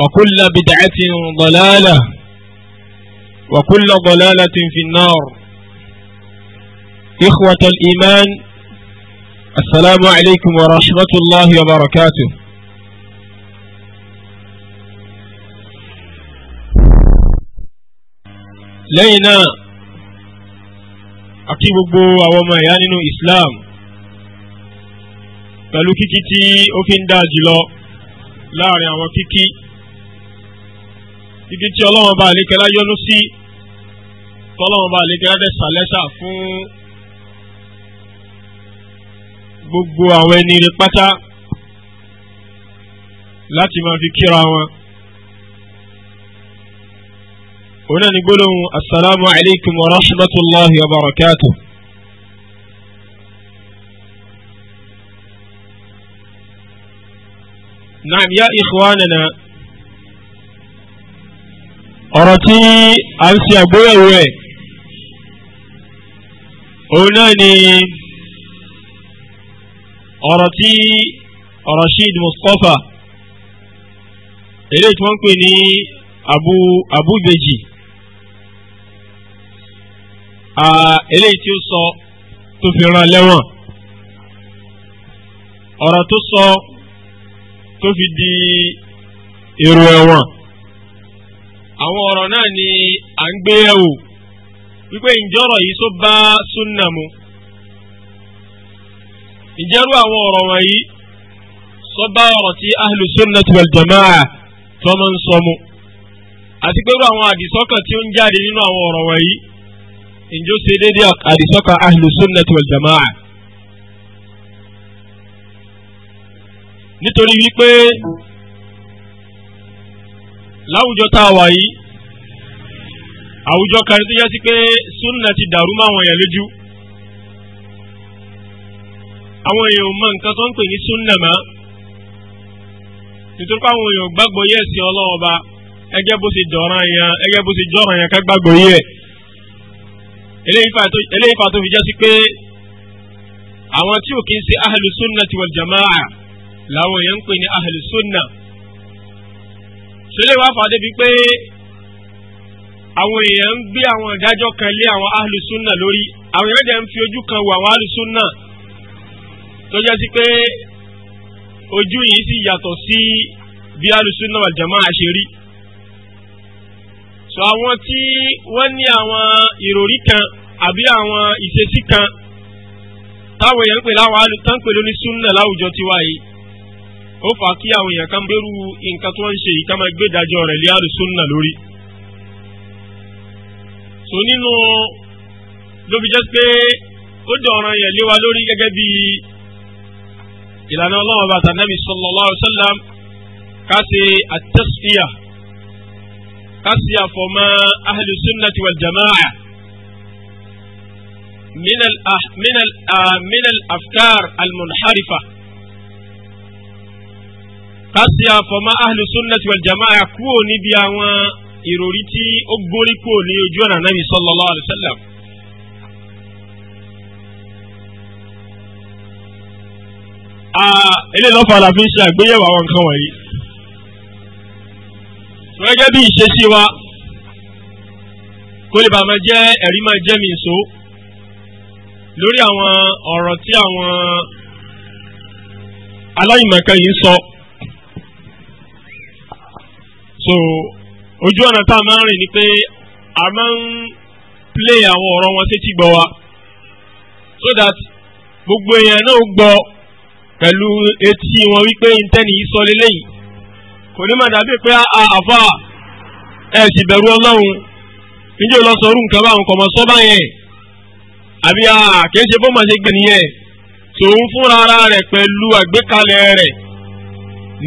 وكل بدعة ضلالة وكل ضلالة في النار إخوة الإيمان السلام عليكم ورحمة الله وبركاته لينا بو وما يانين إسلام pẹ̀lú kíkí tí ó لا يا وكيكي títí tí ọlọ́run bá àlékẹ́lá yọ́nú sí tọ́lọ́run bá àlékẹ́lá dẹ̀ sàlẹ́sà fún gbogbo àwọn ẹni rẹ pátá láti máa fi kíra wọn. òun náà ní gbólóhùn asalaamu alaykum wa rahmatulahi wa barakatuh. نعم يا إخواننا ọ̀rọ̀ tí a ń ṣe àgbéyẹ̀wò ẹ̀ òun náà ni ọ̀rọ̀ tí Rashid Mustafa eléyìí tí wọ́n ń pè ní Abu Abu Beji eléyìí tí ó sọ tó fi rán lẹ́wọ̀n ọ̀rọ̀ tó sọ tó fi di èrò ẹ̀wọ̀n àwọn ọ̀rọ̀ náà ni à ń gbé yẹ̀wò wípé ǹjẹ́ ọ̀rọ̀ yìí tó bá súnà mu ìjẹ́rú àwọn ọ̀rọ̀ wọ̀nyí tó bá ọ̀rọ̀ tí ahlu sunnah wal jamaa tó máa ń sọ mu àti pé irú àwọn àdìsọ́kàn tí ó ń jáde nínú àwọn ọ̀rọ̀ wọ̀nyí ǹjọ́ ṣe déédéé àdìsọ́kàn ahlu sunnah wal jamaa. nítorí wípé láwùjọ tá a wà yìí àwùjọ kan tó yẹ sí pé súnà ti dàrú mọ́ àwọn èèyàn lójú àwọn èèyàn ò mọ nǹkan tó ń pè ní súnà mọ́ nítorí pé àwọn èèyàn gbàgbọ́ yẹ̀ sí ọlọ́wọ́ bá ẹgẹ́ bó ṣe dọ̀ràn yẹn ẹgẹ́ bó ṣe jọ̀ràn yẹn ká gbàgbọ́ yẹ̀ eléyìí fa tó fi jẹ́ sí pé àwọn tí ò kí ń ṣe ahlu sunnati jama'a làwọn èèyàn ń pè ní ahlu ṣẹlẹ̀ wá fàdé bíi pé àwọn èèyàn ń gbé àwọn ìdájọ́ kan lé àwọn ahlùsúnà lórí àwọn èèyàn dẹ̀ ń fi ojú kan wo àwọn ahlùsúnà tó jẹ́ sí pé ojú yìí sì yàtọ̀ sí bí ahlùsúnà wal jamaa ṣe so àwọn tí wọ́n ní àwọn ìròrí kan àbí àwọn ìṣesí kan táwọn èèyàn ń pè láwọn ahlùsúnà láwùjọ tiwa yìí ó fà á kí àwọn èèyàn kan gbérú nǹkan tó ń ṣe yìí ká máa gbé ìdájọ́ rẹ̀ lé àlùsùnà lórí. sọ nínú ló fi jẹ́ pé ó jẹ́ ọ̀ràn yẹn lé wa lórí gẹ́gẹ́ bí ìlànà ọlọ́run bàtà nàbì sallallahu alaihi wasallam ká ṣe àtẹ́síyà ká ṣe àfọ̀mọ́ ahlùsùnà wal jamaa. من من من الافكار المنحرفه kásì àfọ̀mọ́ ahlu sunnati wal jamaa kúrò níbi àwọn ìròrí tí ó gbórí kúrò ní ojú ọ̀nà Ànábì sallallahu alaihi wasallam. ilé lọ́fà la fi ń ṣe àgbéyẹ̀wò àwọn nǹkan wọ̀nyí. gẹ́gẹ́ bí ìṣesí wa kó lè bá máa jẹ́ ẹ̀rí mi ìṣó lórí àwọn ọ̀rọ̀ tí àwọn aláìmọ̀kan yìí sọ. So so ojú ọ̀nà tá a máa ń ni pé a máa ń plé àwọn ọ̀rọ̀ wọn sétí gbọ́ wa so that gbogbo èèyàn náà gbọ́ pẹ̀lú etí wọn wípé ntẹ́ni yìí sọ lélẹ́yìn kò ní mà dàbí pé ah, ah, àfa ẹ̀ sì bẹ̀rù ọlọ́run níjẹ́ ò lọ sọ orúkọ báwọn kọ̀ mọ́ sọ́bà yẹn àbí àkẹ́ṣe se máa so nìyẹn tòun fúnra rẹ̀ pẹ̀lú àgbékalẹ̀ rẹ̀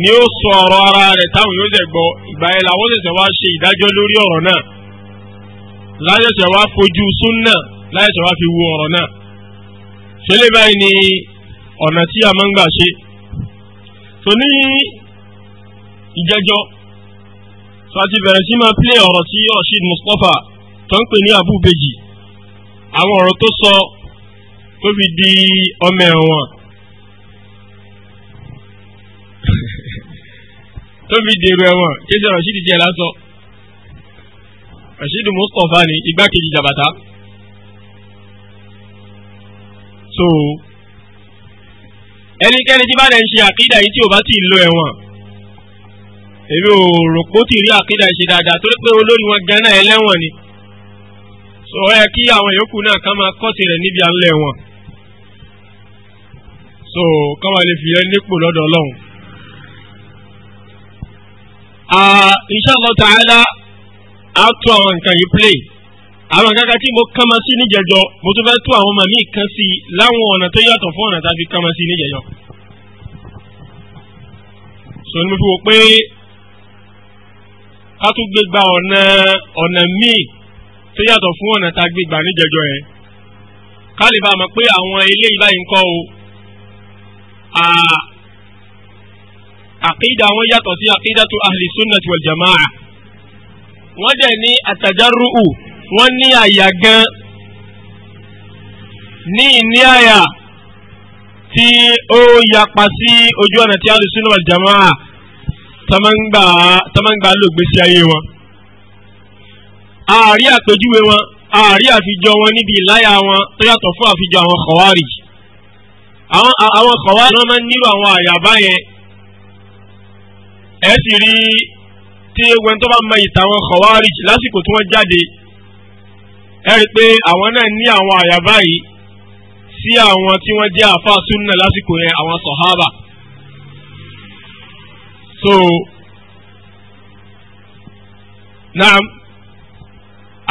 ni ó sọ ọ̀rọ̀ ara rẹ̀ táwọn yóò ṣẹ̀ gbọ́ ìgbà yẹn làwọn ṣẹ̀ṣẹ̀ wá ṣe ìdájọ́ lórí ọ̀rọ̀ náà láyẹ̀ṣẹ̀ wá fojú súnà láyẹ̀ṣẹ̀ wá fi wo ọ̀rọ̀ náà ṣe báyìí ni ọ̀nà tí a máa ń gbà ṣe tó ní ìjẹjọ́ tó a ti bẹ̀rẹ̀ sí máa pílẹ̀ ọ̀rọ̀ tí Rasheed Mustapha tó ń pè ní Abubeji àwọn ọ̀rọ̀ tó sọ tó fi di ọmọ ẹ̀wọ̀n tó fi dèrò ẹ̀wọ̀n kéde rashidi jẹ́ lásọ rashidi mustapha ni igbákejì jabata so ẹnikẹ́ni tí bá dẹ̀ ń ṣe àkídà yìí tí ò bá ti lo ẹ̀wọ̀n èmi ò rò pé ó rí àkídà ṣe dáadáa torí pé olórí wọn gánà ẹlẹ́wọ̀n ni so ó yẹ kí àwọn yòókù náà ká máa kọ́ tirẹ̀ níbi à ń so ká máa lè fi ẹ nípò lọ́dọ̀ ọlọ́run. Ah, insha Allah ta'ala á tún àwọn nǹkan yìí play àwọn nǹkan kan tí mo kàn máa sí níjẹjọ mo tún fẹ́ tún àwọn ọmọ mi kan sí i láwọn ọ̀nà tó yàtọ̀ fún ọ̀nà tá a fi kàn máa sí níjẹjọ. sọ ni mo fi wò pé ká tún gbé gba ọ̀nà ọ̀nà míì tó yàtọ̀ fún ọ̀nà tá a gbé gbà níjẹjọ yẹn ká lè bá a mọ̀ pé àwọn eléyìí báyìí ń kọ́ o ah, àkídà wọn yàtọ̀ sí àkídà tó ahli sunnati wal jama'a wọ́n dẹ̀ ní àtàjárùú wọ́n ní àyà gan ní ìní àyà tí ó yapa sí ojú ọ̀nà tí ahli sunnati wal jama'a tamangba lògbèsí ayé wọn ààrí àpèjúwe wọn ààrí àfijọ wọn níbi ìláyà wọn tó yàtọ̀ fún àfijọ àwọn kọ̀wárì àwọn kọ̀wárì wọn máa ń nílò àwọn àyàbá yẹn ẹ sì rí tí wọn tó bá mọ ìtàwọn kọ̀wárìjì lásìkò tí wọ́n jáde ẹ rí i pé àwọn náà ní àwọn àyàbá yìí sí àwọn tí wọ́n jẹ́ àfa súnà lásìkò yẹn àwọn sọ̀hábà. so naam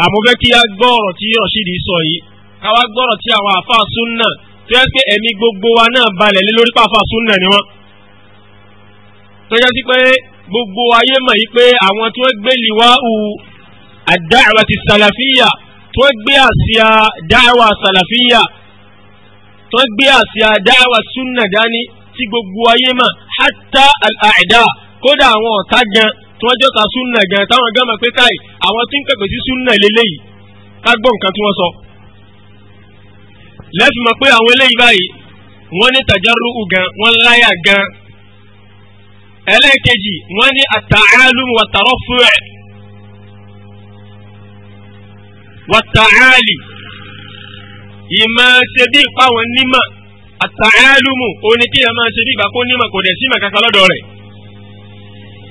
àmọ́fẹ́ kí á gbọ́ ọ̀rọ̀ tí Rashidi sọ yìí ká wá gbọ́ ọ̀rọ̀ tí àwọn àfa súnà tó yẹ pé ẹ̀mí gbogbo wa náà balẹ̀ lé lórí pàfà súnà ni wọ́n tó yẹ sí pé gbogbo ayé mọ̀ yí pé àwọn tí wọ́n gbé liwa u àdáwà ti sàlàfíyà tí wọ́n gbé àsíá dáwà sàlàfíyà tí wọ́n gbé àsíá dáwà súnà dání tí gbogbo ayé mọ̀ hátà àìdá kódà àwọn ọ̀tá gan tí wọ́n jọ́ta súnà gan táwọn gan mọ̀ pé káì àwọn tí ń pèpè sí súnà lélẹ́yìí ká gbọ́ nǹkan tí wọ́n sọ. lẹ́fì mọ̀ pé àwọn eléyìí báyìí wọ́n ní tàjárù gan wọ́n láyà gan ẹlẹ́ẹ̀kejì wọ́n ní àtàálùm wàtàrọ́fúẹ̀ wàtàálì ìmọ̀ ṣe bí ìpáwọn nímọ̀ àtàálùm òní kí máa ṣe bí ìgbà kó nímọ̀ kò dẹ̀ sí ìmọ̀ kankan lọ́dọ̀ rẹ̀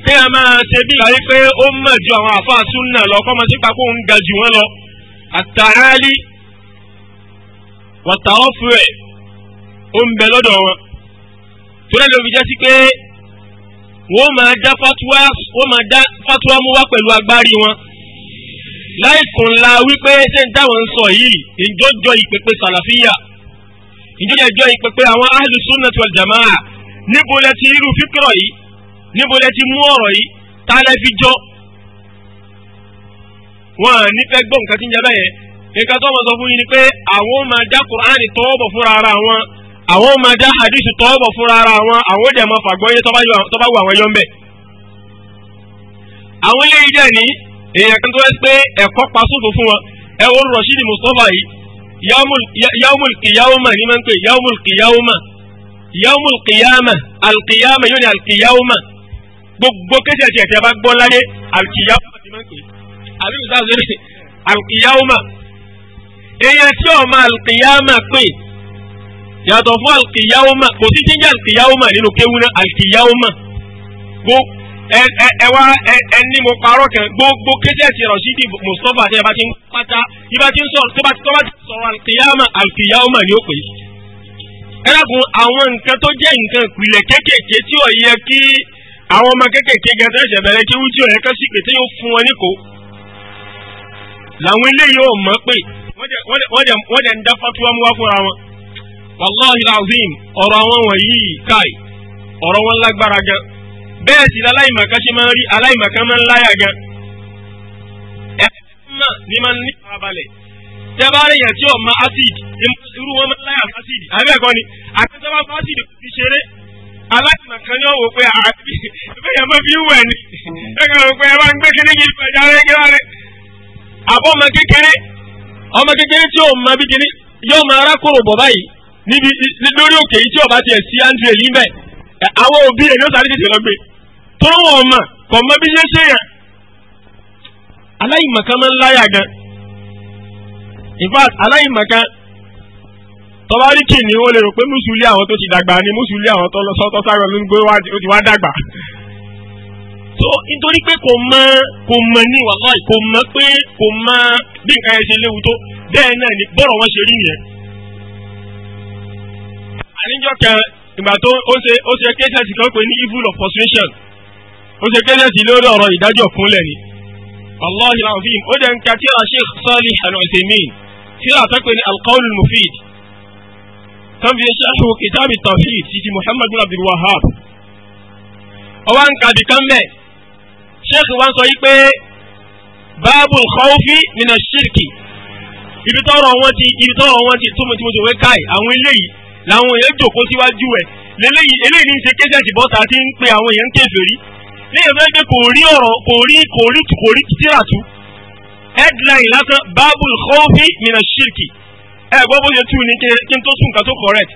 kí ẹ máa ṣe bí ìgbà wípé ó mọ̀ ju àwọn àfa súnà lọ kọ́ mọ̀ sípa kó ń ga jù wọ́n lọ àtàálì wàtàrọ́fúẹ̀ ó ń bẹ lọ́dọ̀ wọn wọ́n máa dá fatuwa wọ́n máa dá fatuwa mú wá pẹ̀lú agbárí wọn láìkùn la wípé ṣé ń táwọn ń sọ yìí ìjọjọ ìpèpè sàlàfíà ìjọjọ ìpèpè àwọn ahlu sunnati wal jamaa níbo lẹ ti irú fíkìrọ yìí níbo lẹ ti mú ọ̀rọ̀ yìí tá lẹ fi jọ wọn à ní fẹ́ gbọ́ nǹkan tí ń jẹ bẹ́ẹ̀ nǹkan tó wọn sọ fún yín ni pé àwọn máa dá Kùránì tọwọ́ bọ̀ fúnra ara wọn àwọn ọmọ ajá hadith tọ́ọ̀bọ̀ fúnra ara wọn àwọn òde ẹ̀mọ́ fàgbọ́yé tọ́ba wù àwọn yọ́ńbẹ̀. àwọn ilé ìdẹ́ ní èèyàn kan tó wẹ́ pé ẹ̀kọ́ pa sófo fún wọn ẹ wọ́n Rashidi Mustapha yìí yaumul qiyama ni máa ń pè yaumul qiyama yaumul qiyama alqiyama yóò ní alqiyama gbogbo kéde ẹ̀jẹ̀ tẹ́ bá gbọ́ láyé alqiyama ni máa ń pè àbí mi sáà sọ èèyàn tí ọmọ alqiyama pè yàtọ̀ fún alkiyawoma kò sí jíjẹ́ alkiyawoma nínú kéwu náà alkiyawoma gbó ẹ wá ẹ ní mo parọ́ kan gbogbo kéjẹ́sì rọ̀ṣídì mustapha àti ẹ̀ bá ti ń pátá ibà ń sọ̀rọ̀ tó bá ti sọ̀rọ̀ alkiyama alkiyawoma ni ó pè é. ẹlẹ́kùn àwọn nǹkan tó jẹ́ nǹkan ìpìlẹ̀ kéékèèké tí ò yẹ kí àwọn ọmọ kéékèèké gẹ́gẹ́ ẹ̀ṣẹ̀ bẹ̀rẹ̀ kí wújú ẹ̀ kẹ́sì pé tí yóò fún ò mọ̀ pé wàláhi alazim ọ̀rọ̀ àwọn wọ̀nyí káì ọ̀rọ̀ wọn lágbára gan bẹ́ẹ̀ sì láláìmọ̀kan ṣe máa ń rí aláìmọ̀kan máa ń láyà gan ẹ̀ mọ̀ ní máa ń ní ìfarabalẹ̀ tẹ́bárẹ̀ yẹn tí ọ̀ma acid irú wọn máa ń láyà acid àbẹ́ẹ̀kọ́ ni acid kò fi ṣeré wò pé máa fi wẹ̀ ni ẹ̀ka rò pé ẹ bá ń gbé yìí yóò máa rákòrò bọ̀ báyìí níbi lórí òkè yìí tí ọba tiẹ̀ sí andrew èyí bẹ́ẹ̀ àwọn òbí rẹ̀ ní ọ̀sán àdìsí lọ́gbẹ̀ tó wọn ọmọ kò mọ bí ṣe ṣe yàn aláìmọ̀kan máa ń láyà gan in aláìmọ̀kan tọ́ba rí kìnnì ó lè rò pé mùsùlùmí àwọn tó ti dàgbà ni mùsùlùmí àwọn tó lọ sọ́tọ́ sáré ló ń gbé wá ó ti wá dàgbà so nítorí pé kò mọ kò mọ ní wàhálà kò mọ pé kò mọ bí nǹkan ẹ ṣe léwu tó bẹ́ẹ̀ náà ni bọ́rọ̀ wọn ṣe rí nìyẹn níjọ́ kan ìgbà tó ó ṣe ó ṣe kéṣẹ́sì kan pé ní evil of persuasion ó ṣe kéṣẹ́sì lórí ọ̀rọ̀ ìdájọ́ kúnlẹ̀ ni wàláhi alazim ó dẹ̀ ń ka tíra sheikh salih al-usaimin tíra tó pé ní alqawl mufid tán fi ṣáàṣù kitab tawhid títí muhammad bin abdul wahab ọwọ́ ń ka bìkan mẹ́ sheikh wa sọ yí pé báàbù khawfi mina shirki ibi tọrọ wọn ti ibi tọrọ wọn ti túmọ̀ tí mo ti wé káì àwọn eléyìí làwọn èèyàn jòkó síwájú ẹ̀ lélẹ́yìn eléyìí ní í ṣe kéṣẹ́sì bọ́ta tí ń pe àwọn èèyàn kèfèrí léyìn fẹ́ pé kò rí ọ̀rọ̀ kò rí kò rí kò rí tíratu headline lásán babul khawfi mina shirki ẹ gbọ́ bó ṣe tú ni kí n tó tún nǹkan tó correct.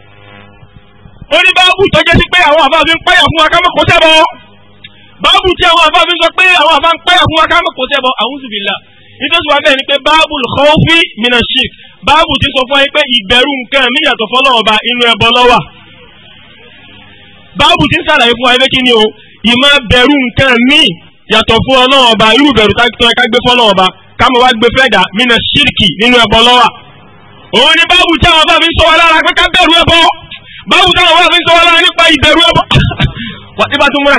ó ní báàbù tó jẹ́ sí pé àwọn àbá fi ń pẹ́yà fún wa ká mọ̀ kó sẹ́bọ̀ báàbù tí àwọn àbá fi ń sọ pé àwọn àbá ń pẹ́yà fún wa ká mọ̀ kó sẹ́bọ̀ a'udhu billah nítorí wàá bẹ́ẹ̀ ni pé babul khawfi mina shirki báàbù ti sọ fún ẹ pé ìbẹ̀rù nǹkan mí yàtọ̀ fọlọ́run ọba inú ẹbọ lọ́wà báàbù ti sàlàyé fún ẹ o ìmọ̀ bẹ̀rù nǹkan mí yàtọ̀ fún ọlọ́run ọba irú bẹ̀rù tó ẹ ká gbé fọlọ́run ọba wá gbé fẹ́dà mínà ṣírìkì nínú ẹbọ lọ́wà òun ni báàbù tí àwọn báàbí sọ lára bẹ̀rù tí àwọn sọ lára nípa ìbẹ̀rù ẹbọ wà tí àwọn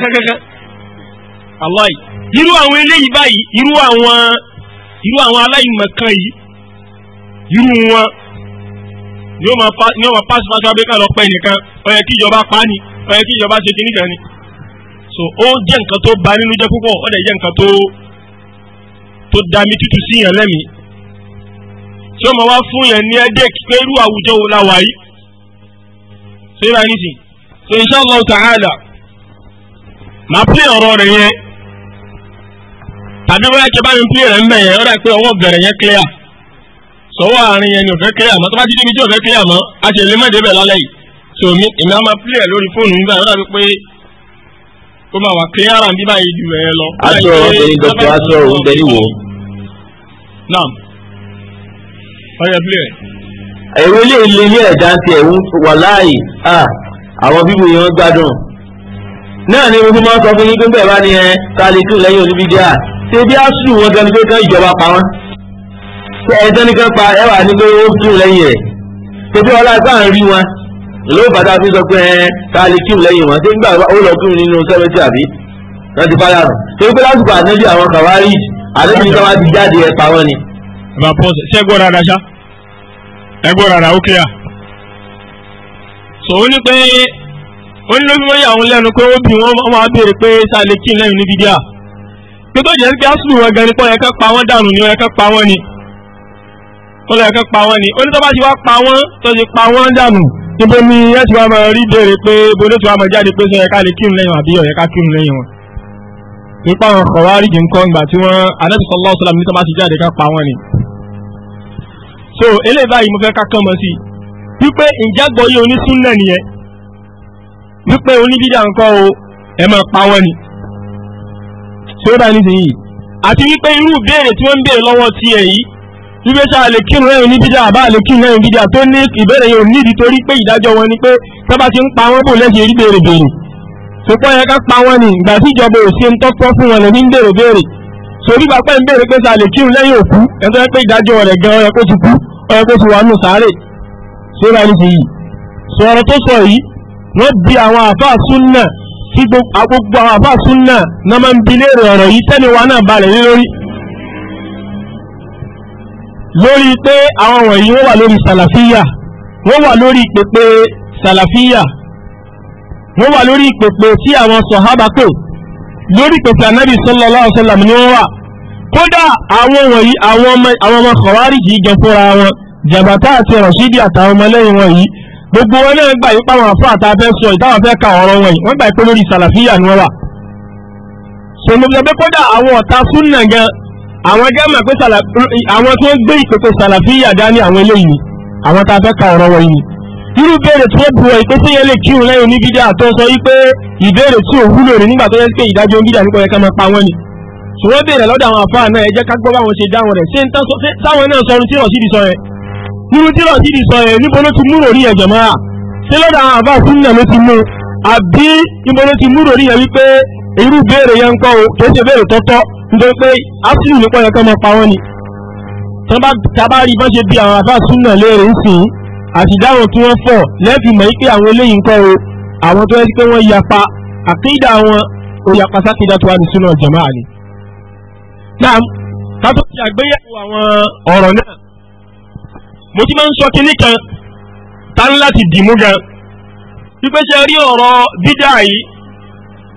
eléyìí báyìí irú wọn ni ó máa pass fashion abẹ́ká lọ pẹ́ nìkan ó yẹ kí ìjọba pa ni ó yẹ kí ìjọba ṣe kíní kan ni so ó jẹ́ nǹkan tó bà nínú jẹ́ púpọ̀ ó dẹ̀ jẹ́ nǹkan tó tó dá mi tútù sí yàn lẹ́mìí tí ó máa wá fún yàn ní ẹ́dẹ́k pé irú àwùjọ wo la wà yìí ṣé bá yín sìn so inshallah ta'ala màá pè ọ̀rọ̀ rẹ̀ yẹn tàbí wọ́n yà kí bá mi pè rẹ̀ ń bẹ̀ yẹn ó dà pé ọwọ́ bẹ̀rẹ̀ yẹn clear sọ́wọ́ àárín yẹn ni òfẹ́ kílẹ̀ àmọ́ tó bá ti débi tí òfẹ́ kílẹ̀ àmọ́ a ṣe lè má débẹ̀ lálẹ́ yìí so mi èmi á máa pílẹ̀ lórí fóònù nígbà yóò dàbí pé kó máa wà kílẹ̀ ara bí báyìí ju ẹ lọ. aṣọ ẹni dọkítọ aṣọ òun tẹ níwò. naam ọyọ pílẹ̀. ẹ̀rọ ilé ilé ilé ẹ̀dá ti ẹ̀wù wà láàyè àwọn bíbu yẹn gbádùn náà ni mo fi máa sọ fún yín pé bẹ́ẹ̀ bá ní ẹ ta lè tún lẹ́yìn oníbídíà ṣé bí a sùn wọn gan ni pé kán ìjọba pa wọn. ẹjọ́ nìkan pa ẹwà ní pé ó kí lẹ́yìn rẹ̀ tóbi ọlá ẹ̀ka ń rí wọn ló bàtà fi sọ pé ka ká lè kí lẹ́yìn wọn nígbà ó lọ nínú sẹ́mẹ́tì àbí wọ́n ti fáyà rùn tó pé lásìkò ànájú àwọn kàwárí àdébí ti jáde ẹ̀ pa wọ́n ni. ṣẹ́gbọ́n rárá ṣá ẹgbọ́n rárá ó kíyà ní pé ó ní lóbi ni pé ọ̀yẹ́ká pa wọ́n dànù ni ọ̀yẹ́ká pa wọ́n lọ ẹ̀kan pa wọ́n ni onítọ́ bá ti wá pa wọ́n tó ti pa wọ́n dànù níbo ni ẹ ti wá máa rí béèrè pé bolo ti wá máa jáde pé sọ yẹ ká lè kírun lẹ́yìn àbí ọ̀yẹ́ ká kírun lẹ́yìn wọn. nípa àwọn kọ̀wárí jì ń kọ́ ìgbà tí wọ́n Ànábì sallallahu alaihi wasallam nítorí bá ti jáde ká pa wọ́n ni. so eléyìí báyìí mo fẹ́ ká kàn mọ́ sí i wípé ìjágbọ́ yìí onísúnnà nìyẹn wípé oníbíjà nǹkan o ẹ máa pa wọ́n ni. so ó bá nísìnyí àti wípé irú ìbéèrè tí wọ́n ń béèrè lọ́wọ́ tiẹ̀ yìí wípé ṣe àlè kírun lẹ́yìn níbídà àbá àlè kírun lẹ́yìn níbídà tó ní ìbéèrè yóò nídìí torí pé ìdájọ́ wọn ni pé tọ́ba ti ń pa wọ́n bò lẹ́sìn rí béèrè béèrè sopọ́ yẹ ká pa wọ́n ni ìgbà tí ìjọba ò ṣe ń tọ́pọ́ fún wọn lẹ́ni ń béèrè béèrè sórí bàpẹ́ ń béèrè pé ṣe àlè kírun lẹ́yìn òkú ẹ̀tọ́ yẹ pé ìdájọ́ rẹ̀ gan ọ̀yẹ́ kó ti kú ọ̀yẹ́ kó ti wà nù sáré sóra ní ti yìí sọ̀rọ̀ tó lórí pé àwọn wọ̀nyí wọ́n wà lórí sàlàfíyà wọ́n wà lórí ìpèpè sàlàfíyà wọ́n wà lórí ìpèpè tí àwọn sọ̀hábà pè lórí ìpèpè anábì sallallahu alaihi wasallam ni wọ́n wà kódà àwọn wọ̀nyí àwọn ọmọ kọ̀wárìjì gan fúnra wọn jàbátá àti rọ̀ṣídì àtàwọn ọmọlẹ́yìn wọn yìí gbogbo wọn náà gbà yípa àwọn àfọ àtàfẹ́ sọ ìtàwọn fẹ́ ka ọ̀rọ̀ wọn yìí wọ́n gbà pé lórí sàlàfíyà ni wọ́n wà. sọmọbìnrin pé kódà àwọn ọ̀tá súnnà gan àwọn gẹ́mà pé àwọn tó ń gbé ìpèpè sàlàfíyà dání àwọn eléyìí àwọn tá a fẹ́ ka ọ̀rọ̀ wọ̀nyí irú béèrè tí ó bu ọ ìpè sí yẹn lè kírun lẹ́yìn oníbídà tó sọ wípé ìbéèrè tí ò wúlò ní nígbà tó yẹ pé ìdájọ́ oníbídà nípa ẹ̀ka máa pa wọ́n ni ṣùgbọ́n béèrè lọ́dọ̀ àwọn àfáà náà ẹ jẹ́ ká gbọ́ báwọn ṣe dáhùn rẹ̀ ṣé táwọn náà sọ ohun nítorí pé asinu ló pọ̀ yẹ kọ́ mọ pa wọ́n ni tábà rí bọ́n ṣe bí àwọn afáàsùn náà léèrè ń sìn àṣìdáhùn tí wọ́n fọ̀ lẹ́ẹ̀fì mọ̀ pé àwọn eléyìí ń kọ́ o àwọn tó yẹ pé wọ́n yapa àkídà wọn ò yapa sákìdá tó wà ní sunu ọ̀jọ̀mọ́ àlè. náà kátó ti àgbéyẹ̀wò àwọn ọ̀rọ̀ náà mo ti máa ń sọ kinní kan tá ń láti dìmú gan wípé ṣe rí ọ̀rọ̀ dídá yìí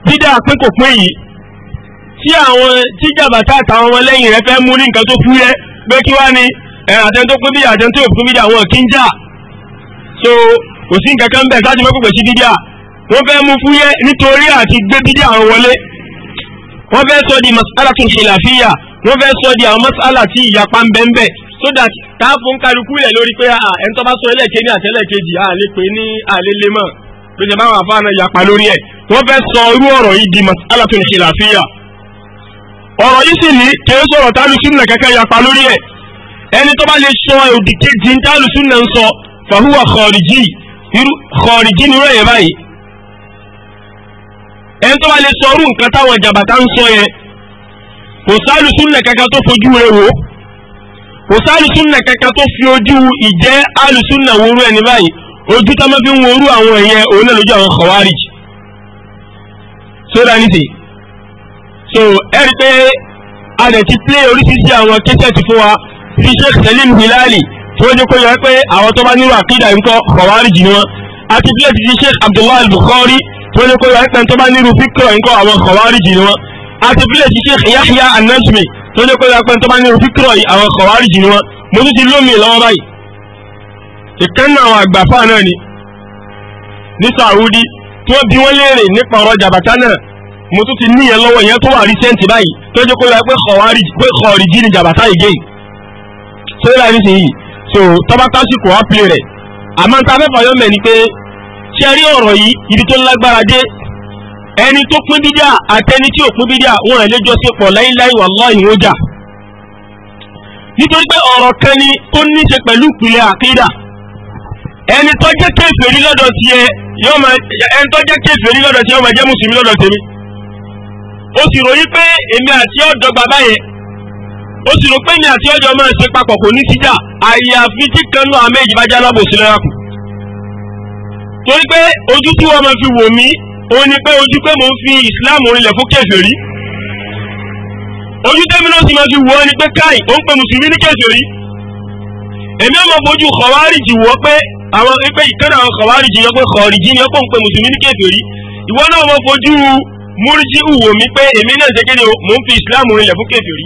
dídá pín yìí tí àwọn tí jàbàtà àtàwọn ọmọ lẹ́yìn rẹ̀ fẹ́ mú ní nǹkan tó fúyẹ́ pé kí wá ni àtẹn tó pín bídíà àtẹn tó pín bídíà wọn kí so kò sí nǹkan kan bẹ́ẹ̀ sáájú mọ́kùnkùn sí bídíà wọ́n fẹ́ mú fúyẹ́ nítorí àti gbé bídíà àwọn wọlé wọ́n fẹ́ sọ di masala tún khilafiyya wọ́n fẹ́ sọ di àwọn masala tí ìyapa ń bẹ ń bẹ so that táàfún kálukú lẹ̀ lórí pé ah, ẹni tó bá sọ ẹlẹ́kẹ́ ní àtẹ́lẹ́kejì à lè pè ní àlélémọ̀ tó jẹ báwọn masala tún khilafiyya ọ̀rọ̀ yìí sì ní kìí sọ̀rọ̀ tálùsùnà kẹ́kẹ́ yapa lórí ẹ̀ ẹni tó bá lè sọ òdì kejì tálùsùnà ń sọ fàhùwà kọ̀ọ̀rìjì kọ̀ọ̀rìjì nírú ẹ̀yẹ báyìí ẹni tó bá lè sọ ọrú nǹkan táwọn jàbàtà ń sọ yẹn kò sálùsùnà kẹ́kẹ́ tó fojú rẹ̀ wò kò sálùsùnà kẹ́kẹ́ tó fi ojú ìjẹ́ àlùsùnà wòrú ẹni báyìí ojú tá fi ń wòrú àwọn ẹ̀yẹ òun so ẹ̀rí pé a dẹ̀ ti play oríṣiríṣi àwọn kẹ́sẹ̀tì fún wa fi Sheikh Salim Hilali tí wọ́n jẹ́ kó yọ pé àwọn tó bá nírú àkídà ńkọ́ khawarij ni wọ́n a ti play ti Sheikh Abdullahi Al-Bukhari tí wọ́n jẹ́ kó yọ pé tó bá nírú fíkọ̀ ńkọ́ àwọn khawarij ni wọ́n a ti play ti Sheikh Yahya An-Najmi tí wọ́n jẹ́ kó yọ pé tó bá nírú fíkọ̀ àwọn khawarij ni wọ́n mo tún ti lómi lọ́wọ́ báyìí ìkànnì àwọn àgbàfà náà ni ní Saudi tí wọ́n bí wọ́n léèrè nípa ọ̀rọ̀ jàbàtà náà mo tún ti ní yẹn lọ́wọ́ yẹn tó wà recent báyìí tó jẹ́ kó yọ pé kọ̀wárí pé kọ̀ọ̀rì jí ni jabata yìí gẹ̀yìn tó yẹ láì nísìnyí so tọ́ba tásìkò wá pè rẹ̀ àmọ́ ta fẹ́ fàyọ́ mẹ́ ni pé ṣe rí ọ̀rọ̀ yìí ibi tó lágbára dé ẹni tó pín bídíà àtẹni tí ò pín bídíà wọn ẹ̀ léjọ́ sí pọ̀ láíláí wallahi wọ́n jà nítorí pé ọ̀rọ̀ kan ni tó ní ṣe pẹ̀lú ìpìlẹ̀ àkídà ẹni tó jẹ́ kéfèrí lọ́dọ̀ tiẹ̀ yọ́ọ́ ó sì ròyìn pé èmi àti ọ̀dọ́ bàbá yẹn ó sì rò pé èmi àti ọ̀dọ́ máa ń ṣe papọ̀ kò ní síjà àyàfi tí kanú àmì ìjìbájá alábòsí lọ́yà kù torí pé ojú tí wọ́n máa fi wò mí òun ni pé ojú pé mò ń fi ìsìláàmù orílẹ̀ fún kèfèrí ojú tẹ́mi náà sì máa fi wò ó ni pé káì ó ń pe mùsùlùmí ní kèfèrí èmi ọmọ fojú kọ̀wárìjì wọ́ pé àwọn pé ìkànnì kọ̀wárìjì yọ pé kọ̀ọ̀rìjì ni ó pọ̀ mùsùlùmí ní kèfèrí ìwọ náà ọmọ fojú múríjì wò mí pé èmi náà ṣe kéde mò ń fi ìsìláàmù rinlẹ̀ fún kèfèrí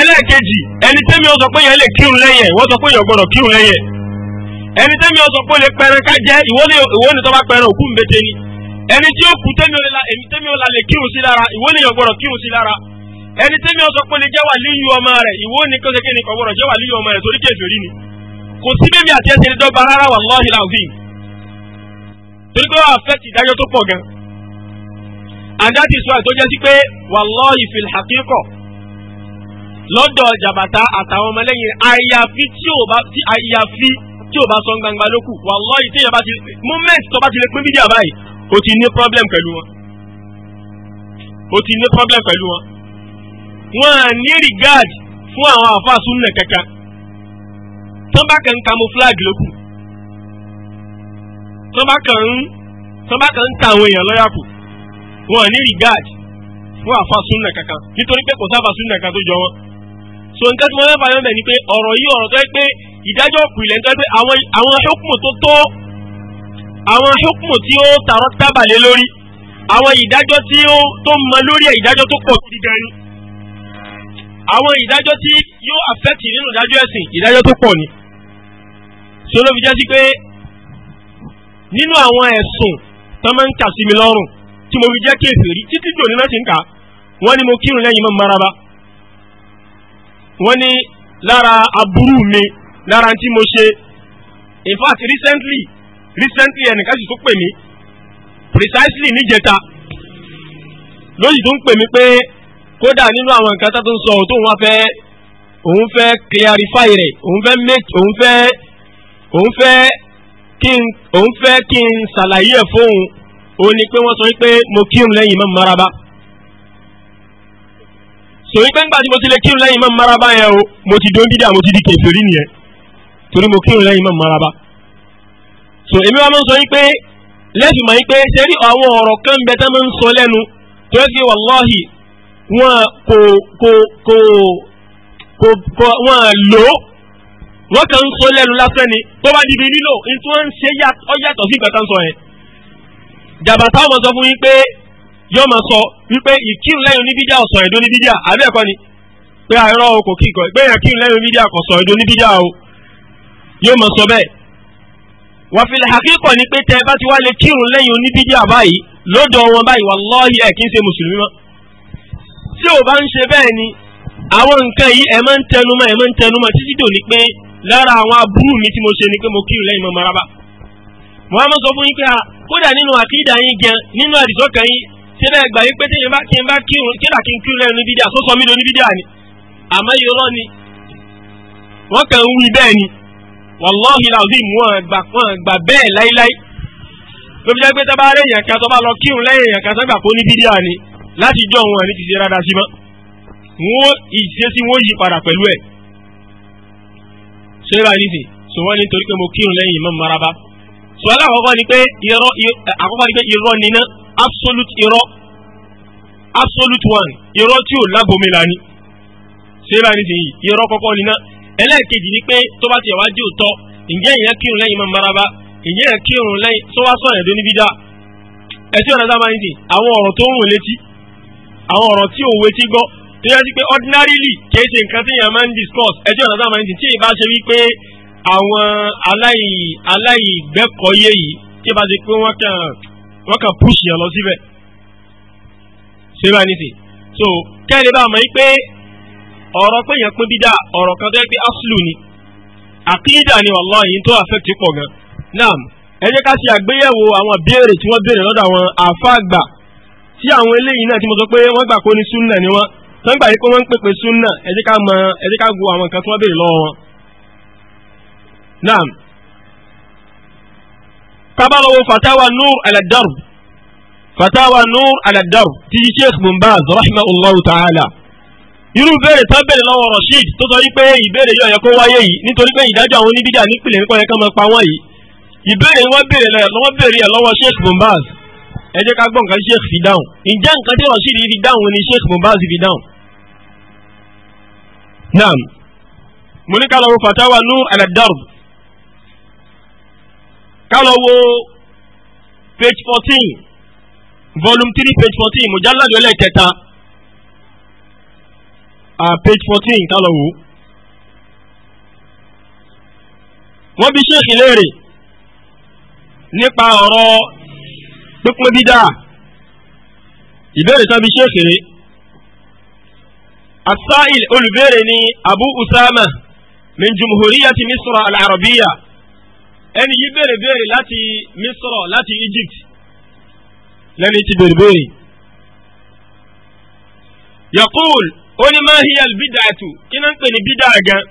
ẹlẹ́ẹ̀kejì ẹni tẹ́mi ó sọ pé yẹn lè kírun lẹ́yìn ẹ̀ wọ́n sọ pé yẹn gbọ́dọ̀ kírun lẹ́yìn ẹni tẹ́mi ó sọ pé lè pẹran ká jẹ́ ìwọ ni tó bá pẹran òkú mbete ni ẹni tí ó kú tẹ́mi ó la èmi tẹ́mi ó la lè kírun sí lára ìwọ ni yẹn gbọ́dọ̀ kírun sí lára ẹni tẹ́mi ó sọ pé lè jẹ́ wàlíyù ọmọ rẹ̀ ìwọ ni kó ṣe kí ni kò gbọ́dọ̀ jẹ́ ni kò sí bẹ́ẹ̀ mi àti ẹsẹ̀ ní dọ́gba rárá wàláhì láàfin torí pé and that is why tó jẹ́ sí pé wallahi fil haqiqa lọ́dọ̀ jàbàtà àtàwọn ọmọlẹ́yìn àyàfi tí ò bá tí àyàfi tí ò bá sọ gbangba lókù wallahi tí yàrá ti moment tó bá ti lè pín fídíò báyìí o ti ní problem pẹ̀lú wọn o ti ní problem pẹ̀lú wọn wọn à ní regard fún àwọn àfàsùn nà kankan tó bá kàn camouflage lókù tó bá kàn ń tó bá kàn ń ta àwọn èèyàn lọ́yà kù wọn ní regard fún àfa súnà kankan nítorí pé kò sáfà súnà kan tó jọ wọn. so nǹkan tí mo fẹ́ fàyọ̀ mẹ́ ni pé ọ̀rọ̀ yìí ọ̀rọ̀ tó yẹ pé ìdájọ́ ìpìlẹ̀ ń tọ́ pé àwọn ṣókùmù tó tó àwọn ṣókùmù tí ó tààrọ́ tábàlẹ̀ lórí àwọn ìdájọ́ tí ó tó mọ lórí ẹ̀ ìdájọ́ tó pọ̀ sí gan àwọn ìdájọ́ tí yóò affect nínú ìdájọ́ ẹ̀sìn ìdájọ́ tó pọ̀ ni ṣé ló fi jẹ́ sí pé nínú àwọn ẹ̀sùn tó máa ń kà sí mi lọ́rùn tí mo fi jẹ́ kèfèrí títí dòní náà ti ń kà wọ́n ní mo kírun lẹ́yìn mọ́ maraba wọ́n ní lára aburú mi lára tí mo ṣe in fact recently recently ẹnìkan sì tó pè mí precisely níjẹta lóyìí tó ń pè mí pé kódà nínú àwọn nǹkan tó ń sọ tóun wá fẹ́ òun fẹ́ clarify rẹ̀ òun fẹ́ make òun fẹ́ òun fẹ́ kí n òun fẹ́ kí n ṣàlàyé ẹ̀ fóun ó ní pé wọ́n sọ wípé mo kírun lẹ́yìn Imam Maraba sọ wípé ńgbà tí mo ti lè kírun lẹ́yìn Imam Maraba yẹn o mo ti dó ń bídà mo ti di kèfèrí nìyẹn torí mo kírun lẹ́yìn Imam Maraba sọ èmi wa máa ń sọ wípé lẹ́sìn máa ń pé ṣe rí àwọn ọ̀rọ̀ kan ń bẹ tá máa ń sọ lẹ́nu tó yẹ kí wàláhì wọn kò kò kò kò kò wọn lò ó wọn kàn ń sọ lẹ́nu lásán ni tó bá di ibi lílò nítorí wọn ń ṣe yàtọ̀ sí ìgbà tá ń sọ yẹn jàbàtà ọmọ sọ fún yín pé yóò máa sọ wípé ìkírun lẹ́yìn oníbíjà ọ̀sán ẹ̀dọ́ oníbíjà àbí ẹ̀kọ́ ni pé àìrọ́ o kò kí nǹkan pé èèyàn kírun lẹ́yìn oníbíjà kò sọ ẹ̀dọ́ oníbíjà o yóò máa sọ bẹ́ẹ̀. wàfíìlẹ̀ àkíkọ̀ ni pé tẹ bá ti wá lè kírun lẹ́yìn oníbíjà báyìí lọ́dọ̀ wọn báyìí wàláhì ẹ̀ kì í ṣe mùsùlùmí mọ́. tí ò bá ń ṣe bẹ́ẹ̀ ni àwọn nǹkan yìí ẹ̀ máa ń tẹnumọ́ ẹ̀ máa ń tẹnumọ́ títí dò ní pé lára àwọn aburú mi tí mo ṣe ni pé mo kírun lẹ́yìn mọ́ maraba muhammed sọ fún yín pé a ah, kódà nínú àkídà yín gan nínú àdìsọ́kàn yín síbẹ̀ gbà yín pé téèyàn bá kí n bá kírun kíra kí n kírun lẹ́nu bídíà tó sọ mí bídíà ni àmọ́ irọ́ ni wọ́n kàn ń wí bẹ́ẹ̀ ni wàláhì làwùdí mú wọn gbà wọn gbà bẹ́ẹ̀ láíláí tó fi jẹ́ pé tábà rẹ̀ èèyàn kan tó bá lọ kírun lẹ́yìn èèyàn kan sọ́gbà kó ní bídíà ni láti jọ wọn ní ti ṣe rárá sí mọ́ wọn ìṣesí wọn yí torí pé mo kírun lẹ́yìn Imam Maraba sùwọ́n àkọ́kọ́ ni pé irọ́ àkọ́kọ́ ni pé irọ́ níná absolute irọ́ absolute one irọ́ tí ò lágbomi lani sẹ́lá ní sèyí irọ́ kọ́kọ́ níná ẹlẹ́ẹ̀kejì ni pé tó bá ti ẹ̀wá dí òótọ́ ǹjẹ́ ìyẹn kírun lẹ́yìn máa maraba ìyẹn kírun lẹ́yìn tó wá sọ̀rọ̀ ẹ̀dọ́ níbí dá ẹtí ọ̀nà sábà ní sìn àwọn ọ̀rọ̀ tó ń rùn létí àwọn ọ̀rọ̀ tí òwe ti gbọ́ tó yẹ sí pé ordinarily kì í ṣe nǹkan tí èèyàn máa ń discuss ẹtí ọ̀nà sábà ní tí ì àwọn aláì aláìgbẹ́kọ̀ọ́yé yìí tí bá ti pé wọ́n kàn wọ́n kàn púṣì ẹ̀ lọ síbẹ̀ nìsí so kẹ́ni bá mọ̀ pé ọ̀rọ̀ pé yẹn pín bídà ọ̀rọ̀ kan tó yẹ pé aslu ni àkídà ni wallahi tó àfẹ́tì pọ̀ gan naam ẹ jẹ́ ká ṣe àgbéyẹ̀wò àwọn béèrè tí wọ́n béèrè lọ́dọ̀ àwọn àfáàgbà tí àwọn eléyìí náà tí mo sọ pé wọ́n gbà kó ní súnà ni wọ́n tó ń gbà yí pé wọ́n ń pèpè súnà ẹ jẹ́ ká mọ̀ àwọn nǹkan tí wọ́n béèrè lọ́wọ́ wọn naam tabalawo fatawa nur على الدرب، nur aladar ti sheikh mumbaz rahimahullahu ta'ala irú béèrè tán béèrè lọ́wọ́ rasheed tó sọ wípé ìbéèrè yóò yẹ kó wáyé yìí nítorí pé ìdájọ́ àwọn oníbídà nípìnlẹ̀ nípa ẹ̀ka máa pa wọ́n yìí ìbéèrè wọn béèrè lọ́wọ́ béèrè ẹ̀ lọ́wọ́ sheikh mumbaz ẹ jẹ́ ká gbọ́ nǹkan sheikh fi dáhùn ǹjẹ́ nǹkan tí rasheed fi dáhùn ni sheikh mumbaz fi dáhùn. naam mo ní ká lọ́wọ́ fatawa nur aladar ká lọ wo page fourteen volume three page fourteen mujalladu ẹlẹ́kẹta uh, page fourteen ká lọ wo. wọ́n bi ṣéèkì léèrè nípa ọ̀rọ̀ pínpín dídá ìbéèrè tán bi ṣéèkì rè asail olùbéèrè ni abu usama min jumhuriyati misra al-arabiya ẹni yìí béèrè béèrè láti misrọ láti Egypt lẹ́ni tí béèrè béèrè. yaqul ó ní ma hiya albid'atu kí náà ń pè ní bídà gan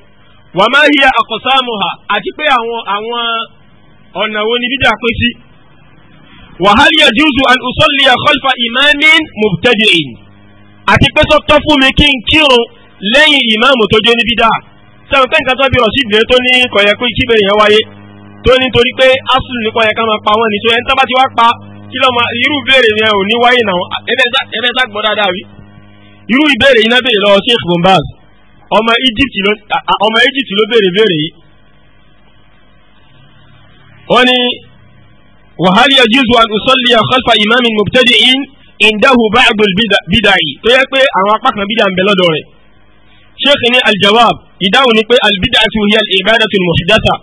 wa ma hiya aqsamuha àti pé àwọn àwọn ọ̀nà wo ni bídà pín sí. wa hal yajuzu an usalliya khalfa imamin mubtadi'in àti pé sọ́tọ́ fún mi kí n kírun lẹ́yìn ìmáàmù tó jẹ́ ní bídà sẹ́wọ̀n pé nǹkan tó bí rọ̀ sí ìdílé tó ní kọ̀yẹ́kú ìkíbẹ̀rẹ̀ yẹn wáyé tó nítorí pé asùn nìkan yẹ ká máa pa wọ́n ní tó ẹni tó bá ti wá pa kí lọ́mọ irú ìbéèrè yẹn ò ní wáyé náà ẹbẹ̀ sá gbọ́ dáadáa wí. irú ìbéèrè yìí náà béèrè lọ́wọ́ Sheikh Bombaz ọmọ Egypt ló béèrè béèrè yìí. wọ́n ní wàhálì yajuzu an usalliya khalfa imamin mubtadi'in indahu ba'd al-bida'i tó yẹ pé àwọn apá kan bídà ń bẹ lọ́dọ̀ rẹ̀. Sheikh ní aljawab ìdáhùn ni pé albid'atu hiya al-ibadatu al-muhdatha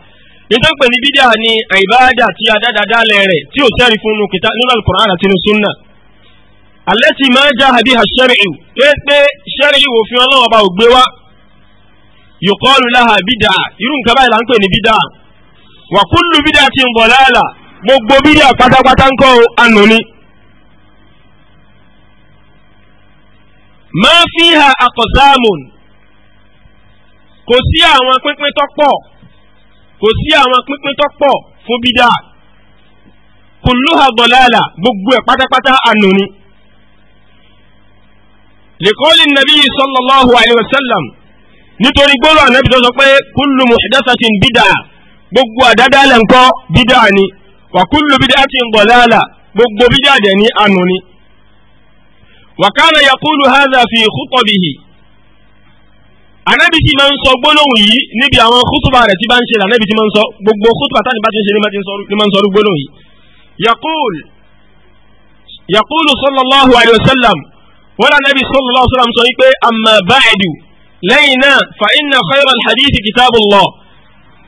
nítorí ní bídíà ni àìbáàdà tí a dáadáa dálẹ̀ rẹ̀ tí ò sẹ́rí fún un kìtà nínú alukur'an àti nínú sunna. allati ma jaha biha ash-shar'u pé pé sẹ́rí òfin ọlọ́wọ́ bá ò gbé wá yuqalu laha bídà irú nǹkan báyìí là ń pè ní bídà wa kullu bid'atin dalalah gbogbo bídíà pátápátá ńkọ́ ànú ni. ma fiha aqsamun kò sí àwọn pínpín tó kò sí àwọn pínpín tó pọ̀ fún bídà kulluha dalala gbogbo ẹ̀ pátápátá ànú ni. lèkọ́lì nàbí sallallahu alayhi wa sallam nítorí gbọ́dọ̀ ànábì tó sọ pé kullu muhdathatin bídà gbogbo àdádálẹ̀ ńkọ́ bídà ni wa kullu bid'atin dalala gbogbo bídà dẹ̀ ní ànú ni. wa kana yaqulu hadha fi anabi ti máa ń sọ gbólóhùn yìí níbi àwọn kútùbà rẹ̀ tí bá ń ṣe lànàbi ti máa ń sọ gbogbo kútùbà táni bá ti ń ṣe ni máa ń sọ gbólóhùn yìí. yakul yakulu sallallahu alayhi wa sallam wọn lànàbi sallallahu alayhi wa sallam sọ wípé amma ba'du lẹ́yìn náà fa inna khayra alhadith kitabullah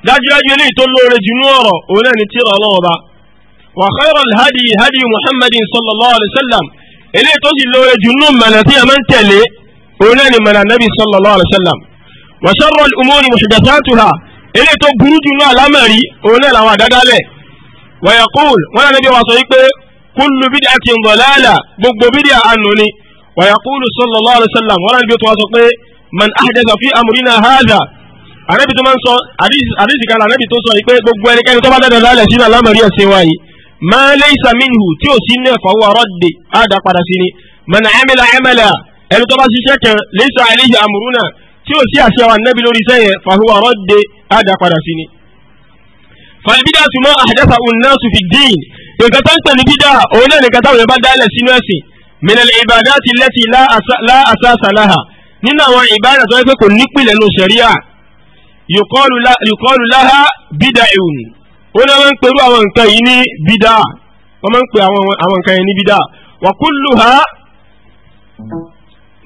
dájúdájú eléyìí tó lóore jù nú ọ̀rọ̀ òun náà ni tírà Ọlọ́run ọba wa khayra alhadi hadi muhammadin sallallahu alayhi wa sallam eléyìí tó sì lóore jù nú wa sharru al-umuri muhdathatuha ilé tó burú jù náà lámẹ̀rí òun náà làwọn àdádálẹ̀ wa yaqul wọn náà níbi wa sọ wípé kullu bid'atin dalala gbogbo bídíà àánú ni wa yaqulu sallallahu alayhi wa sallam wọn náà níbi tó wa sọ pé man ahdatha fi amrina hadha ànábì tó máa ń sọ àdìsí kan ànábì tó sọ yìí pé gbogbo ẹnikẹ́ni tó bá dẹ̀ dọ̀dọ̀ sínú àlámọ̀rí ẹ̀sìn wa yìí ma laysa minhu tí ò sí ní ẹ̀fọ́ wa raddi àdá padà sí ni man amila amala ẹni tó bá ṣiṣẹ́ kan laysa alayhi amruna tí ó sí àṣẹ àwọn anábì lórí iṣẹ́ yẹn fàhùwà rọ́dẹ àdá padà sí ni. fàlbídà túmọ̀ àdẹ́fà unnásu fi dín nǹkan tó ń pè ní bídà òun náà nǹkan táwọn yẹn bá dálẹ̀ sínú ẹ̀sìn mìnàlẹ̀ ìbàdà ti lẹ́tì láàṣà láhà nínú àwọn ìbàdà tó yẹ pé kò nípìlẹ̀ nù sẹ̀ríà yùkọ́lù láhà bídà ìwùn ó náà máa ń pẹ̀lú àwọn nǹkan yìí ní bídà wọ́n máa ń pè àwọn nǹkan yìí ní bídà wàkúlù ha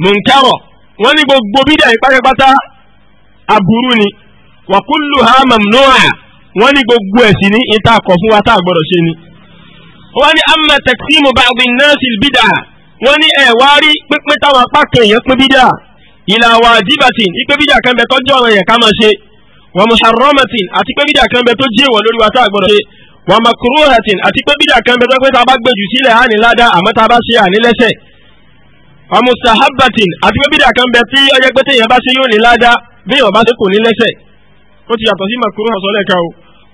mùnkárọ̀ wọ́n ní gbogbo bídà ìpátápátá aburú ni wa kulluha mamnu'a wọ́n ní gbogbo ẹ̀sìn ní ìta kọ̀ fún wa tá a gbọ́dọ̀ ṣe ni. wọ́n ní amma taqsimu ba'di an-nasi bida wọ́n ní ẹ̀ wá rí táwọn apá kan èèyàn pín bídà ila wajibatin ìpé bídà kan bẹ tọ́jú ọ̀rọ̀ yẹn ká máa ṣe wa muharramatin àti pé bídà kan bẹ tó jẹ́ ìwọ̀ lórí wa tá a gbọ́dọ̀ ṣe wa makruhatin àti pé bídà kan bẹ tó pé amusahabatin àti pé bídà kan bẹ tí ọjọ́ pé téèyàn bá ṣe yóò ní ládàá bí èèyàn bá ṣe kò ní lẹ́sẹ̀ ó ti yàtọ̀ sí makuru ọ̀sọ́ lẹ́ka o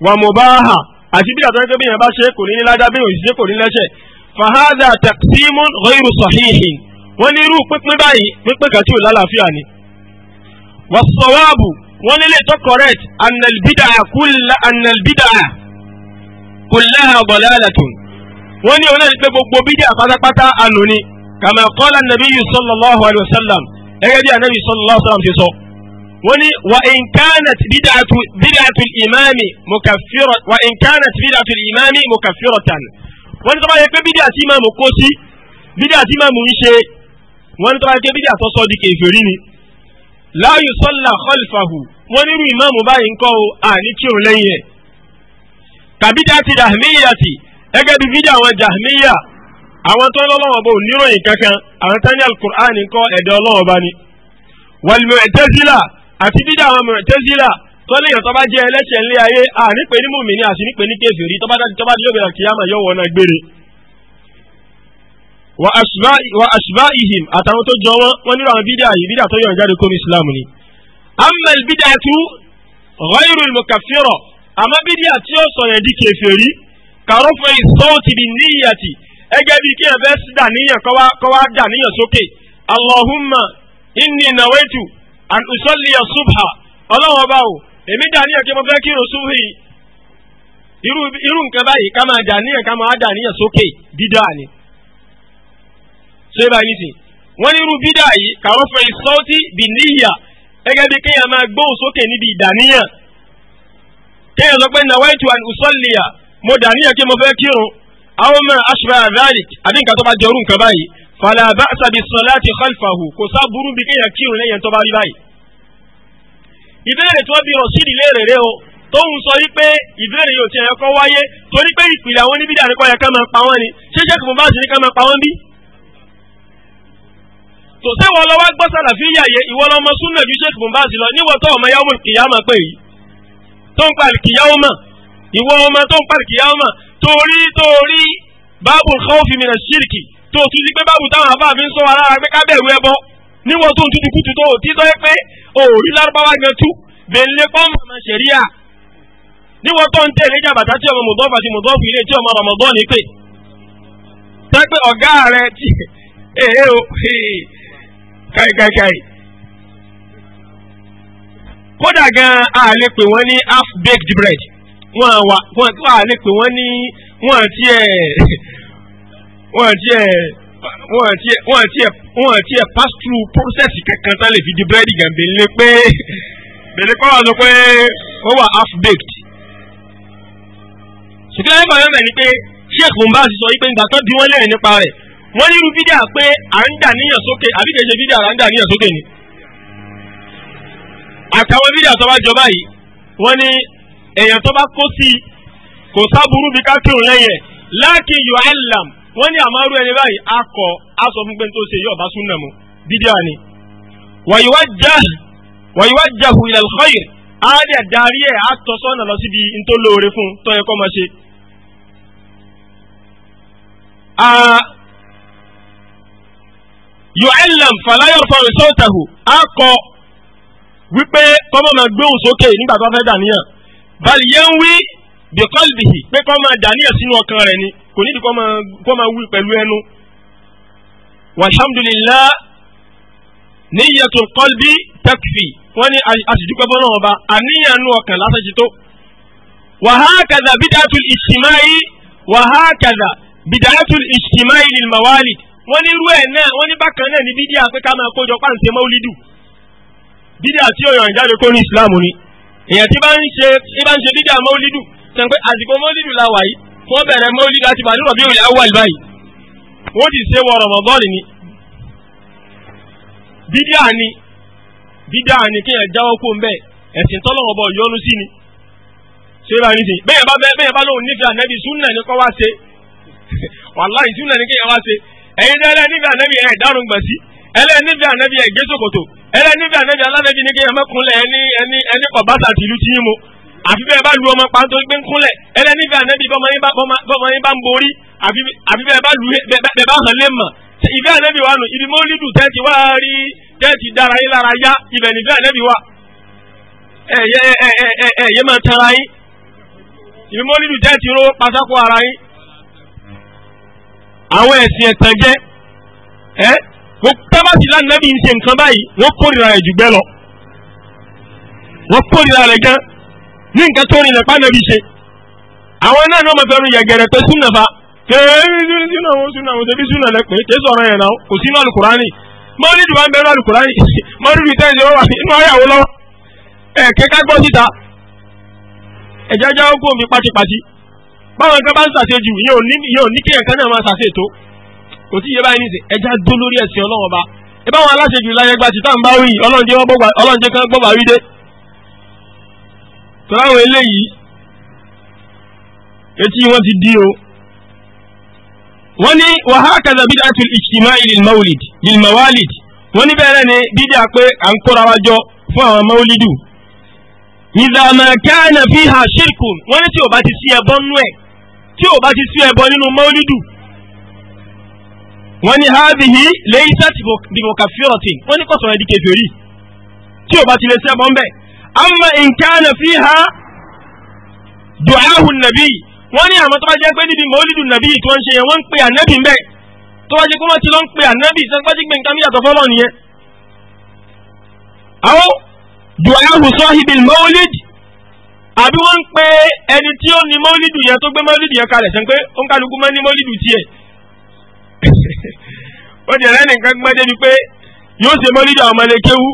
wà mubaha àti bídà tó pé bí bá ṣe kò ní ládàá bí èèyàn ṣe kò ní lẹ́sẹ̀ fahadà taqsimun ghayru sahihin wọ́n ní irú pínpín báyìí pínpín kan tí ò lálàáfíà ni. wàsọ̀wáàbù wọ́n nílé tó correct annalbida kulla annalbida kullaha dalalatun kama qala an-nabiyyu sallallahu alayhi wa sallam ẹgẹ́ bí anabi sallallahu alayhi wa sallam ti sọ. wọ́n ní wa in kanat bid'atu bid'atu al-imami mukaffira wa in kanat bid'atu al-imami mukaffiratan. wọ́n ní tó bá yẹ pé bídà tí ìmáàmù kó sí bídà tí ìmáàmù wọ́n ní tó pé bídà tó sọ di kèfèrí ni. la yusalla khalfahu wọ́n nírú ìmáàmù báyìí àwọn tó ń lọ́wọ́ bò níròyìn kankan àwọn tani alukur'an kọ́ ẹ̀dẹ̀ ọlọ́wọ́ bá ni. wal mu'tazila àti bídà àwọn mu'tazila tọ́lé yẹn tó bá jẹ́ ẹlẹ́sẹ̀ ńlẹ́ ayé ànípe ní mùmíní àti nípe ní kèfèrí tó bá dé lóbi àkìyàmà yóò wọ́n náà gbére. wa asba'ihim àtàwọn tó jọ wọn wọn nílò àwọn bídà yìí bídà tó yàn jáde kó ẹgẹ́ bíi kí yẹn fẹ́ dàníyàn kọ́ soke. dàníyàn allahumma inni nawaitu an usalliya subha ọlọ́wọ́n ọba o èmi dàníyàn kí mo fẹ́ kí irun irú nǹkan báyìí ká máa dàníyàn ká máa dàníyàn sókè dídá ni ṣé báyìí nìsín wọ́n ní irú bídà yìí kàwọn fẹ́ sọ́ọ́tì bì níyà gẹ́gẹ́ bíi bi máa níbi kéèyàn sọ pé nawaitu an mo kí àwọn ọmọ aṣọra dhalik àbí nǹkan tó bá jọrú nǹkan báyìí fala ba'sa bis-salati khalfahu kò sá burú bí kéèyàn kírun lẹ́yìn tó bá rí báyìí. ìbéèrè tí wọ́n bí rọ̀ṣídì léèrè rẹ o tóun sọ wípé ìbéèrè yóò ti ẹ̀kọ́ wáyé torí pé ìpìlẹ̀ àwọn oníbídà rẹ̀ kọ́ yẹ ká máa pa wọ́n ni ṣíṣe kò bá sì ní ká pa wọ́n bí. tòṣẹ́ wọ́n lọ wá gbọ́ sàlàfíà yẹ ìwọ lọmọ súnà ju ṣé kò bá sì lọ níwọ̀ tó ọmọ yàwó kìyàwó ìwọ ọmọ tó ń pàrìkì yá ọmọ torí torí báàbù khawfi mina ṣírìkì tó tún ti pé báàbù táwọn àbá mi ń sọ ara pé ká bẹ̀rù ẹbọ níwọ̀n tó ń tutù kùtù tó ti tọ́ ẹ pé òòrí lárúbáwá gan tú bèlè pọ́ǹpù ọmọ ṣẹ̀ríà níwọ̀n tó ń tẹ̀lé jàbàtà tí ọmọ mọ̀dọ́fù àti mọ̀dọ́fù ilé tí ọmọ rọmọdọ́ ni pé tẹ́pẹ́ ọ̀gá rẹ ti èyí o kàìkàìkàì kódà gan-an a pè wọ́n ní half baked bread wọn wà wọn tó à lè pè wọ́n ní wọn ti ẹ̀ wọn ti ẹ̀ wọn ti ẹ̀ wọn ti ẹ̀ wọn ti ẹ̀ pass through process kankan tá lè fi di búrẹ́dì gàmbé lé pé bẹ̀rẹ̀ kọ́ wà sọ pé ó wà half baked. ṣùgbọ́n ẹ̀kọ́ yóò bẹ̀ ni pé sheikh mumba sọ wípé ìgbà tó bí wọ́n lẹ́rìn nípa rẹ̀ wọ́n nírú fídíà pé à ń dà níyàn sókè àbí kèje fídíà à ń dà níyàn sókè ni. àtàwọn fídíà tó bá jọ báyìí wọ́n ní èèyàn tó bá kó sí i kò sábúrú bí kákírun lẹ́yìn ẹ̀ láàkín yóò ẹ̀làm wọ́n ní àmọ́ arú ẹni báyìí akọ aṣọ fún pé tó ṣe yóò bá súnà mu dídí àní. wàyíwá jahu ilẹ̀ lọ́yìn àádé àdarí ẹ̀ àtọ́sọ́nà lọ síbi ntólóore fún tó yẹ máa ṣe. yóò ẹ̀làm fàlàyọ̀ fọwọ́ sọ́ọ̀tàhù akọ wípé kọ́mọ́ máa gbóhùn sókè nígbà tó fẹ́ dàníyàn bal yanwi bi qalbihi pé kó máa dàníyàn sínú ọkàn rẹ̀ ni kò nídìí kó máa wí pẹ̀lú ẹnu. walhamdulillah niyyatul qalbi takfi wọ́n ní aṣèjúpẹ́ bọ́nà ọba àníyàn nú ọkàn lásàjì tó. wa hakadha bid'atul ijtima'i wa hakadha bid'atul ijtima'i wọ́n ní irú ẹ̀ náà wọ́n ní bákan náà ní bídíà pé ká máa kójọ páǹsẹ̀ mọ́wúlídù bídíà tí ó yọ̀ ìjáde kó ní ìsìlámù ni èèyàn tí bá ń ṣe tí bá ń ṣe bídíà mọ́lídù sọ pé àsìkò mọ́lídù la wà yìí wọ́n bẹ̀rẹ̀ mọ́lídù àti bàdúrà bí òòlù awà báyìí wọ́n ti ṣe wọ̀rọ̀ mọ̀ bọ́ọ̀lì ni. bídíà ni bídíà ni kéèyàn jáwọ́ kó ń bẹ̀ ẹ̀sìn tọ́lọ́wọ́ bọ̀ yọnu sí ni. ṣé bá ní sìn bẹ́ẹ̀ bá bẹ́ẹ̀ bá lóun nífẹ̀ẹ́ ànẹ́bí súnà ní kọ́ wá ṣe wàláì súnà ní kéèyàn wá ṣe ẹ̀yin tẹ́lẹ̀ nífẹ̀ẹ́ ànẹ́bí ẹ̀ dárùn gbà sí ẹlẹ́ẹ̀ nífẹ̀ẹ́ ànẹ́bí ẹ̀ gbé ṣòkòtò ẹlẹ níbi ànẹbi alánẹbi ní kí ẹ mẹkúnlẹ ẹni ẹni ẹni kọbásà tìlú tí yín mu àfi bẹ́ẹ̀ bá lu ọmọ pàtó gbé ńkúnlẹ ẹlẹ níbi ànẹbi bọmọ yín bá bọmọ yín bá ń borí àfi bẹ́ẹ̀ bá lu bẹ́ẹ̀ bá hàn lé mọ ìfẹ́ ànẹbi wa nù ibi mọlídù tẹẹtì wá rí tẹẹtì dára yín lára yá ibẹ̀ nífẹ ànẹbi wa ẹ ẹ ẹ ẹ ẹ yẹ máa tara yín ibi tábàtì lánàbí ń ṣe nǹkan báyìí wọ́n kórìíra rẹ̀ jù gbẹ́ lọ wọ́n kórìíra rẹ̀ gan ní nǹkan tó rìn lẹ́pà nàbí ṣe àwọn náà ní ọmọ fẹ́ mi yẹ̀gẹ̀rẹ̀ pé súnà fa kéèyàn súnà wọn súnà wọn ṣẹbi súnà lẹ pé kéè sọ̀rọ̀ yẹn náà kò sí náà alukurani mọ́rìdù bá ń bẹ̀rẹ̀ alukurani mọ́rìdù tẹ́sí ó wà nínú ayàwó kò tí yé báyìí nìsín ẹja dó lórí ẹ̀sìn ọlọ́wọ́n ba ẹ bá wọn aláṣejù láyé gba tìta ń bá wí ọlọ́njẹ kan gbọ́ bá wí dé. tọ́lá àwọn eléyìí etí wọn ti di o. wọ́n ní wàhákàzà bid'atul ijtima'i lil mawlid lil mawalid wọ́n ní bẹ́ẹ̀ ni bídíà pé à ń kóra wa jọ fún àwọn mawlidu. ìdààmú kana fiha shirkun wọ́n ní tí ò bá ti sí ẹbọ nínú ẹ̀ tí ò bá ti sí ẹbọ nínú mawlidu wọ́n ní hábìhí lẹ́yìn sáti bìbọ̀kà fíọ̀tì wọ́n ní kọ̀sọ̀rọ̀ ẹ̀dí kẹfẹ́rí tí o bá ti lè sẹ́bọ̀ ń amma nkánà fi ha du'ahu nàbí wọ́n ní àmọ́ tó bá jẹ́ pé níbi mọ́lídù nàbí tó ń ṣe yẹn wọ́n ń pè ànábì ń bẹ̀ tó bá jẹ́ pé wọ́n ti lọ ń pè ànábì sẹ́ńpájì gbé nǹkan yàtọ̀ fọ́lọ́ nìyẹn. àwọn du'ahu sọ́hìbì mọ́líd àbí wọ́n ń pe ẹni tí ó ní mọ́lídù yẹn tó gbé mọ́lídù yẹn kalẹ̀ sẹ́ńpé ó ń kálukú mọ́ ní mọ́lídù tiẹ̀ ó jẹ́ rẹ́ nìkan gbọ́n débi pé yóò ṣe mọ́lídìí àwọn ọmọlẹ́kẹ́wù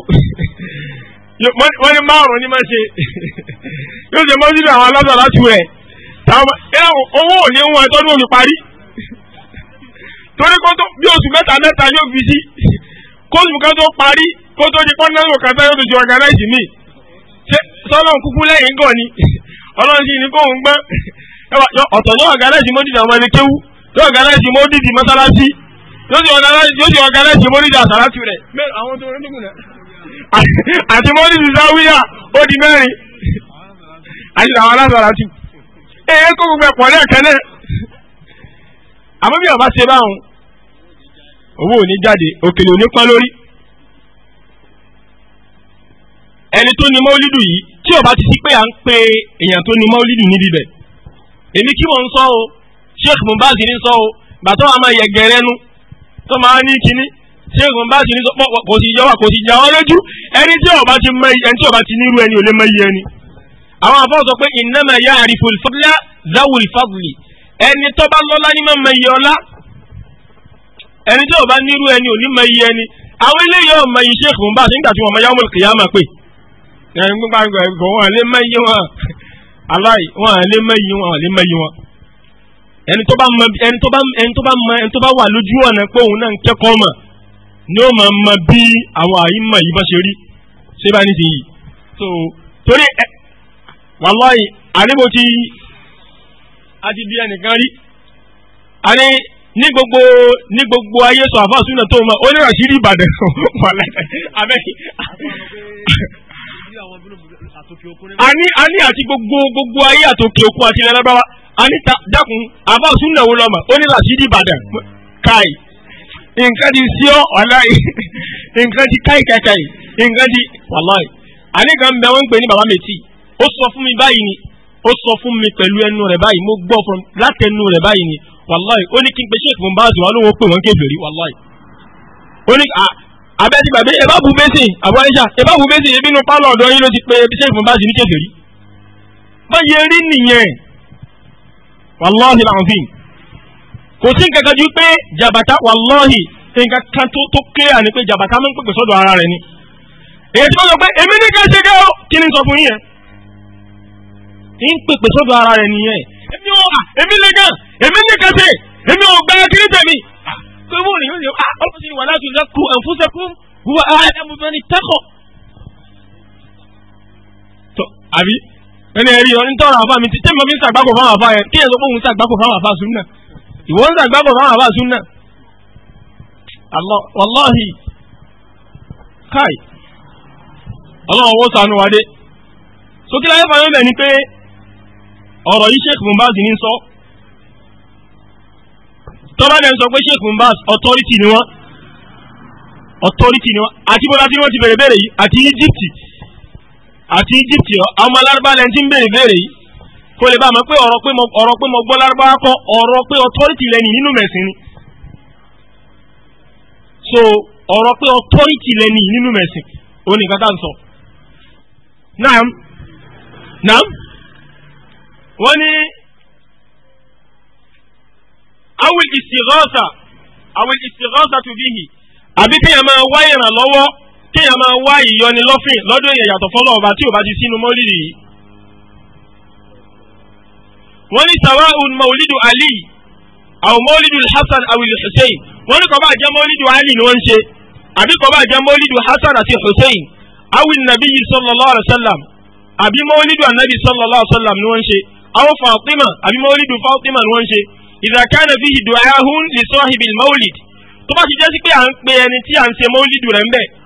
wọ́n ní márùn-ún ní máa ṣe yóò ṣe mọ́lídìí àwọn aláṣà láti rẹ̀ owó ò ní wọn ẹ tọ́dún òní parí torí kó tó bí oṣù mẹ́ta mẹ́ta yóò fi sí kóṣù kan tó parí kó tó di pọ́nlẹ́wò kan sáyọ́ tó ti ọ̀gánáìsì mi sọ́lọ́n kúkú lẹ́yìn gàn ni ọlọ́run sì ní kó ń gbọ́n ọ̀tọ̀ yóò ọ̀gánáìsì mọ́dìdì yóò sì ọ̀gá láti mọ́níjà àsàlátù rẹ̀ àwọn tó rẹ̀ nìkùnà àti mọ́níjì sáwíyà ó di mẹ́rin àti àwọn alásàlátù èyí kó gbogbo ẹ̀pọ̀ ní ẹ̀kẹ́ náà àmọ́ bí ọba ṣe báwọn owó ò ní jáde òkèlè ò ní pọ́n lórí ẹni tó ní mọ́lídù yìí tí ọba ti sí pé à ń pe èèyàn tó ní mọ́lídù níbi bẹ̀ èmi kí mò ń sọ o Sheikh Mubaz ní sọ o bàtọ́ àmọ́ yẹgẹrẹ nu tó máa ní kínní ṣéèkùn bá ti ní sọpọ kò sì yọwà kò sì jà ọ lójú ẹni tí ọba ti mọ ẹni tí ọba ti nírú ẹni ò lè mọ iye ẹni. àwọn afọ sọ pé ìnáma ya àrífòlì fọdúlá zawul fadli ẹni tó bá lọ́lá ní mọ̀ iye ọlá ẹni tí ọba nírú ẹni ò ní mọ iye ẹni. àwọn eléyìí ọmọ yìí ṣéèkùn bá ti nígbà tí wọn mọ yawmul qiyamah pé ẹni gbọ́n wọn lè mọ iye wọn aláì wọn lè mọ iye wọn lè mọ iye wọn ẹni tó bá mọ ẹni tó bá ẹni tó bá mọ ẹni tó bá wà lójú ọ̀nà pé òun náà ń kẹ́kọ̀ọ́ mọ̀ ni ó máa mọ bí àwọn àyímọ̀ yìí bá ṣe rí ṣé bá ní ti yìí so torí ẹ wàláì àríwó ti a ti di ẹnìkan rí a ní ní gbogbo ní gbogbo ayé sọ àfa súnà tó ma ó ní ràṣírí ìbàdàn wàlẹ abẹ́kí. a ní àti gbogbo gbogbo ayé àtòkè òkun àti ilẹ̀ lábáwá anita dákun àbá òsúnà wo lọ́mọ ó ní làṣídì ìbàdàn káì nǹkan ti sí ọ ọ̀la nǹkan ti káì káì káì nǹkan ti wàláì àníkan bẹ wọn ń pè ní bàbá mẹtì ó fún mi báyìí ni ó sọ fún mi pẹ̀lú ẹnu rẹ̀ báyìí mo gbọ́ fún látẹnu rẹ̀ báyìí ni wàláì ó ní kí n pe sheik mumbazu wa ló ń pè wọ́n kébèrè wàláì ó ní abẹ́tí bàbá ẹ bá bu bẹ́sìn àbúrò ayéṣà ẹ bu bẹ́sìn ebi inú pálọ̀ ọ̀dọ́ yín ló ti pe sheik mumbazu ní kébèrè báyìí rí nìyẹn wàlọ́ọ̀hì làwọn fi kò sí nǹkan kan ju pé jàbàtà wàlọ́ọ̀hì nǹkan kan tó clear ni pé jàbàtà máa ń pèpè sọ́dọ̀ ara rẹ̀ ni èyí tí wọ́n sọ pé èmi ní kẹ́sẹ̀ kẹ́ o kí ni sọ fún yín yẹn ń pèpè sọ́dọ̀ ara rẹ̀ nìyẹn èmi ò wà èmi lè gàn èmi ní kẹ́sẹ̀ èmi ò gbára kiri tẹ̀mí ah, pé wọ́n rìn yóò ṣe ọlọ́run ah, sì wà láti ìlú ẹ̀fúnṣẹ́kún wọ́n á ẹ̀mú fẹ́ni tẹ́kọ̀ọ́ ẹni ẹ̀rí eri ntọ́ra àfa mi ti tẹ́mi ọ̀fi ń sàgbákò fáwọn àfa yẹn kí ẹ̀ sọ pé òun sàgbákò fáwọn àfa sunna ìwọ ń sàgbákò fáwọn àfa sunna wàláhì káì ọlọ́run owó sànú wa sókè láyé fàyọ́ bẹ̀ ni pé ọ̀rọ̀ yìí Sheikh Mumbaz ní sọ dẹ̀ ń sọ pé Sheikh Mumbaz authority ni wọ́n authority ni wọ́n àti bọ́lá tí wọ́n ti bẹ̀rẹ̀ bẹ̀rẹ̀ yìí àti àti Egypt ọmọ alárúbá lẹ́yìn tí ń béèrè béèrè yìí kó lè bá a mọ̀ pé ọ̀rọ̀ pé mo ọ̀rọ̀ pé mo gbọ́ lárúbá kọ́ ọ̀rọ̀ pé authority lẹ́yìn nínú mẹ̀sìn ni so ọ̀rọ̀ pé authority lẹ́yìn nínú mẹ̀sìn òun nìkan tá à ń sọ. naam naam wọ́n ní awil istighatha awil istighatha tu bihi àbí kéèyàn máa wá ìrànlọ́wọ́ kéèyàn máa wá ìyọni lọ́fìn lọ́dún èèyàn yàtọ̀ fọ́lọ́ ọba tí ò bá ti sínú mọ́lìdì yìí. wọ́n ní sawa'un maulidu ali àwọn maulidu hasan awil hussein wọ́n ní kò bá jẹ́ ali ni wọ́n ń ṣe àbí kò bá jẹ́ maulidu hasan àti hussein awil nabiyyi sallallahu alayhi wa sallam àbí maulidu anabi sallallahu alayhi wa sallam ni wọ́n ń ṣe àwọn fatima àbí maulidu fatima ni wọ́n ń ṣe idha li sahibil maulid tó bá ti jẹ́ sí pé à ń pe ẹni tí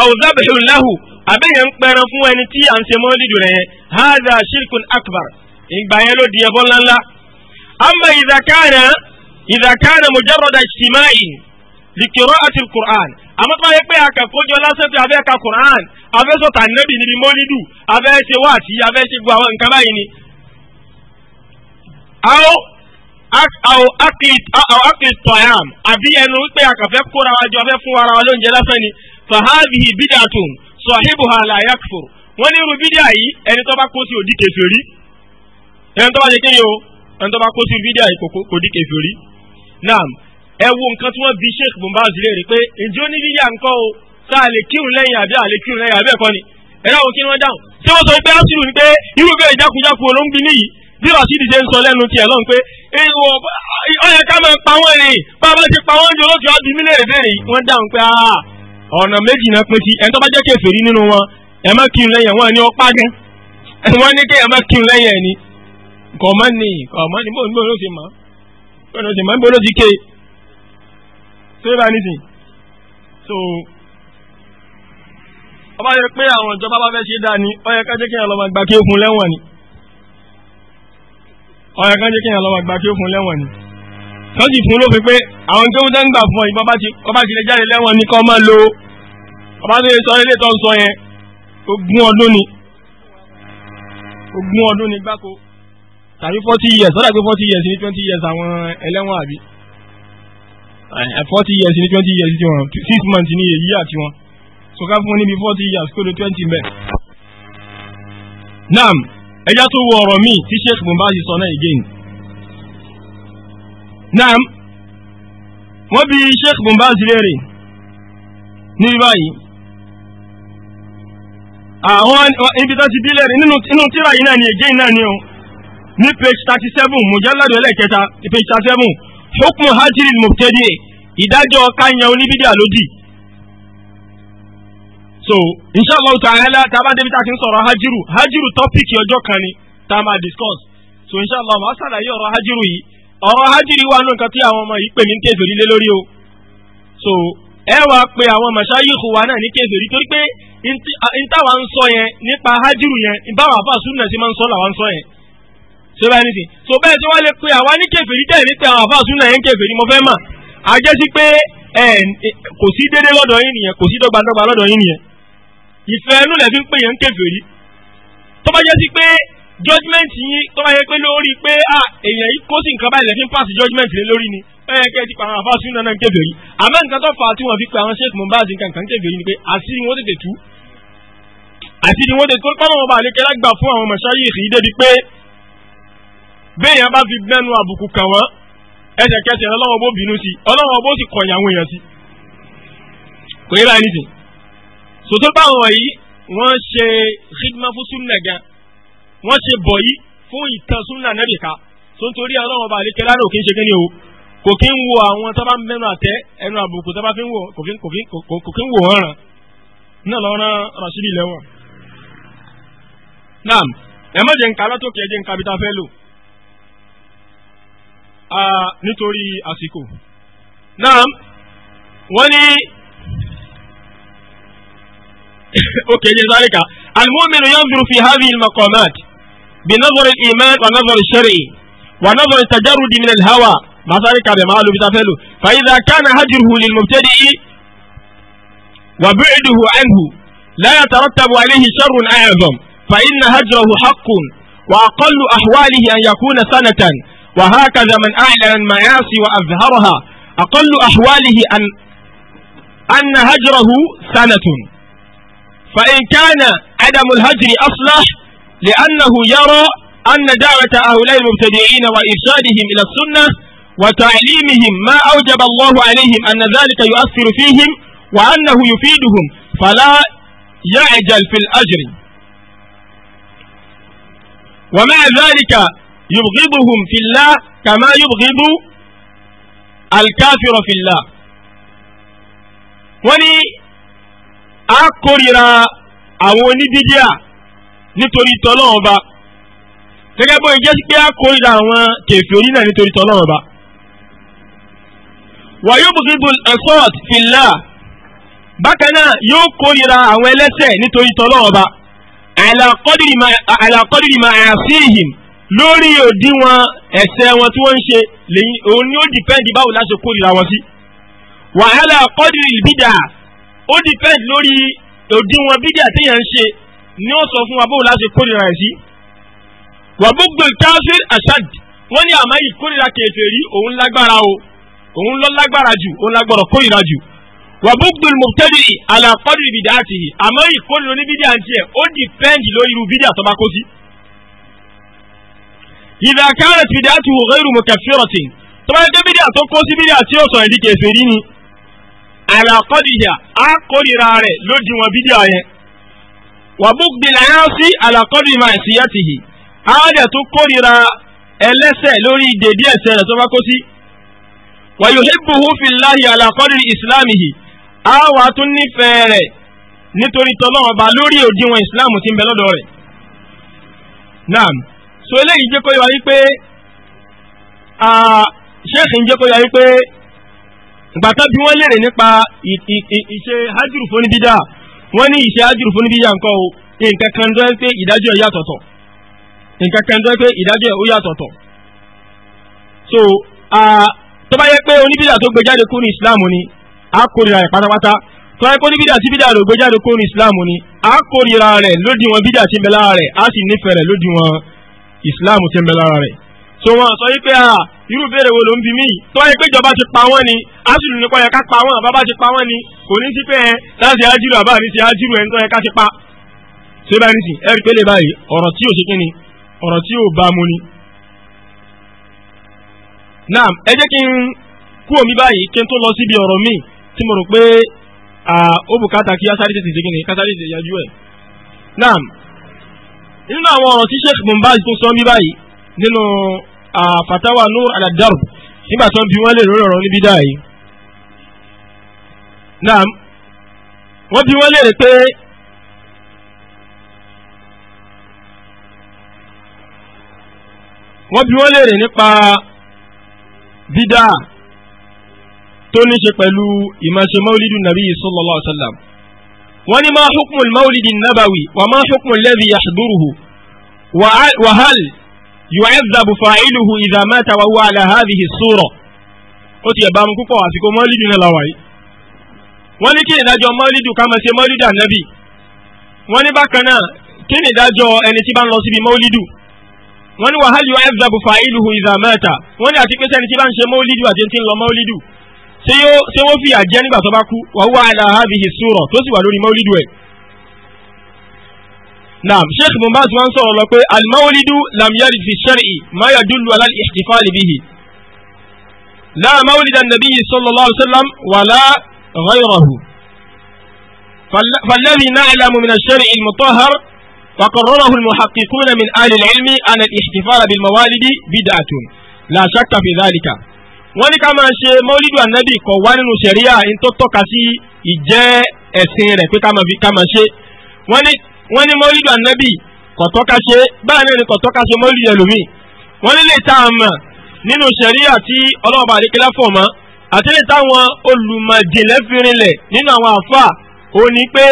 àwùzábìhùn láhù àbẹ́yẹn ń pẹran fún ẹni tí à ń ṣe mọ́lídù rẹ̀ yẹn hádà shirkun akbar ìgbà yẹn ló di ẹbọ ńláńlá. amma ìdàkánà ìdàkánà mujarrada ìsìmáì lìkìrọ́ àti qur'an àmọ́ tó yẹ pé akẹ́kọ̀ọ́jọ lásán tó abẹ́ ka qur'an abẹ́ sọ̀tà nẹ́bì níbi mọ́lídù abẹ́ ṣe wáàsí abẹ́ ṣe gbọ́ àwọn nǹkan báyìí ni. àwọn aw akili aw akili tọyam àbí ẹnu pé akàfẹ́ kóra wa jọ abẹ́ fún wa ara wa lóúnjẹ lásán ni fahadihi bidatun sahibuha la yakfur wọ́n ní irú bídíà yìí ẹni tó bá kó sí òdì kèfèrí ẹni tó bá ṣe kéde o ẹni tó bá kó sí bídíà yìí kò dí kèfèrí naam ẹ wo nǹkan tí wọ́n bi Sheikh Bin Baz léèrè pé ǹjẹ́ ó ní bídíà ńkọ́ o tá a lè kírun lẹ́yìn àbí a lè kírun lẹ́yìn àbí ẹ̀kọ́ ni ẹ̀rọ òkè ni wọ́n dáhùn tí wọ́n sọ pé áṣìlù ni pé irú bẹ́ẹ̀ jákujáku olóńgbìn nìyí bí rasidi ṣe ń sọ lẹ́nu tiẹ̀ lọ́n pé ó yẹ ká máa pa wọ́n rìn bá a pa wọ́n jù ó lójú ọdún nílé ìbéèrè wọ́n dáhùn pé ọ̀nà méjì náà pín sí ẹni tó bá jẹ́ kèfèrí nínú wọn ẹ má kírun lẹ́yìn wọn ni ó pàgẹ́ wọn ní kéèyàn má kírun lẹ́yìn ẹ̀ ni kò mọ́ ni kò mọ́ ni bóun ló ti mọ́ bóun ló ti mọ́ bóun ló ti ké ṣé bá ní sìn so ọba yẹ pé àwọn ìjọba bá fẹ́ ṣe dáa ni ó yẹ ká jẹ́ kéèyàn lọ́ọ́ máa gbà kí ó fún lẹ́wọ̀n ni ó yẹ ká jẹ́ kéèyàn lọ́ọ́ máa gbà kí ó fún lẹ́wọ̀n ni tọ́jì fún ló fi pé àwọn tó ń tẹ́ ń gbà fún ọ̀yìn bọ́bá ti lè jáde lẹ́wọ̀n ní kọ́ máa lo ọba tó yẹ sọ ilé tó ń sọ yẹn ogún ọdún ni ogún ọdún ni gbáko tàbí forty years sọ́dà pé forty years ní twenty years àwọn ẹlẹ́wọ̀n àbí forty years ní twenty years tiwọn six months ní èyí àtiwọn so ká fún wọn níbi forty years kó ló twenty bẹ́ẹ̀. naam ẹja tó wọ ọ̀rọ̀ míì tí sheikh mumbazi sọ náà again naam wọ́n bi sheikh bumbaz léèrè ní báyìí àwọn ibi tó ti bí léèrè nínú tíra yìí náà ni èjé náà ni o ní page thirty seven mujalladu ẹlẹ́kẹta page thirty seven hukmu hajiri mubtadi ìdájọ́ káyan oníbídíà lódì so inshallah ta'ala so débi tá a ti ń sọ̀rọ̀ hajiru hajiru tọ́pìkì ọjọ́ kan ni tá a máa discuss so inshallah wàá sàlàyé ọ̀rọ̀ hajiru yìí ọ̀rọ̀ hajiri wà nù nǹkan tí àwọn ọmọ yìí pè ní kéferì lé lórí o so ẹ wàá pe àwọn màṣáyìkù wa náà ní kéferì torí pé ntàwa ń sọ yẹn nípa hajiru yẹn ìbáwà àfa sunna sí máa ń sọ làwa ń sọ yẹn ṣé báyìí nìsín so bẹ́ẹ̀ tí wọ́n lè pe àwa ní kéferì tẹ̀ ní pé àwọn àfa sunna yẹn kéferì mo fẹ́ mà á jẹ́ sí pé kò sí déédé lọ́dọ̀ yín nìyẹn kò sí dọ́gbadọ́gba lọ́dọ̀ yín nìyẹn ìfẹ́ ẹnu lẹ́ fi ń pè yẹn kéferì tó bá jẹ́ sí pé judgment yín tó bá yẹ pé lórí pé à èèyàn yìí kó sí nǹkan báyìí lẹ́fín pass judgment lé lórí ni ẹ yẹ kẹ́ ẹ ti pa àwọn afáàsù náà ń kébè yìí àmọ́ nǹkan tó fà á tí wọ́n fi pe àwọn sheikh Mohbad nǹkan kan kébè yìí ni pé àṣírí wọn tètè tú àṣírí wọn tètè tó pọ́nmọ́ wọn bá lè kẹ́lá gbà fún àwọn mọ̀ṣáyé yìí débi pé béèyàn bá fi mẹ́nu àbùkù kàn wọ́n ẹsẹ̀kẹsẹ̀ ọlọ́wọ́ bó bínú sí ọlọ́wọ́ bó sì kọ̀yìn èèyàn sí kò yẹ báyìí nìsín sòtó báwọn yìí wọ́n ṣe khidma fún wọ́n ṣe bọ̀ yìí fún ìtàn súnà nẹ́bì ká tó ń torí ọlọ́run ọba àlékẹ́ lánàá òkè ń ṣe kí ni o kò kí ń wo àwọn tó bá ń mẹ́nu àtẹ ẹnu àbùkù tó bá fi ń wò kò kí ń wò wọ́n ràn náà lọ́wọ́ rán Rashidi lẹ́wọ̀n. naam ẹ má jẹ́ nǹka alátòkè ẹ jẹ́ nǹka abita fẹ́ lò nítorí àsìkò. naam wọ́n ní òkè yẹn sáré ká al-mu'minu yanzuru fi hadhihi al-maqamat. بنظر الإيمان ونظر الشرعي ونظر التجرد من الهوى ما ذلك قالوا بتفعله فإذا كان هجره للمبتدئ وبعده عنه لا يترتب عليه شر أعظم فإن هجره حق وأقل أحواله أن يكون سنة وهكذا من أعلن المعاصي وأظهرها أقل أحواله أن أن هجره سنة فإن كان عدم الهجر أصلح لأنه يرى أن دعوة هؤلاء المبتدعين وإرشادهم إلى السنة وتعليمهم ما أوجب الله عليهم أن ذلك يؤثر فيهم وأنه يفيدهم فلا يعجل في الأجر ومع ذلك يبغضهم في الله كما يبغض الكافر في الله وني أكرر أو ندجا nítorí tọ́lọ́run ba gẹ́gẹ́ bó ìjẹ́ pé a kórìíra àwọn kèfèrí náà nítorí tọ́lọ́run ba. wàyó bùkítù ẹ̀fọ́t fìlà bákan náà yóò kórìíra àwọn ẹlẹ́sẹ̀ nítorí tọ́lọ́run ba àlàkọ́dìrì máa àfihìm lórí òdiwọ̀n ẹ̀ṣẹ̀ wọn tí wọ́n ń ṣe òun ni ó dìpẹ́ǹdì báwo la ṣe kórìíra wọn sí. wàhálà kọ́dìrì bídà ó dìpẹ́ǹdì lórí òdiwọ̀n bídà téèyàn ń ṣe ni ó sọ fún wa bóun láti kórìíra ẹ̀ sí. wà gbogbo káfíìn asad wọ́n ní àmọ́ yìí kórìíra kèfèrí òun lágbára o òun lọ lágbára jù òun lágbára kórìíra jù. wà gbogbo mọ̀tẹ́lì àlàkọ́dù ìbìdá àti àmọ́ yìí kórìíra oníbídíà ń tiẹ̀ ó dìpẹ́ǹdì lórí irú bídíà tó bá kó sí. إذا كانت بدعته غير مكفرة طبعا ده بدعة تقوسي بدعة تيوسو عندي كيفريني على قدها أقرر عليه لجوا بدعة wàbúgbìlà yẹn sí àlàkọ́dù ìmọ̀ àìsíyàtìhì àwọn dẹ̀ tó kórìíra ẹlẹ́sẹ̀ lórí dèdí ẹ̀ṣẹ̀ rẹ̀ tó bá kó sí. wàyòhébùhù fìláhì àlàkọ́dù ìsìlámìhì àwọn àtún nífẹ̀ẹ́ rẹ̀ nítorí tọ́lọ́wọ́n ba lórí òdiwọ̀n ìsìlámù tí ń bẹ lọ́dọ̀ rẹ̀. naam so eléyìí jẹ́ kó yọ wáyé pé ṣéèkì ń jẹ́ kó yọ wáyé pé ìgbà tó bí wọ́n léèrè nípa ìṣe hajjuru wọ́n ní ìṣe ájúrù fún níbi yàǹkọ́ o nǹkan kan tó ń pé ìdájọ́ ẹ̀ yàtọ̀tọ̀ nǹkan kan tó ń pé ìdájọ́ ẹ̀ ó yàtọ̀tọ̀ so tó bá yẹ pé oníbídà tó gbé jáde kúrò ní Islam ni a kórìíra rẹ̀ pátápátá tó yẹ pé oníbídà tí bídà ló gbé jáde kúrò ní Islam ni a kórìíra rẹ̀ lódì wọn bídà tí ń bẹ lára rẹ̀ a sì nífẹ̀ẹ́ rẹ̀ lódì wọn Islam tí ń bẹ lára rẹ̀ so wọn sọ yí pé a irú béèrè wo ló ń bi mí tó yẹ pé ìjọba ti pa wọ́n ni asùlù nípa yẹ pa wọ́n bàbá ti pa wọ́n ni kò ní sí pé ẹ láti ájírù àbá mi ti ájírù ẹni tó yẹ ti pa. ṣé bá ní sìn ẹ rí pé lè báyìí ọ̀rọ̀ tí ò ṣe kíni ọ̀rọ̀ tí ò bá mu ni. naam ẹ jẹ́ kí n kú omi báyìí kí n tó lọ síbi ọ̀rọ̀ míì tí mo rò pé ó bùkátà kí asáré tètè ṣe kíni kásáré fatawa nur aladarb nígbà tó ń bi wọ́n lè lórí ọ̀rọ̀ níbí dáa yìí. náà wọ́n bi wọ́n lè rí pé wọ́n bi wọ́n lè rí nípa bídà tó ní ṣe pẹ̀lú ìmọ̀ṣe maulidu nabi sallallahu alaihi wa wọ́n ní ma hukmul maulidi nabawi wa ma hukmul ladhi yahduruhu wa yu'adhabu fa'iluhu idha mata wa huwa ala hadhihi as-sura ó ti ẹ̀bá mu púpọ̀ àsìkò mọ́lídù náà làwà yìí wọ́n ní kí ni ìdájọ́ mọ́lídù ká máa ṣe mọ́lídù ànábì wọ́n ní bákan náà kí ni ìdájọ́ ẹni tí bá ń lọ síbi mọ́lídù wọ́n fa'iluhu idha mata wọ́n ní àti pé sẹ́ni tí bá ń ṣe mọ́lídù àti ti ń lọ mọ́lídù ṣé wọ́n fìyà jẹ nígbà tó bá kú wa huwa ala hadhihi sura tó sì wà lórí mọ́lídù ẹ̀ naam sheikh bin baz wọn sọ̀rọ̀ lọ pé alimawulidu lam yarid fi shar'i ma yadullu ala al-ihtifali bihi la mawulida nabiyyi sallallahu alaihi wa sallam wala ghayrahu فالذي نعلم من الشرع المطهر وقرره المحققون من أهل العلم أن الاحتفال بالموالد بدعة لا شك في ذلك wọ́n ní ká máa ṣe mọ́lídùú ànábì kọ̀ wá nínú ṣẹ̀ríà ń tó tọ́ka sí ìjẹ́ ẹ̀sìn rẹ̀ pé ká máa ṣe wọ́n ní wọ́n ní mọ́lídù ànábì kọ̀tọ́káṣe báyìí náà ni kọ̀tọ́káṣe mọ́lídù ẹlòmíì wọ́n ní lè tá a mọ̀ nínú sẹ̀ríà tí ọlọ́ọ̀bà àdékẹ́lá fọ̀ mọ́ àti lè táwọn olùmọ̀jìnlẹ̀ fi rinlẹ̀ nínú àwọn àfà òní pé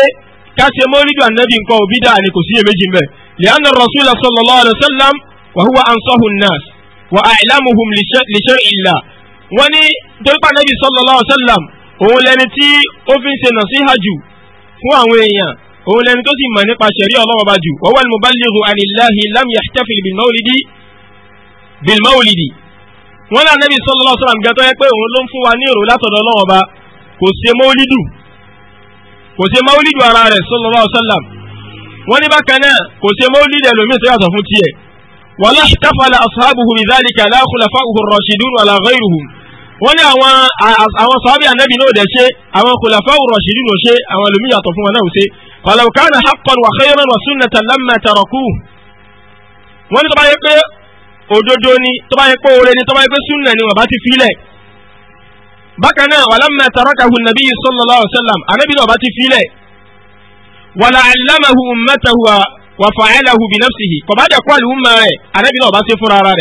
káṣe mọ́lídù ànábì nǹkan òbí dáa ni kò sí iyèméjì mbẹ́ li'anna rasul sallallahu fún àwọn èèyàn òun lẹni tó sì mọ̀ nípa ṣẹ̀rí ọlọ́wọ́ bá jù wọ́n wà ní muballighu anillahi lam yahtafil bilmaulidi bilmaulidi wọ́n náà nẹ́bí sallallahu alaihi wasallam gan tó yẹ pé òun ló ń fún wa ní ìrò látọ̀dọ̀ ọlọ́wọ́ kò ṣe maulidu kò ṣe maulidu ara rẹ̀ sallallahu alaihi wasallam wọ́n ní bákan náà kò ṣe maulidu ẹlòmíì tó yàtọ̀ fún tiẹ̀ wala ihtafala ashabuhu bidhalika la khulafa'uhu ar-rashidun wọ́n ní àwọn àwọn sàábì ànábì náà dẹ̀ ṣe àwọn khulafa'ur-rashidun ṣe àwọn ẹlòmíì fún wọn náà ṣe walau kana haqqan wa khayran wa sunnatan lamma tarakuhu wọ́n ní tó bá yẹ pé òdodo ni tó bá yẹ pé oore ni tó bá yẹ pé sunna ni wọ́n bá ti filẹ̀ bákan náà walamma tarakahu nabiyyi sallallahu alaihi wasallam anabi náà bá ti filẹ̀ wala allamahu ummatahu wa fa'alahu bi kò bá dẹ̀ kọ́ àlùmọ́ rẹ̀ anabi náà bá ti fúnra rẹ̀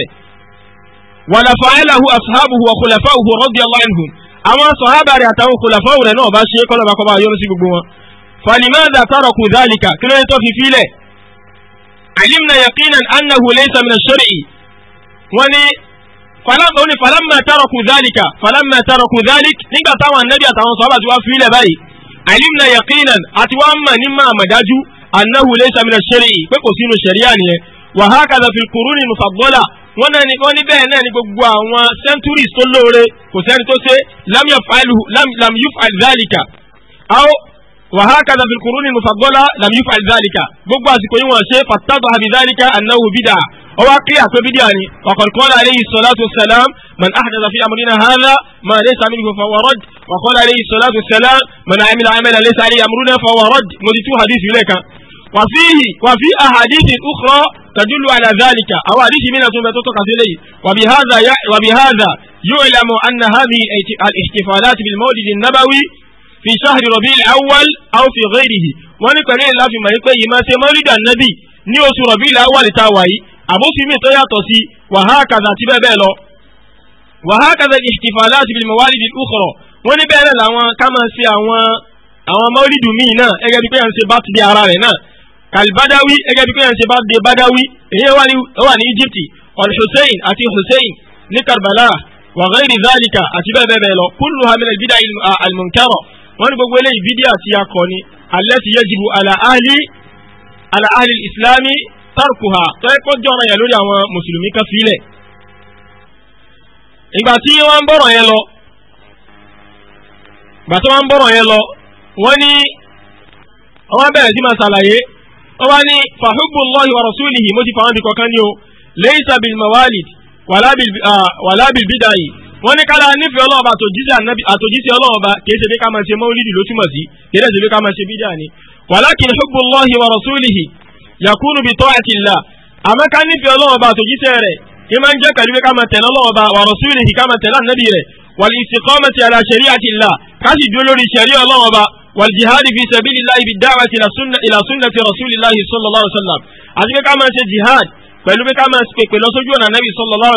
wala fa'alahu ashabuhu wa khulafa'uhu radiyallahu anhum àwọn sọ̀hábà àtàwọn khulafa'u rẹ̀ náà bá ṣe kọ́lọ́ bá kọ́ yọrọ sí gbogbo wọn. فلماذا تركوا ذلك كلنا في فيله علمنا يقينا أنه ليس من الشرع وني فلما فلما تركوا ذلك فلما تركوا ذلك نيجا تاوى النبي تاوى صحابة وفيله باي علمنا يقينا أتواما نما مداجو أنه ليس من الشرع فكو سينو الشريان وهكذا في القرون المفضلة wọ́n náà ni wọ́n ní bẹ́ẹ̀ náà ni gbogbo àwọn centuries tó lóore kò sẹ́ni tó ṣe lam yuf'al dhalika aw وهكذا في القرون المفضلة لم يفعل ذلك gbogbo àsìkò yìí wọ́n ṣe فاتضح بذلك أنه بدعة ó wá kílẹ̀ àpé bídíà ni وقد قال عليه الصلاة والسلام من أحدث في أمرنا هذا ما ليس منه فهو رد وقال عليه الصلاة والسلام من عمل عملا ليس عليه أمرنا فهو رد mo ti tú وفيه وفي أحاديث أخرى تدل على ذلك أو حديث من ثم تتوقع إليه وبهذا وبهذا يعلم أن هذه الاحتفالات بالمولد النبوي fi ṣáàrì rọ̀bí ilẹ̀ awal aw fi ghairihi wọ́n ní pẹ̀lú ìlà fi màá pé yìí máa ṣe mọ́lídì ànábì ní oṣù rọ̀bí ilẹ̀ awal ta wà yìí àbófin tó yàtọ̀ sí wàhákàzà àti bẹ́ẹ̀ bẹ́ẹ̀ lọ. wàhákàzà ihtifalat bil mawalid al ukhra wọ́n ní bẹ́ẹ̀ làwọn ká máa ṣe àwọn àwọn mọ́lídù míì náà gẹ́gẹ́ bí pé à ń ṣe bátìdé ara rẹ̀ náà kalibadawi gẹ́gẹ́ bí àti Hussein bẹ́ẹ̀ bẹ́ẹ̀ lọ kulluha min al bid'a al wọ́n ní gbogbo eléyìí bídíà sí akọ ni allati yajibu ala ahli ala ahli islami tarkuha tọ́yẹ́ kọ́ jọra yẹn lórí àwọn mùsùlùmí kan sílẹ̀ ìgbà tí wọ́n ń bọ̀rọ̀ yẹn lọ ìgbà tí wọ́n ń bọ̀rọ̀ yẹn lọ wọ́n ní wọ́n bẹ̀rẹ̀ sí máa ṣàlàyé wọ́n wá ní fa hubbullahi wa mo ti fa wọn bí ní o laysa bil mawalid wala bil ah, bidai wọ́n ní kára nífẹ̀ẹ́ ọlọ́ọ̀ba àtòjíṣẹ́ ọlọ́ọ̀ba kìí ṣe bí ká máa ṣe mọ́lídì ló túmọ̀ sí kìí ṣe bí ká máa ṣe bídà ni. walakin hubbullahi wa rasulihi yakunu bi ta'atillah àmọ́ ká nífẹ̀ẹ́ ọlọ́ọ̀ba àtòjíṣẹ́ rẹ̀ kí máa ń jẹ́ pẹ̀lú ká máa tẹ̀lé ọlọ́ọ̀ba wa rasulihi ká máa tẹ̀lé ànábì rẹ̀ wal istiqamati ala shari'atillah ká sì dúró lórí ṣẹ̀rí ọlọ́ọ̀ba والجهاد في سبيل الله بالدعوة إلى سنة إلى سنة رسول الله صلى الله عليه وسلم àti pé ká máa ṣe jihad pẹ̀lú pé ká máa ṣe pẹ̀lú sójú ọ̀nà Ànábì صلى الله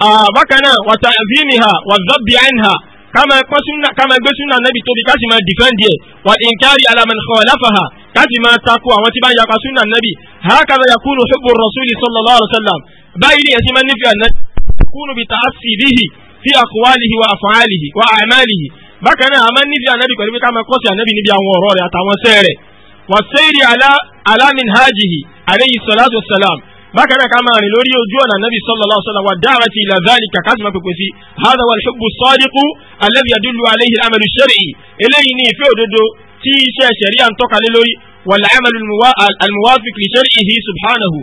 Ah, bákan náà wàtà ziniha wàzọ́bì anha kama gbé súnà nàbì tóbi ká sì máa dìfẹ́ǹdì ẹ̀ wà ìnkárí alaman khalafaha ká sì máa takò àwọn tí bá ń yapa súnà nàbì hakaza yakunu hubbu rasuli sallallahu alaihi báyìí ni ẹ̀sìn máa nífẹ̀ẹ́ àná yakunu bi fi aqwalihi wa af'alihi wà sẹ́ẹ̀rì ala ala minhajihi bákan náà ká máa rìn lórí ojú ọ̀nà nabi sallallahu alaihi wasallam wa da'wati ila dhalika kásì máa pèpè sí hadha wal hubbu sadiqu alladhi yadullu alayhi al-amalu shar'i eléyìí ní ìfẹ́ òdodo tí iṣẹ́ ṣẹ̀ríà ń tọ́ka lórí wal amalu al-muwafiq li shar'ihi subhanahu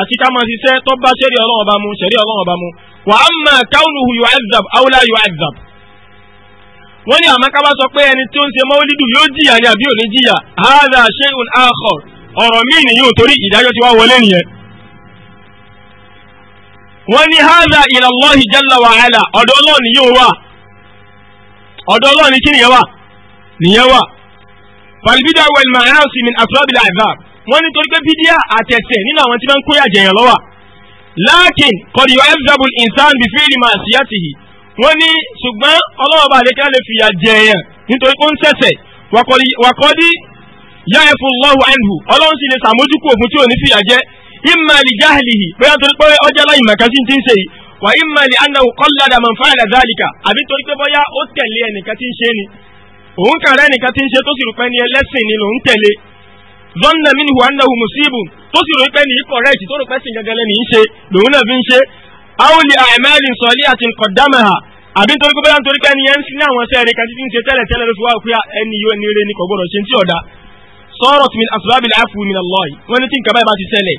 àti ká máa ṣiṣẹ́ tó bá ṣẹ̀rí bá mu ṣẹ̀rí Ọlọ́run bá mu wa amma kaunuhu yu'azzab aw la yu'azzab wọ́n ní àmọ́ bá sọ pé ẹni tó ń ṣe mọ́wúlídù yóò jìyà ni àbí ò ní jìyà hadha shay'un akhar ọ̀rọ̀ míì nìyí ò torí ìdájọ́ ti wá wọlé nìyẹn wọ́n ní hádà ila Allah jalla wa ala ọ̀dọ̀ ọlọ́run yóò wà ọ̀dọ̀ ọlọ́run kí nìyẹn wà nìyẹn wà falbida wal ma'asi min afrabil azab wọ́n ní torí pé bídíà àtẹ̀sẹ̀ nínú àwọn tí wọ́n ń kóyà jẹ̀yàn lọ́wà lákìn kọ̀dí yóò ẹ́fẹ́bù ìnsán bí fíìlì máa sí àti yìí wọ́n ní ṣùgbọ́n ọlọ́wọ́ bá imma li jahlihi bóyá torí pé ọjà láì màkà sí ti ń ṣe yìí wà imma li annahu qallada man fa'ala dhalika àbí torí pé bóyá ó tẹ̀lé ẹnìkan tí ń ṣe ni òun kàrẹ́ ẹnìkan tí ń ṣe tó sì rò pé ní ẹlẹ́sìn ni lòun tẹ̀lé zọ́nà minhu annahu musibun tó sì rò pé ní correct tó rò pé sìn gẹ́gẹ́ lẹ́ni ń ṣe lòun náà fi ń ṣe aw li a'malin salihatin qaddamaha àbí nítorí pé bóyá nítorí pé ẹni yẹn sin àwọn ẹsẹ̀ kan títí ń ṣe tẹ́lẹ̀ tẹ́lẹ̀ ló fi wá òkú ẹni yóò ní ire ní kò ṣe ń tí ọ̀dà sọ̀rọ̀ tìmí asbab al-'afwi min Allah wọ́n ní tí nǹkan báyìí bá ti ṣẹlẹ̀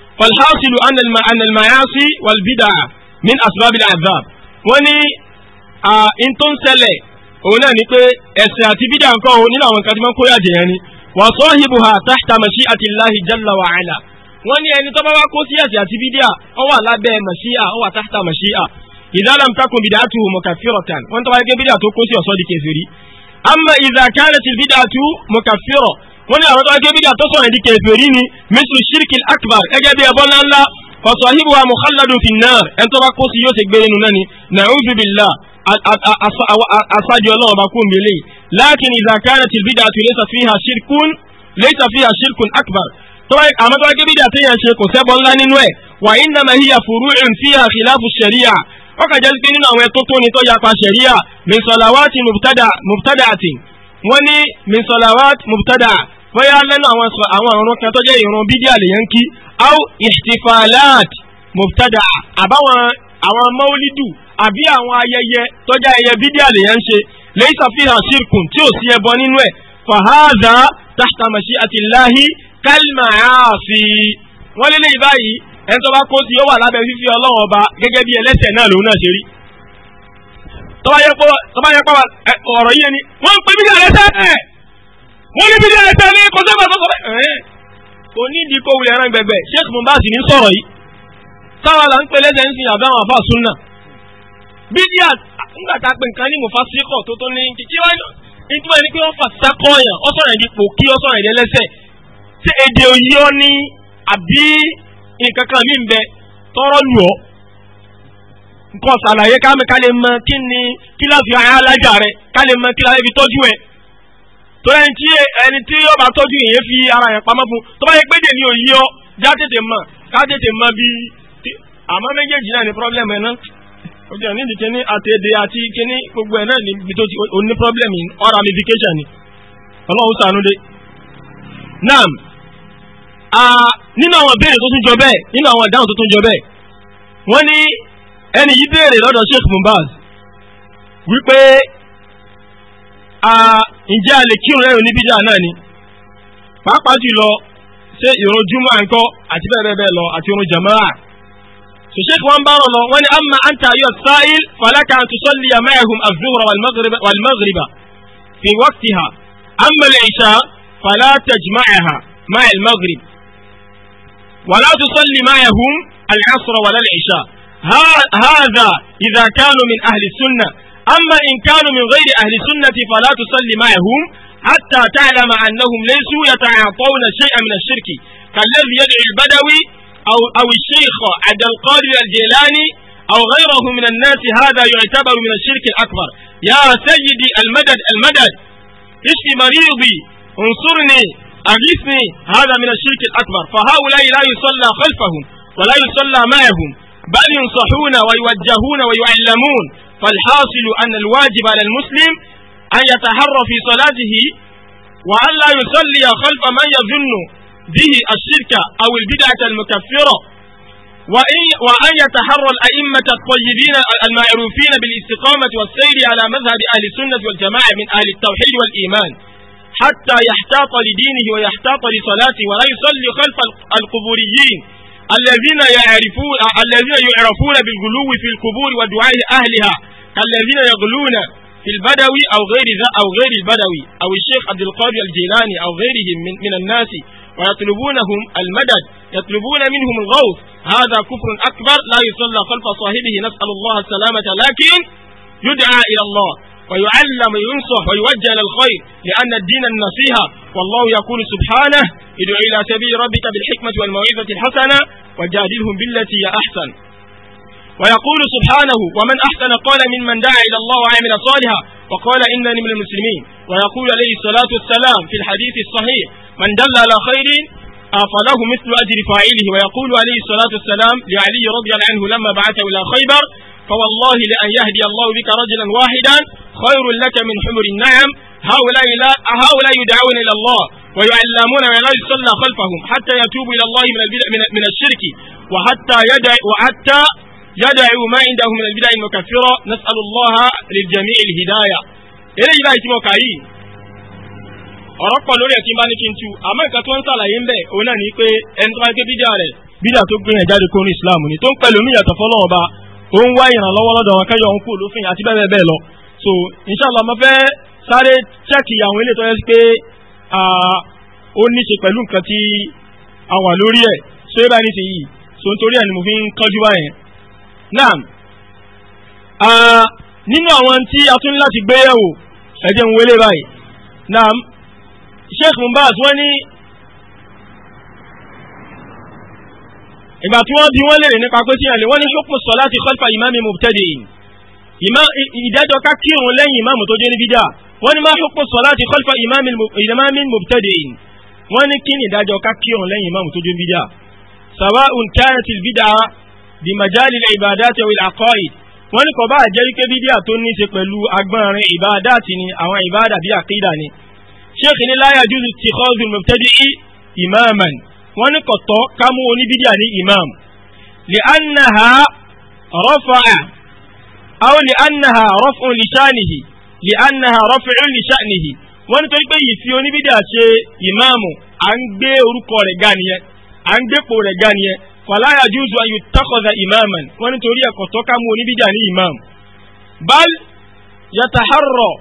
فالحاصل أن المعاصي والبدع من أسباب العذاب wọ́n ní in tó ń ṣẹlẹ̀ òun náà ni pé ẹ̀ṣẹ̀ àti bídà nǹkan òun nínú àwọn nǹkan tí wọ́n kó yàjẹ̀ yẹn ni wa sahibuha tahta mashi'atillahi jalla wa ala wọ́n ní ẹni tó bá wá kó sí ẹ̀ṣẹ̀ àti bídà ó wà lábẹ́ mashi'a ó wà tahta mashi'a idha lam takun bid'atuhu mukaffiratan wọ́n tó bá yẹ kí bídà tó kó sí ọ̀sọ́ di kèfèrí amma idha kanat al-bid'atu mukaffira wọ́n ní àwọn tó wájú bídà tó sọ̀rọ̀ di kèfèrí ni mísù ṣírkì akbar gẹ́gẹ́ bí ẹbọ ńláńlá kọ̀sọ̀ híbu wa mukhalladun fi nar ẹni tó bá kó sí yóò ṣe gbére nu náà ni na'udhu billah asájú ọlọ́wọ́ bá kún bíi léyìí lakin idha kanat al-bid'a laysa fiha shirkun laysa fiha shirkun akbar àmọ́ tó wájú bídà téèyàn ṣe kò sẹ́bọ̀ ńlá nínú ẹ̀ wa innama hiya furu'un fiha khilafu sharia wọ́n kà jẹ́ pé nínú àwọn ẹ̀tọ́ tó ní tó yapa sharia min salawati mubtada mubtada'atin wọ́n ní min salawati mubtada bóyá lẹ́nu àwọn sọ àwọn ọ̀run kan tó jẹ́ ìrun bídíà lèyàn kí aw ihtifalat mubtada àbáwọn àwọn maulidu àbí àwọn ayẹyẹ tó jẹ́ ayẹyẹ bídíà lèyàn ṣe laysa fiha shirkun tí ò sí ẹbọ nínú ẹ̀ fahadha tahta mashi'atillahi kalmaasi wọ́n lélẹ̀ báyìí ẹni tó bá kó sí ó wà lábẹ́ fífi Ọlọ́run ọba gẹ́gẹ́ bí ẹlẹ́ṣẹ̀ náà lòun náà ṣe rí tọ́ba ọ̀rọ̀ yìí ni wọ́n ń pè mí ní ẹlẹ́ṣẹ̀ wọ́n ní bídíà ẹ̀tẹ́ ní kò sẹ́gbà tó sọ bẹ́ẹ̀. kò ní ìdí kó wulẹ̀ ẹran sheikh mumbazi ní sọ̀rọ̀ yìí táwa là ń pè lẹ́sẹ̀ ń sin àbẹ́ àwọn àfa sunna bídíà ńgbà tá a pè nǹkan ní mufasiko tó tó ní kí wọ́n ní tí wọ́n ní pé wọ́n fà sákọ̀ yàn ọ̀sọ̀rọ̀ yẹn di pò kí ọ̀sọ̀rọ̀ yẹn lẹ́sẹ̀ ṣé èdè òyì ọ ní àbí nǹkan kan mí bẹ tọrọ lù ọ nǹkan ṣàlàyé ká mi ká lè mọ kí ni kí láfi ayé alájà rẹ ká lè mọ kí láfi tọ́jú ẹ tó ẹni tí ẹni tí yóò bá tọ́jú yẹn fi ara yẹn pamọ́ fún tó bá yẹ pé dèmi ò yí ọ já tètè mọ̀ ká tètè mọ̀ bí àmọ́ méjèèjì náà ní pírọ́blẹ́mù ẹ̀ náà ó jẹ́ nídìí kíní àtẹ̀dẹ àti kíní gbogbo ẹ̀ náà níbi tó ti ó ní pírọ́blẹ́mù ọ̀rọ̀ ramification ni ọlọ́run sànú dé. naam nínú àwọn béèrè tó tún jọ bẹ́ẹ̀ nínú àwọn ìdáhùn tó tún jọ bẹ́ẹ̀ wọ́n ní ẹni yìí béèrè lọ́dọ̀ Sheikh Mumbaz wípé ǹjẹ́ a lè kírun lẹ́yìn oníbídà náà ni pàápàá jùlọ ṣé ìrun júmọ̀ àǹkọ́ àti bẹ́ẹ̀ bẹ́ẹ̀ bẹ́ẹ̀ lọ àti ìrun jàmáà sheikh wọn bá rọ lọ wọn ni amma anta ayọ sa'il falaka an tusalliya ma'ahum az-zuhra wal maghriba fi waqtiha amma al-isha fala tajma'aha ma'a al-maghrib ولا تصلي معهم العصر ولا العشاء هذا إذا كانوا من أهل السنة أما إن كانوا من غير أهل السنة فلا تصلي معهم حتى تعلم أنهم ليسوا يتعاطون شيئا من الشرك كالذي يدعي البدوي أو, أو الشيخ عبد القادر الجيلاني أو غيره من الناس هذا يعتبر من الشرك الأكبر يا سيدي المدد المدد اشف مريضي انصرني أغيثني هذا من الشرك الأكبر فهؤلاء لا يصلى خلفهم ولا يصلى معهم بل ينصحون ويوجهون ويعلمون فالحاصل أن الواجب على المسلم أن يتحرى في صلاته وأن لا يصلي خلف من يظن به الشرك أو البدعة المكفرة وأن يتحرى الأئمة الطيبين المعروفين بالاستقامة والسير على مذهب أهل السنة والجماعة من أهل التوحيد والإيمان حتى يحتاط لدينه ويحتاط لصلاته ولا يصلي خلف القبوريين الذين يعرفون الذين يعرفون بالغلو في القبور ودعاء أهلها كالذين يغلون في البدوي أو غير ذا أو غير البدوي أو الشيخ عبد القادر الجيلاني أو غيرهم من, من الناس ويطلبونهم المدد يطلبون منهم الغوث هذا كفر أكبر لا يصلى خلف صاحبه نسأل الله السلامة لكن يدعى إلى الله ويعلم وينصح ويوجه للخير لأن الدين النصيحة والله يقول سبحانه ادع إلى سبيل ربك بالحكمة والموعظة الحسنة وجادلهم بالتي هي أحسن ويقول سبحانه ومن أحسن قال ممن دعا إلى الله وعمل صالحا وقال إنني من المسلمين ويقول عليه الصلاة والسلام في الحديث الصحيح من دل على خير فله مثل أجر فاعله ويقول عليه الصلاة والسلام لعلي رضي الله عنه لما بعثه إلى خيبر فوالله لأن يهدي الله بك رجلا واحدا خير لك من حمر النعم هؤلاء يدعون إلى الله ويعلمون ولا يصلى خلفهم حتى يتوبوا إلى الله من البدع من الشرك وحتى يدع وحتى يدعوا ما عندهم من البدع المكفرة نسأل الله للجميع الهداية إلى إلى إتموكاي ọ̀rọ̀pọ̀ lórí ẹ̀sìn bá ní kí n tu àmọ́ nǹkan tó ń sàlàyé ń bẹ̀ òun náà ní pé ẹni tó bá gé bídíà rẹ̀ bídíà tó gbìyànjú jáde kó ní ìsìláàmù ni tó ń pẹ̀lú mí yàtọ̀ fọlọ́wọ́ bá ó ń wá ìrànlọ́wọ́ lọ́dọ̀ wọn kẹ́yọ̀ ń kú olófin àti bẹ́ẹ̀ bẹ́ẹ̀ lọ so inshallah mo fẹ́ sáré chẹ́kì àwọn ilé tó yẹ pé ó ní ṣe pẹ̀lú nǹkan tí a wà lórí ẹ̀ ṣé bá ní ṣe yìí so nítorí ẹ̀ ni mo fi ń kánjú báyẹn. náà nínú àwọn tí a tún ní láti gbé yẹ̀wò ẹ̀jẹ̀ ń wọlé báyìí náà Sheikh Mubaz wọ́n ní ìgbà tí wọ́n bí wọ́n lè nípa pé sí àlè wọ́n ní ṣókùn sọ láti khalfa ìmáàmì mubtadi'in ìdájọ́ ká kírun lẹ́yìn ìmáàmù tó jẹ́ ní bídà wọ́n ní máa hukmu salati khalfa imamin mubtadi'in wọ́n ní kí ni ìdájọ́ ká kírun lẹ́yìn imáàmù tó jó bídà sawa'un kanatil bídà bi majalil ibadati wal aqaid wọ́n ní kò bá jẹ́ wípé bídà tó ní ṣe pẹ̀lú agbọ́nrin ibadati ni àwọn ibada bí àkídà ni sheikh ní kò tọ́ ká mú oníbídà ní lè anaha rọ́fẹ̀ẹ́ lè ṣàníhì wọ́n nítorí pé yìí fi oníbídà ṣe ìmáàmù à ń gbé orúkọ rẹ̀ ga nìyẹn à ń gbépò rẹ̀ ga nìyẹn fàlàyà júùsù ayò takọ̀dà ìmáàmù wọ́n nítorí ẹ̀kọ́ tó ká mú oníbídà ní ìmáàmù. bal yataharrọ̀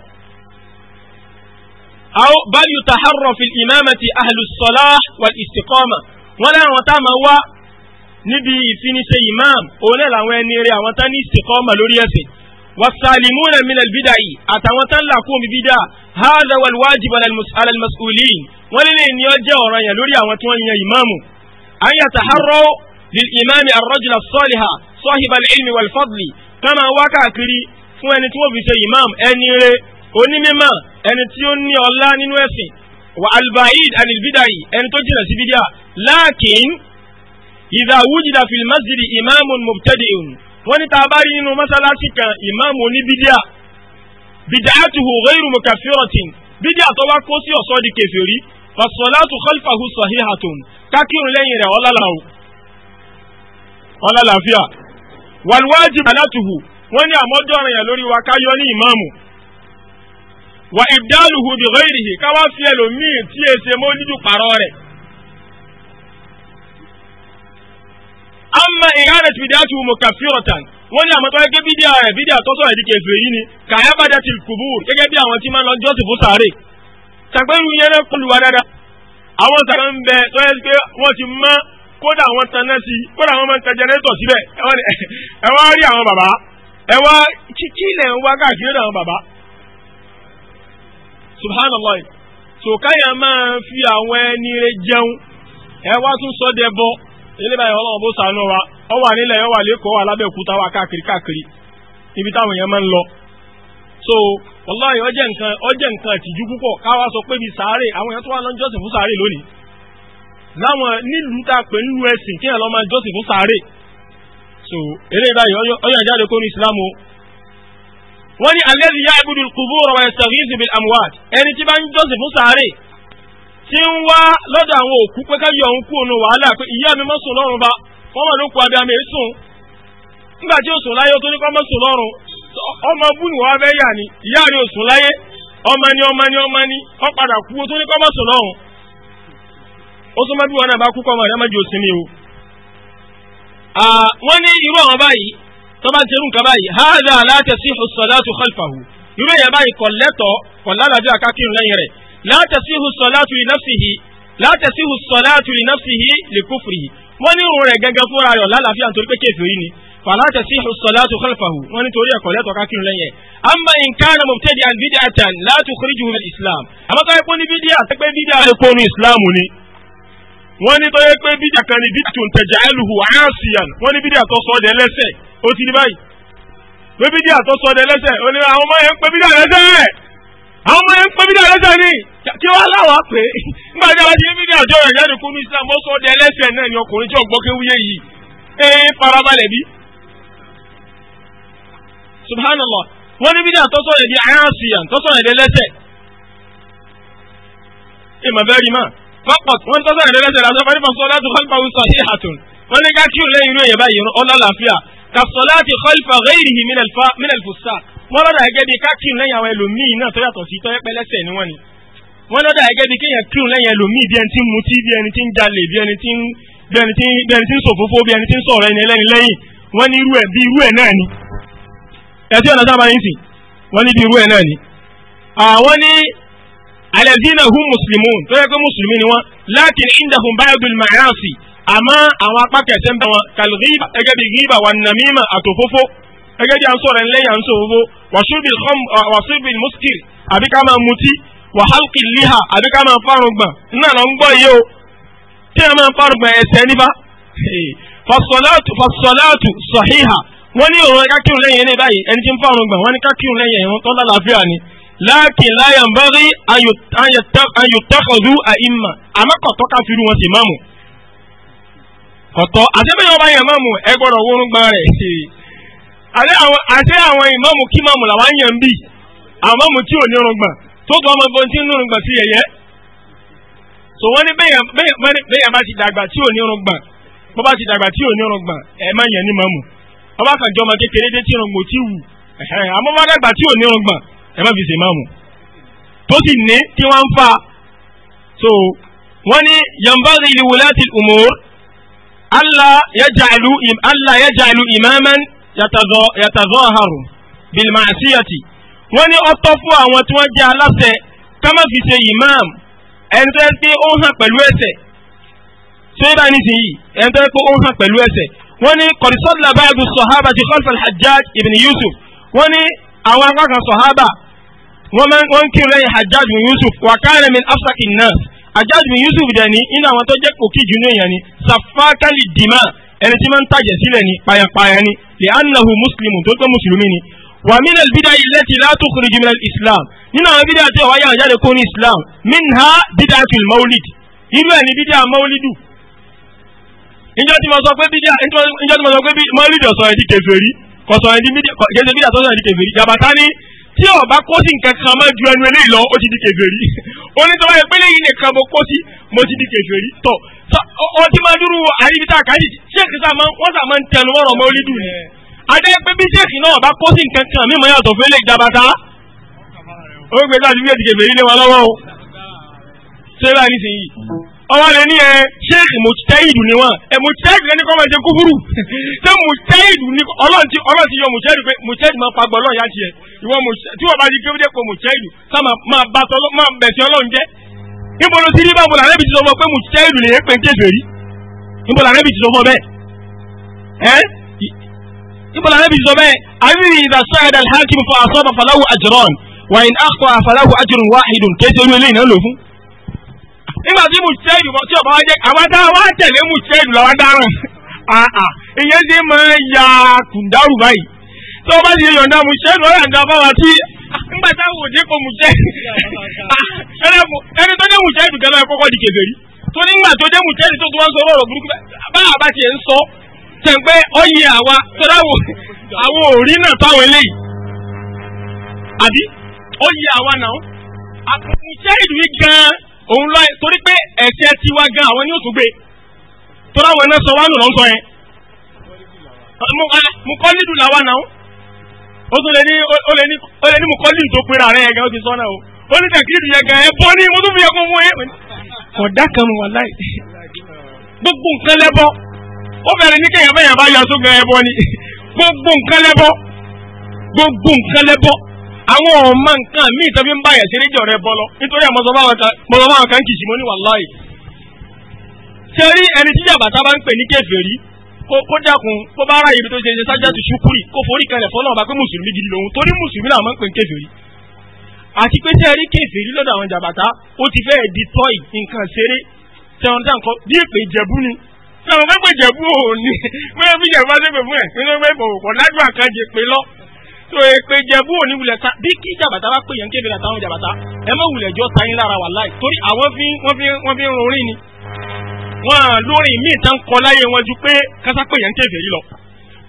aw bal yataharrọ̀ fi ìmáàmàtì ahlùsọ̀lá wal istiqama wọ́n láwọn tá máa wá níbi ìfiniṣe ìmáàmù òun náà làwọn ẹni rẹ̀ àwọn tá ní istiqama lórí ẹ̀sìn والسالمون من البدع أتوتلى قوم بدع هذا والواجب على المسؤولين ولن يرجع رأي لوريا وتواني إمام أن يتحروا للإمام الرجل الصالح صاحب العلم والفضل كما وقع كري فوان توفي إمام أن يري أني مما أن تيوني الله ننوسي والبعيد عن البدع أن تجل سبدع لكن إذا وجد في المسجد إمام مبتدئ wọ́n ní tá a bá rí inú mọ́sálásí kan ìmáàmù oníbídíà bid'atuhu ghayru mukaffiratin bídíà tó bá kó sí ọ̀sọ́ di kèfèrí fasolatu khalfahu sahihatun kákírun lẹ́yìn rẹ̀ ọlálàó ọlálàáfíà wàlúwájib alatuhu wọ́n ní àmọ́jọ́ ọ̀ràn yẹn lórí wa káyọ́ ní ìmáàmù wà ìbdáluhu bi ghayrihi káwá fi ẹlòmíì tí èsè mọ́ níjú pàrọ̀ rẹ̀ amma iradat bidatu mukaffiratan wọ́n ní àmọ́tọ́ gẹ́gẹ́ bídí ààrẹ bídí àtọ́sọ̀ ẹ̀dí kẹfẹ́ ni kàyà bada ti kùbù gẹ́gẹ́ bí àwọn tí máa ń lọ na fún sàárè tàgbẹ́rù yẹn wa bẹ ti mọ́ kódà àwọn taná sí i kódà àwọn máa ń ta jẹnẹrétọ̀ síbẹ̀ ẹ wá rí àwọn bàbá ẹ wá kíkí awọn ń wá fi ilé báyìí ọlọ́run bó sànú wa ọ wà nílẹ̀ ọ wà lẹ́kọ̀ọ́ wà lábẹ́òkúta wà káàkiri káàkiri níbi táwọn èèyàn máa ń lọ. so wàláhì ọjẹ́ nǹkan ọjẹ́ nǹkan ìtìjú púpọ̀ káwa sọ pé bí sàárè àwọn èèyàn tó wà lọ jọ́sìn fún lónìí. láwọn nílùú tí ń wá lọ́dọ̀ àwọn òkú pé káyọ̀ òun kúrò òun wàhálà pé ìyá mi mọ́sùn lọ́rùn bá fọ́mọ̀ ló kú abẹ́ àmì èsùn nígbà tí òsùn láyé tó ní kọ́ mọ́sùn lọ́rùn ọmọ búnú wa fẹ́ yà ni ìyá rẹ̀ òsùn láyé ọmọ ni ọmọ ni ọmọ ni ọ padà kú tó ní kọ́ mọ́sùn lọ́rùn ó tún o. la tasihu salatu li nafsihi la tasihu salatu li nafsihi li kufrihi wọ́n ní irun rẹ̀ gẹ́gẹ́ fúnra rẹ̀ lálàáfíà nítorí pé kèfèrí ni fala tasihu salatu khalfahu wọ́n ní torí ẹ̀kọ́ lẹ́tọ̀ọ́ kákìrún lẹ́yìn amma in kana mubtadi'an bid'atan la tukhrijuhu min islam àmọ́ ká islam ni wọ́n ní tó yẹ pé bídíà kan ní bídíà tó ń tẹ̀jà ẹlùhù àásìyàn wọ́n ní bídíà tó sọ ọ́ dẹ lẹ́sẹ̀ ó ti di báyìí pé bídíà tó sọ ọ́ dẹ lẹ́sẹ̀ ọmọ yẹn lẹ́sẹ̀ àwọn ọmọ yẹn ń pè mí dáadáa sani kí wọ́n aláwọ̀ pé nígbà tí a bá ti ń bídà àjọ rẹ̀ jáde kúnú islam ó sọ ọdẹ ẹlẹ́sẹ̀ náà ni ọkùnrin tí ọ̀gbọ́n kéwúyé yìí ẹ farabalẹ̀ bí. subhanallah wọ́n ní bídà tọ́sọ̀ yẹn di ayáàsìyàn tọ́sọ̀ yẹn di ẹlẹ́sẹ̀. ìmọ̀ bẹ́ẹ̀ rí mà fọ́pọ̀t wọ́n tọ́sọ̀ yẹn di ẹlẹ́sẹ̀ wọ́n lọ́dà gẹ́gẹ́ bí ká kírun lẹ́yìn àwọn ẹlòmíì náà tó yàtọ̀ sí tọ́yẹ́ pẹ́lẹ́sẹ̀ ni wọ́n ni wọ́n lọ́dà gẹ́gẹ́ bí kéèyàn kírun lẹ́yìn ẹlòmíì bí ẹni tí ń mutí bí ẹni tí ń jalè bí ẹni tí ń bí ẹni tí bí ẹni tí ń ṣòfófó bí ẹni tí ń sọ̀rọ̀ ẹni ẹlẹ́ni lẹ́yìn wọ́n ní irú ẹ̀ bí irú ẹ̀ náà ni ẹtí ọ̀nà sábà yín sì wọ́n ní bí irú ẹ̀ náà ni. àwọn ní alẹ́dínà hu mùsùlùmù tó yẹ pé mùsùlùmí ni wọ́n láti indahum báyọ̀dùn màáyàsì àmọ́ àwọn apá kẹsẹ̀ ń bá wọn kàlùkì ẹgẹ́ bí gíbà wà nàmímà àtòfófó gẹ́gẹ́ bí à ń sọ̀rọ̀ ńlẹ́yìn à ń sọ̀rọ̀ owó wàṣíbìl muskil àbí ká máa mutí wàhálkì líhà àbí ká máa fárun gbọ̀n náà lọ ń gbọ́ yìí o tí a máa fárun gbọ̀n ẹ̀sẹ̀ nípa fasọ̀láàtù fasọ̀láàtù sọ̀híhà wọ́n ní òun kákírun lẹ́yìn ní báyìí ẹni tí ń fárun gbọ̀n wọ́n ní kákírun lẹ́yìn ìrún tó lálàáfíà ni láàkìn láyà ń bá rí ayòtẹ́kọ̀dú àìmà àmọ́ kọ̀tọ́ ká fi wọn sí máàmù kọ̀tọ́ àtẹ́bẹ̀yìn ọba yẹn máàmù ẹ gbọ́dọ̀ wọ́n gbọ́n rẹ̀ àti àwọn ìmọ̀mù kí mọ̀mù làwọn ń yàn bí àwọn mọ̀mù tí ò ní irùngbọ̀n tó kọ́ ọmọ gbọ́n tí ń irùngbọ̀n sí yẹ̀yẹ́ tó wọ́n ní bẹ́yàn bá ti dàgbà tí ò ní irùngbọ̀n bó bá ti dàgbà tí ò ní irùngbọ̀n ẹ̀ má yàn ní mọ̀mù wọ́n bá kàn jọ ọmọ kékeré dé tí irùngbọ̀n ti wù àmọ́ bá dàgbà tí ò ní irùngbọ̀n ẹ̀ má fi ṣe mọ̀mù tó sì ní tí wọ́n fa so wọ́n ní yanbaghi li wulati al-umur alla yaj'alu alla yàtàzọ́hàrù bilmaṣíyàtì wọ́n ní ọ̀tọ̀ fún àwọn tí wọ́n jẹ́ aláṣẹ kámá fi ṣe imam ẹni tó yẹ pé ó ń hàn pẹ̀lú ẹsẹ̀ tó yẹ báyìí nísìnyí ẹni tó yẹ pé ó ń hàn pẹ̀lú ẹsẹ̀ wọ́n ní kọ̀rìsọ́dúnlá báyìí sọ̀hábà ti khalfa hajjaj ibn Yusuf wọ́n ní àwọn akọ́kàn sọ̀hábà wọ́n kí lẹ́yìn Hajjaj ibn Yusuf wa kana min afsaki nas Hajjaj ibn Yusuf dẹ̀ ní inú àwọn tó jẹ́ òkìjú ní èèyàn ni sàfákàlì dìmá ẹni tí máa ń tàjẹ̀ sílẹ̀ ní payapaya li'annahu muslim tó tó mùsùlùmí ni wà min al-bid'ah allati la tukhriju min al-islam nínú àwọn bídà tí wáyà àjáde kó ní islam minha bid'atul mawlid irú ẹ̀ ní bídà mawlidu ìjọ tí mo sọ pé bídà ìjọ tí mo sọ pé mawlid ọ̀sọ̀ ẹ̀ di kèfèrí kọ̀sọ̀ ẹ̀ di bídà sọ̀sọ̀ ẹ̀ di kèfèrí jàbátá ní tí ọba kó sí nǹkan kan máa ju ẹnu eléyìí lọ ó ti di kèfèrí onítọ́ ọtí máa dúró àríbítà káyì ṣéèkì sàmọ́ wọ́n sàmọ́ ń tẹnu mọ́rọ̀ mọ́ orí dùn yẹn adé pé bí ṣéèkì náà bá kó sí nǹkan kan mímọ́ yàtọ̀ fún eléyìí jabata ó gbé sáàtì fíjẹ̀ tìkẹ̀ bèrè lé wa lọ́wọ́ o ṣé báyìí nísìnyí ọwọ́ rẹ ní ẹ ṣéèkì mùtẹ́ìdù ni wọn ẹ mùtẹ́ìdù ni kọ́ máa ṣe kúfúrú ṣé mùtẹ́ìdù ni ọlọ́run ti ọlọ́run ti yọ mùtẹ́ìdù pé mùtẹ́ìdù máa pa gbọ́ ọlọ́run yá tiẹ̀ ìwọ mùtẹ́ìdù tí wọ́n bá ti gbé dé pọ̀ mùtẹ́ìdù sá máa bá tọ́lọ́ níbo ló ti rí báwo làwọn ẹbí ti sọ fún ọ pé mùsùlùmí ìlú lè pè ń kéde rí níbo làwọn ẹbí ti sọ fún ọ bẹ́ẹ̀ ẹ́ níbo làwọn ẹbí ti sọ bẹ́ẹ̀ àbí ìdásọ́ ẹ̀dá alhakim fún asọ́ba falahu ajran wa in akọ àfàlàwò ajrun wahidun kéde orí eléyìí náà lò fún. nígbà tí mùsùlùmí ìlú tí ọba wa jẹ àwọn dá wa tẹ̀lé mùsùlùmí ìlú làwọn dáràn ìyẹn ti máa ya kùndàrú báyìí tí wọ́n ti yọ̀ǹda mùsùlùmí ìlú ọ̀rẹ́ àǹdà ńgbà táwọn òde kò mùjẹ́ ẹni tó dé mùjẹ́ ìdùgbẹ́ náà kọ́kọ́ di kèfèrí tó nígbà tó dé mùjẹ́ ìdùgbẹ́ tó wọ́n sọ nsọ. burúkú báwa bá tiẹ̀ ń awụ tẹ̀ pé ọyẹ àwa tọ́lá àwọn Abi náà táwọn eléyìí àbí ọyẹ àwa náà àkùnṣẹ́ ìdùgbẹ́ gan ga òun lọ torí pé ẹ̀ṣẹ̀ tiwa gan àwọn ni ó tún gbé tọ́lá àwọn náà sọ wá ó tún lè ní ó lè ní ó lè ní mo kọ́ lì tó pera rẹ̀ yẹn gan ó ti sọ́nà o ó ní tẹ̀kílì yẹn gan bọ́ ní mo tún fi yẹ fún yẹn. ọ̀dà kan wà láì gbogbo nǹkan lẹ́bọ̀ ó bẹ̀rẹ̀ ní kéèyàn bẹ́yàn bá yọ ni gbogbo nǹkan gbogbo nǹkan àwọn ọmọ nǹkan ń bá yẹn ṣeré lọ nítorí báwọn kan kì kó dákun kó bá ara ibi tó ṣe ṣe sájàtú ṣukúrì kó forí kalẹ̀ fọlọ́run bá pé mùsùlùmí gidi lòun torí mùsùlùmí làwọn máa ń pè ń kèfèrí àti pé tẹ́ ẹ rí kèfèrí lọ́dọ̀ àwọn jàbàtà ó ti fẹ́ di tọ́ì nǹkan ṣeré tẹ̀wọ̀n tá nǹkan bí èpè ìjẹ̀bú ni tẹ̀wọ̀n fẹ́ pè ìjẹ̀bú ò ní wọ́n fi ìjẹ̀bú bá ṣe pè fún ẹ̀ pé wọ́n fẹ́ bọ̀ kọ̀ lájú àkànjẹ pé lọ tó èpè ìjẹ̀bú ò ní wulẹ̀ ta bí kí jàbàtà bá pè yẹn kèfèrí àtàwọn jàbàtà ẹ má wulẹ̀ jọ ta yín lára wà láì torí àwọn fi wọ́n fi wọ́n fi ń rorin ni wọn lórí míì tán kọ láyé wọn ju pé kásápè yẹn ń kèfèrí lọ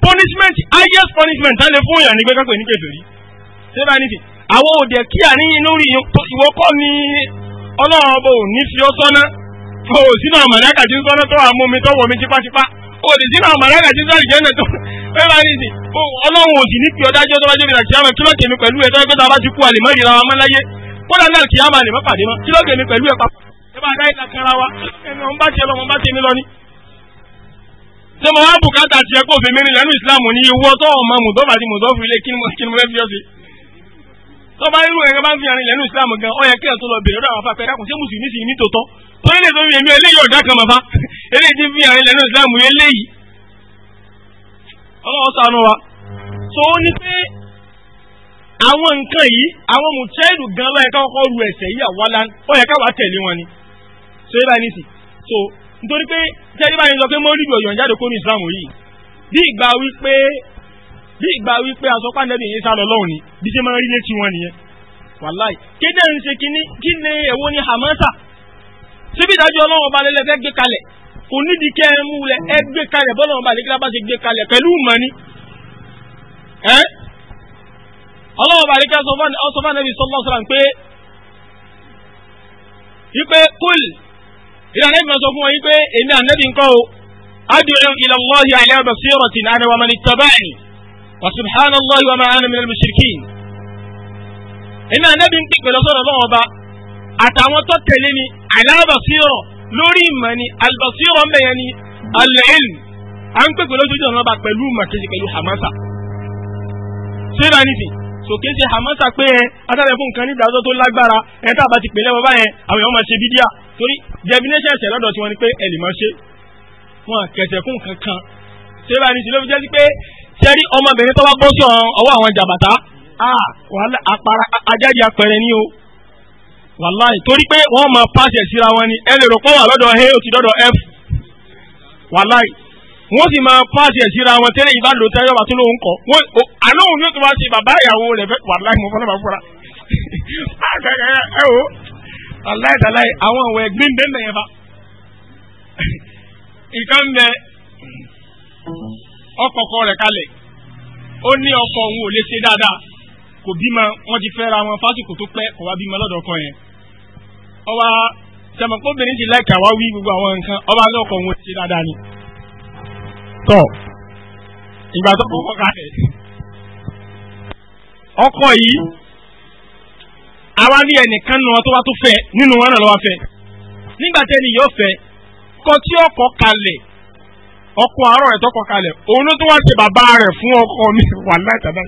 punishment highest punishment tán lè fún yàn ní pé kápẹ́ ní kèfèrí ṣé bá nídìí àwọn òde kí àníyàn lórí ìwọ kọ́ ni ọlọ́run ọba ò ní fi ọ́ sọ́nà tó o sínú àmàlẹ́kà tí ń sọ́nà tó àmú mi tó wọ̀ mi tipátipá o lè sínú àmàlẹ́kà tí ń sọ́nà ìjẹ́nà tó ṣé bá nídìí ọlọ́run ò sì ní fi ọdájọ́ tó bá jẹ́ ìrìnàjò àmọ́ kí ló tèmi pẹ̀lú ẹ̀ tó ẹgbẹ́ta bá ti kú àlè mọ́ ìrìnàjò àmọ́ láyé kó máa dá ìka kanra wa ẹni wọn bá tiẹ̀ lọ wọn bá tiẹ̀ nílọ ni. ṣé mo wá bùkátà tiẹ̀ kó fèmí rìn lẹ́nu ìsìlámù ní ìwọ tó ọmọ mùdọ́fà àti mùdọ́fù ilé kí ni mo fẹ́ fi ọ́ sí. tó bá irú ẹ̀rọ bá ń fi àrin lẹ́nu ìsìlámù gan ọ yẹ kí ẹ̀ tó lọ bèrè lọ́wọ́ àwọn afẹ́ dákun ṣé mùsùlùmí sì ní tòótọ́ torí lè tó èmi eléyìí ọ̀dà kan màfa eléyìí àwọn nǹkan yìí àwọn mùtẹ́ẹ̀lù gan lọ́yẹ̀ká kọ́kọ́ ru ẹ̀sẹ̀ yìí àwa lánàá ó wàá tẹ̀lé wọn ni so yé báyìí nísì so nítorí pé tẹ́lẹ̀ báyìí sọ pé mọ́lìdì ọ̀yàn jáde kó ní islam yìí bí ìgbà wípé bí ìgbà wípé asọ́pá nẹ́bí yìí sá lọ lọ́hùn ni bí ṣe máa ń rí létí wọn nìyẹn wàláì kéde ń ṣe kíní kí ni èwo ni hamasa síbi ìdájọ́ ọlọ́run ọba lẹ́lẹ́ fẹ́ gbé kalẹ̀ kò nídìí kẹ́ ẹ mú lẹ ẹ gbé kalẹ̀ bọ́lọ̀ ọba lẹ́gbẹ́ bá ṣe gbé kalẹ̀ pẹ̀lú ìmọ̀ ni ẹ́ ọlọ́run ọba lẹ́gbẹ́ ọsọ fún anabi sọ́lọ́sọ́lá pé wípé kúlì ìlànà ìmọ̀ sọ fún wọn yìí pé èmi ànábì ńkọ́ o ad'u ila Allahi ala basiratin ana wa man ittaba'ani wa subhanallahi wa ma ana minal mushrikin. èmi ànábì ń pèpè lọ́sọ̀rọ̀ lọ́wọ́ ọba àtàwọn tó tẹ̀lé ni ala basira lórí ìmọ̀ ni al-basira ń bẹ̀yẹn ni al-ilm à ń pèpè lójú ọ̀nà torí definition ẹ̀ṣẹ̀ lọ́dọ̀ tí wọ́n ní pé ẹ lè máa ṣe wọn kẹsẹ̀kún kankan ṣé bá ní ti ló fi jẹ́ sí pé sẹ́rí ọmọbìnrin tó bá gbọ́ sí ọwọ́ àwọn jàbàtà wàhálà apara ajáde apẹrẹ ní o wàláì torí pé wọ́n máa pàṣẹ síra wọn ni ẹ lè rò pé wà lọ́dọ̀ a ó ti dọ́dọ̀ f wàláì wọ́n sì máa pàṣẹ síra wọn tẹ́lẹ̀ ìbá lò tẹ́lẹ̀ wà tó lóun kọ́ àlóhùn yóò tó wá sí bàbá ìyàwó rẹ̀ wàláì mo fọ́nà bàbá fúnra aláìdáláì àwọn ọ̀wọ̀ ẹ̀gbín ń bẹ́ẹ̀ mẹ́yẹn bá nǹkan bẹ ọkọ̀ọ̀kọ rẹ̀ kalẹ̀ ó ní ọkọ òun ò lè ṣe dáadáa kò bímọ wọn ti fẹ́ ra wọn fásitì tó pẹ́ kò wá bímọ lọ́dọ̀ ọkọ yẹn ọba sẹmọkóbìnrin ti láìka wá wí gbogbo àwọn nǹkan ọba ní ọkọ òun ò ṣe dáadáa ni. tọ ìgbà tó kọ́kọ́ kalẹ̀ ọkọ yìí àwa ní ẹnìkan nù wọn tó wá tó fẹ́ nínú wọn náà lọ́wọ́ fẹ́ nígbà tẹ́ni yóò fẹ́ kọ tí ọkọ̀ kalẹ̀ ọkọ̀ àárọ̀ rẹ̀ tọkọ̀ kalẹ̀ òun ló tó wá ṣe bàbá rẹ̀ fún ọkọ̀ mi wàláì tàbí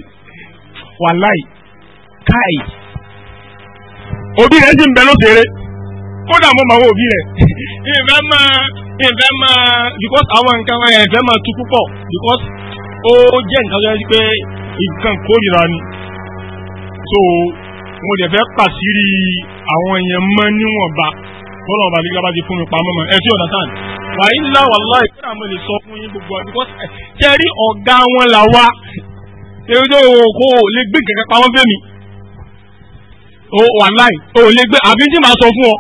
wàláì káì òbí rẹ̀ sì ń bẹ lóṣèré kódà mo máa wo òbí rẹ̀ ìfẹ́ máa ìfẹ́ máa because àwọn nǹkan ẹ̀fẹ́ máa tu púpọ̀ because ó jẹ́ nǹkan tó yẹ pé nǹkan kórìíra ni so mo dẹ̀ fẹ́ pàṣírí àwọn èèyàn mọ́ níwọ̀nba bọ́lá ọba àdìgbà bá ti fún mi pamọ́ mọ́ ẹ tí ọ̀dà tán wà á ńlá wà láì kí àwọn lè sọ fún yín gbogbo àdìgbò tẹ́ eh, rí ọ̀gá wọn là wá èyí tó kó o lè gbé kẹ̀kẹ́ pamọ́ fẹ́mi o wà láì o lè gbé àbí tí màá sọ fún ọ.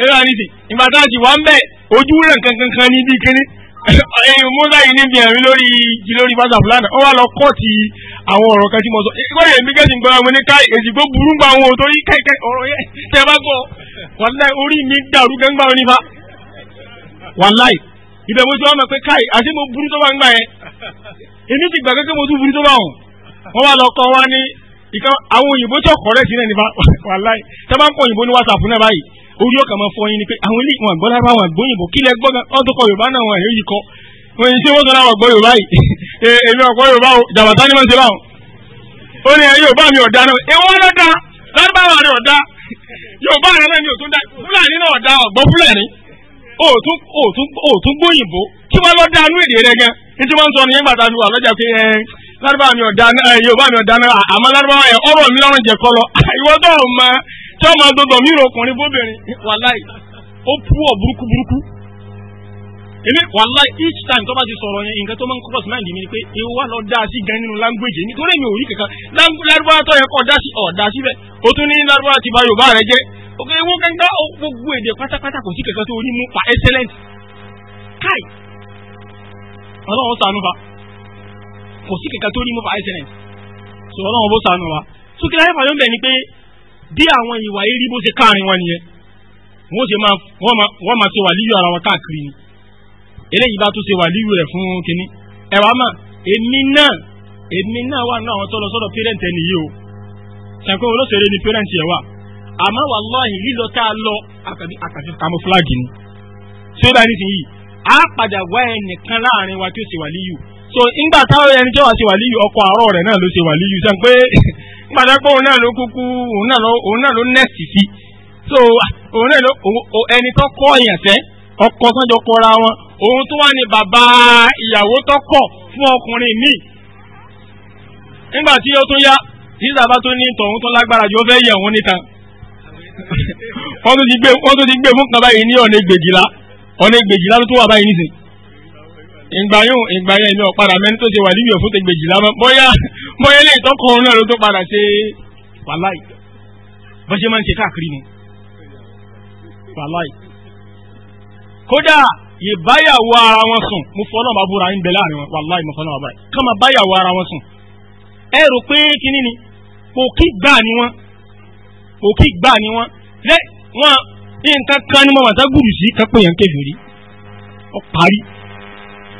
ẹ yọ àníṣe ìgbà tá a ti wà ń bẹ ojú rẹ̀ kankan kan kiri ẹ̀yìn musa yìí níbi ẹ̀rín lórí ti lórí fásitì fúlàní ó wà lọ kọ́ ti àwọn ọ̀rọ̀ kan tí mo sọ ìgbà yẹn mi kẹ́sì ń gbọ́ àwọn oníká èsìgbó burú gba àwọn òtórí kẹ́kẹ́ ọ̀rọ̀ yẹn tẹ́ ẹ bá gbọ́ wàláì orí mi dàrú gẹ́gbà wọn nífa wàláì ibẹ̀ mo ti wá pé káì àti mo burú tó bá ń gbà yẹn èmi ti gbà kékeré mo tún burú tó bá wọn wọn wà lọ kọ́ wa ní ìkan àwọn òyìnbó tó kọ̀rẹ́ orí ọkà máa fọ yín ni pé àwọn ilé ìwọn àgbọ́lá bá wọn àgbóyìnbó kí lẹ gbọ́gàn ọdún kọ yorùbá náà wọn èyí yìí kọ wọn èyí tí wọn sọ láwọn yorùbá yìí eh, o jàbàtà ni ti yorùbá mi ọ̀dà náà lárúbáwá ọ̀dà yorùbá náà dá fúlàní náà ọ̀dà ọ̀gbọ́ fúlàní ní yorùbá mi ọ̀dà náà àmọ́ tí wọ́n máa dọ̀dọ̀ mí ọkùnrin bóbìnrin wàláì ó pú ọ̀ burúkú burúkú èmi wàláì each time tó bá ti sọ̀rọ̀ yẹn nǹkan tó máa ń kọ́kọ́ sí máa ń dì mí ni pé ewu lọ dá sí gan nínú language nítorí mi ò rí kankan lárúbáwá tó yẹ kọ́ dá sí ọ̀ dá síbẹ̀ ó tún ní lárúbáwá ti ba Yorùbá rẹ jẹ́ òkè ewu kankan gbogbo èdè pátápátá kò sí kankan tó rí mú pa excellent káì ọlọ́run ṣàánú fa kò sí kankan tó rí mú pa excellent so ọlọ́run bó ṣàánú wa so kí láyé ni pé bí àwọn ìwà yìí rí bó ṣe káàrin wọn nìyẹn wọ́n ṣe máa wọ́n máa ṣe ni eléyìí bá tún ṣe wà líyù fún kínní ẹ̀wà mà èmi náà èmi náà wà náà àwọn tó lọ sọ́dọ̀ pẹ́rẹ́ǹtì ẹni o ṣàǹkó olóṣèré ni pẹ́rẹ́ǹtì ẹ̀ wà àmọ́ wàláhì lílọ tá a lọ àkàfi kamọ́fúlágì ni ṣé bá ní sìn yìí á padà wá wa tí ó ṣe wà líyù so ńgbà táwọn ẹni tí ṣe wà líyù náà ló ṣe wà pàtàkì òun náà ló kúkú òun náà ló nẹ́ẹ̀sì sí so òun náà ló ẹni tó kọ́ èèyàn sẹ́ ọkọ sọ́jọ́ kọ́ra wọn òun tó wà ní bàbá ìyàwó tó kọ̀ fún ọkùnrin míì nígbà tí ó tún yá tí sábà tó ní tọ̀hún tó lágbára jù ó fẹ́ yẹ̀ wọ́n níta wọ́n tún ti gbé fún kan báyìí ní ọ̀nà ìgbèjìlá ló tún wà báyìí nísìnyí ìgbàyún ìgbàyún ẹ̀mí ọ̀padà mẹ́ni tó ṣe wà níbi ọ̀fún tẹgbẹ̀jì lámọ́ bóyá bóyá ilé ìtọ́kọ̀ náà ló tó padà ṣe wàláì bó ṣe máa ń ṣe káàkiri ni wàláì. kódà ìbáyàwó ara wọn sùn mo fọ́ náà bá búra ń bẹ láàrin wọn wàláì mo fọ́ náà bá búra ká máa báyàwó ara wọn sùn. ẹ rò pé kínní ni kò kí gbà ni wọn kò kí gbà ni wọn lẹ wọn nǹkan kan ni mo wà sá gbùdù sí kápẹ́yàn kẹfì rí ọ parí.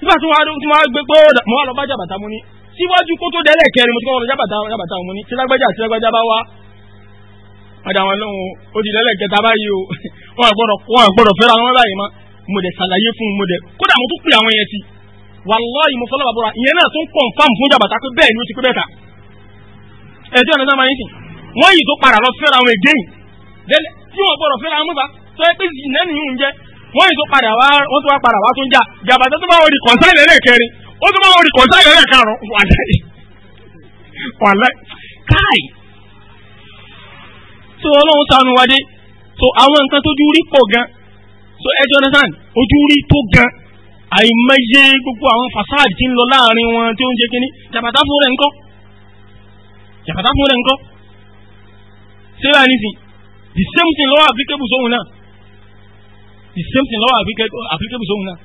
nígbà tí wọ́n á gbé pé mo wá lọ bá jàbàtà mo ní síwájú kó tó dẹ́lẹ̀ kẹrin mo ti kọ́ wọn lọ jàbàtà jàbàtà mo ní tílágbájá tílágbájá bá wá padà wọn lọ́hùn ó di dẹ́lẹ̀ kẹta báyìí o wọn gbọ́dọ̀ fẹ́ra wọn báyìí mọ́ mo dẹ̀ ṣàlàyé fún mo dẹ̀ kódà mo tún pè àwọn yẹn ti wàláhì mo fọlọ́ bàbá ìyẹn náà tún kọ̀ǹfàm fún jàbàtà pé bẹ́ẹ̀ ni ó ti pé bẹ́ẹ̀ wọ́n yìí tó padà wá wọ́n tó wá padà wá tó ń jà jàbàtà tó bá wọ́n di kọ̀ǹsáì lẹ́lẹ́ kẹrin ó tó bá wọ́n di kọ̀ǹsáì lẹ́lẹ́ karùn wàlẹ́ wàlẹ́ káì. tó ọlọ́run sànù wájú tó àwọn nǹkan tójú rí pọ̀ gan so ẹ Jonathan ojú rí tó gan àìmọye gbogbo àwọn fasad tí ń lọ láàrin wọn tí ó ń jẹ kínní jàbàtà fún rẹ̀ ńkọ́ jàbàtà fún rẹ̀ ńkọ́ sẹ́wà nísìn the same thing lọ́wọ́ applicable sóhun náà the same thing lọ́wọ́ àfikẹ́bù sóhun náà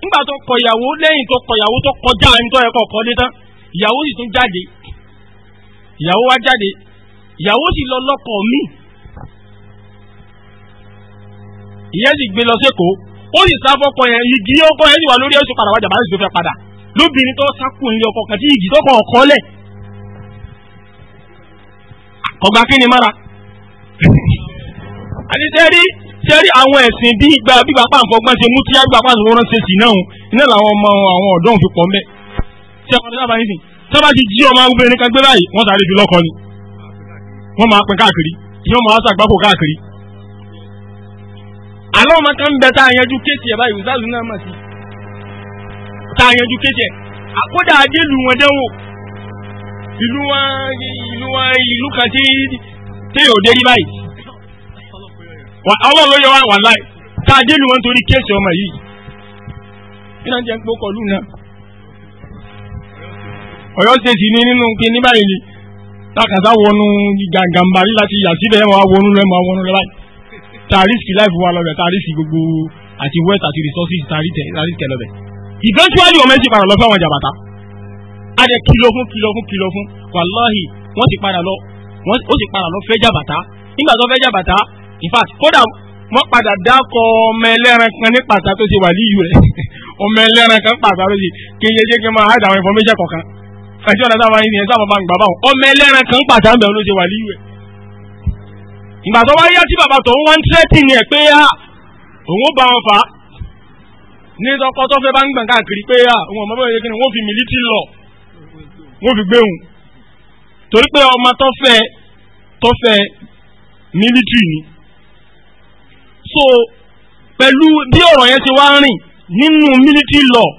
nígbà tó kọ ìyàwó lẹ́yìn tó kọ ìyàwó tó kọjá ẹni tó yẹ kọ́ kọ́ dé tán ìyàwó sì tún jáde ìyàwó wá jáde ìyàwó sì lọ lọ́kọ mi ìyẹn sì gbé lọ sẹ́kọ̀ọ́ ó sì sá fọ́kọ yẹn igi ọkọ yẹn sì wà lórí ẹ̀sùn padà wájà bá sì tó fẹ́ padà lóbìnrin tó sákùn ilé ọkọ kàtí igi tó kọ̀ ọ̀kọ́ lẹ̀ kọ̀gbà kí ni mára àti sẹ́rí sẹ́rí àwọn ẹ̀sìn bí ìgbà gbígbà pàǹfọ̀gbọ́n ṣe mú tíyá gbígbà pàǹfọ̀gbọ́n ṣe sì náà iná làwọn ọmọ àwọn ọ̀dọ́ òun fi pọ̀ mbẹ́. ṣé ọmọdé sábà yín sìn tó bá ti jí ọmọ obìnrin kan gbé báyìí wọ́n sáré fi lọ́kọ ni wọ́n máa pín káàkiri kí wọ́n máa ṣàgbákò káàkiri. àlọ́ ọmọ kan ń bẹ tá a yanjú kéèsì ẹ̀ báyìí ìsáàlú náà mà sí tá a yanjú kéèsì ẹ̀ àkódà adé lù wọn dẹ́wò ìlú wọn ìlú kan tí téèyàn ò dé rí báyìí ọlọ́run ló yọ wá wà láì tá a dé lu wọn torí kéèsì ọmọ yìí iná jẹ́ ń pọ́ kọlu náà ọ̀yọ́ ṣèṣì ní nínú kí ní báyìí ni takàtà wọnú gàǹgàǹbà yìí láti yà síbẹ̀ ẹ̀ máa wọnú lẹ́ máa wọnú lẹ́ báyìí tàrísì láìfù wa lọ́bẹ̀ tàrísì gbogbo àti wẹ́ẹ̀tì àti resources tàrísì tẹ̀ lọ́bẹ̀ eventually ọmọ ẹ̀ sì padà lọ fún àwọn jàbàtà adẹ kìlọ̀ fún kìlọ̀ fún kìlọ̀ fún wàláhì wọ́n sì padà lọ ó sì padà lọ fẹ́ jàbàtà nígbà tó fẹ́ jàbàtà in fact kódà wọ́n padà dákọ̀ ọmọ ẹlẹ́ran kan ní pàtà tó ṣe wà líyù rẹ̀ ọmọ ẹlẹ́ran kan pàtà tó ṣe kí n yẹ jẹ́ kí n máa hide àwọn information kọ̀ọ̀kan ẹ̀sì ọ̀dà sábà yìí nìyẹn sábà bá ń gbà báwọn ọmọ ẹlẹ́ran kan pàtà ń bẹ̀rù ló ṣe wà líyù rẹ̀. ìgbà tó wáyé tí bàbá tó ń wá ń tírẹ́tì ni ẹ̀ pé òun bá wọn fà á ní tọkọ fẹ́ bá ń gbọ̀n káàkiri pé àwọn ọmọ ni wọ́n fi mìlítì lọ wọ́n fi gbéhùn torí pé ọmọ tó so pẹ̀lú bí ọ̀rọ̀ yẹn ti wá rìn nínú military law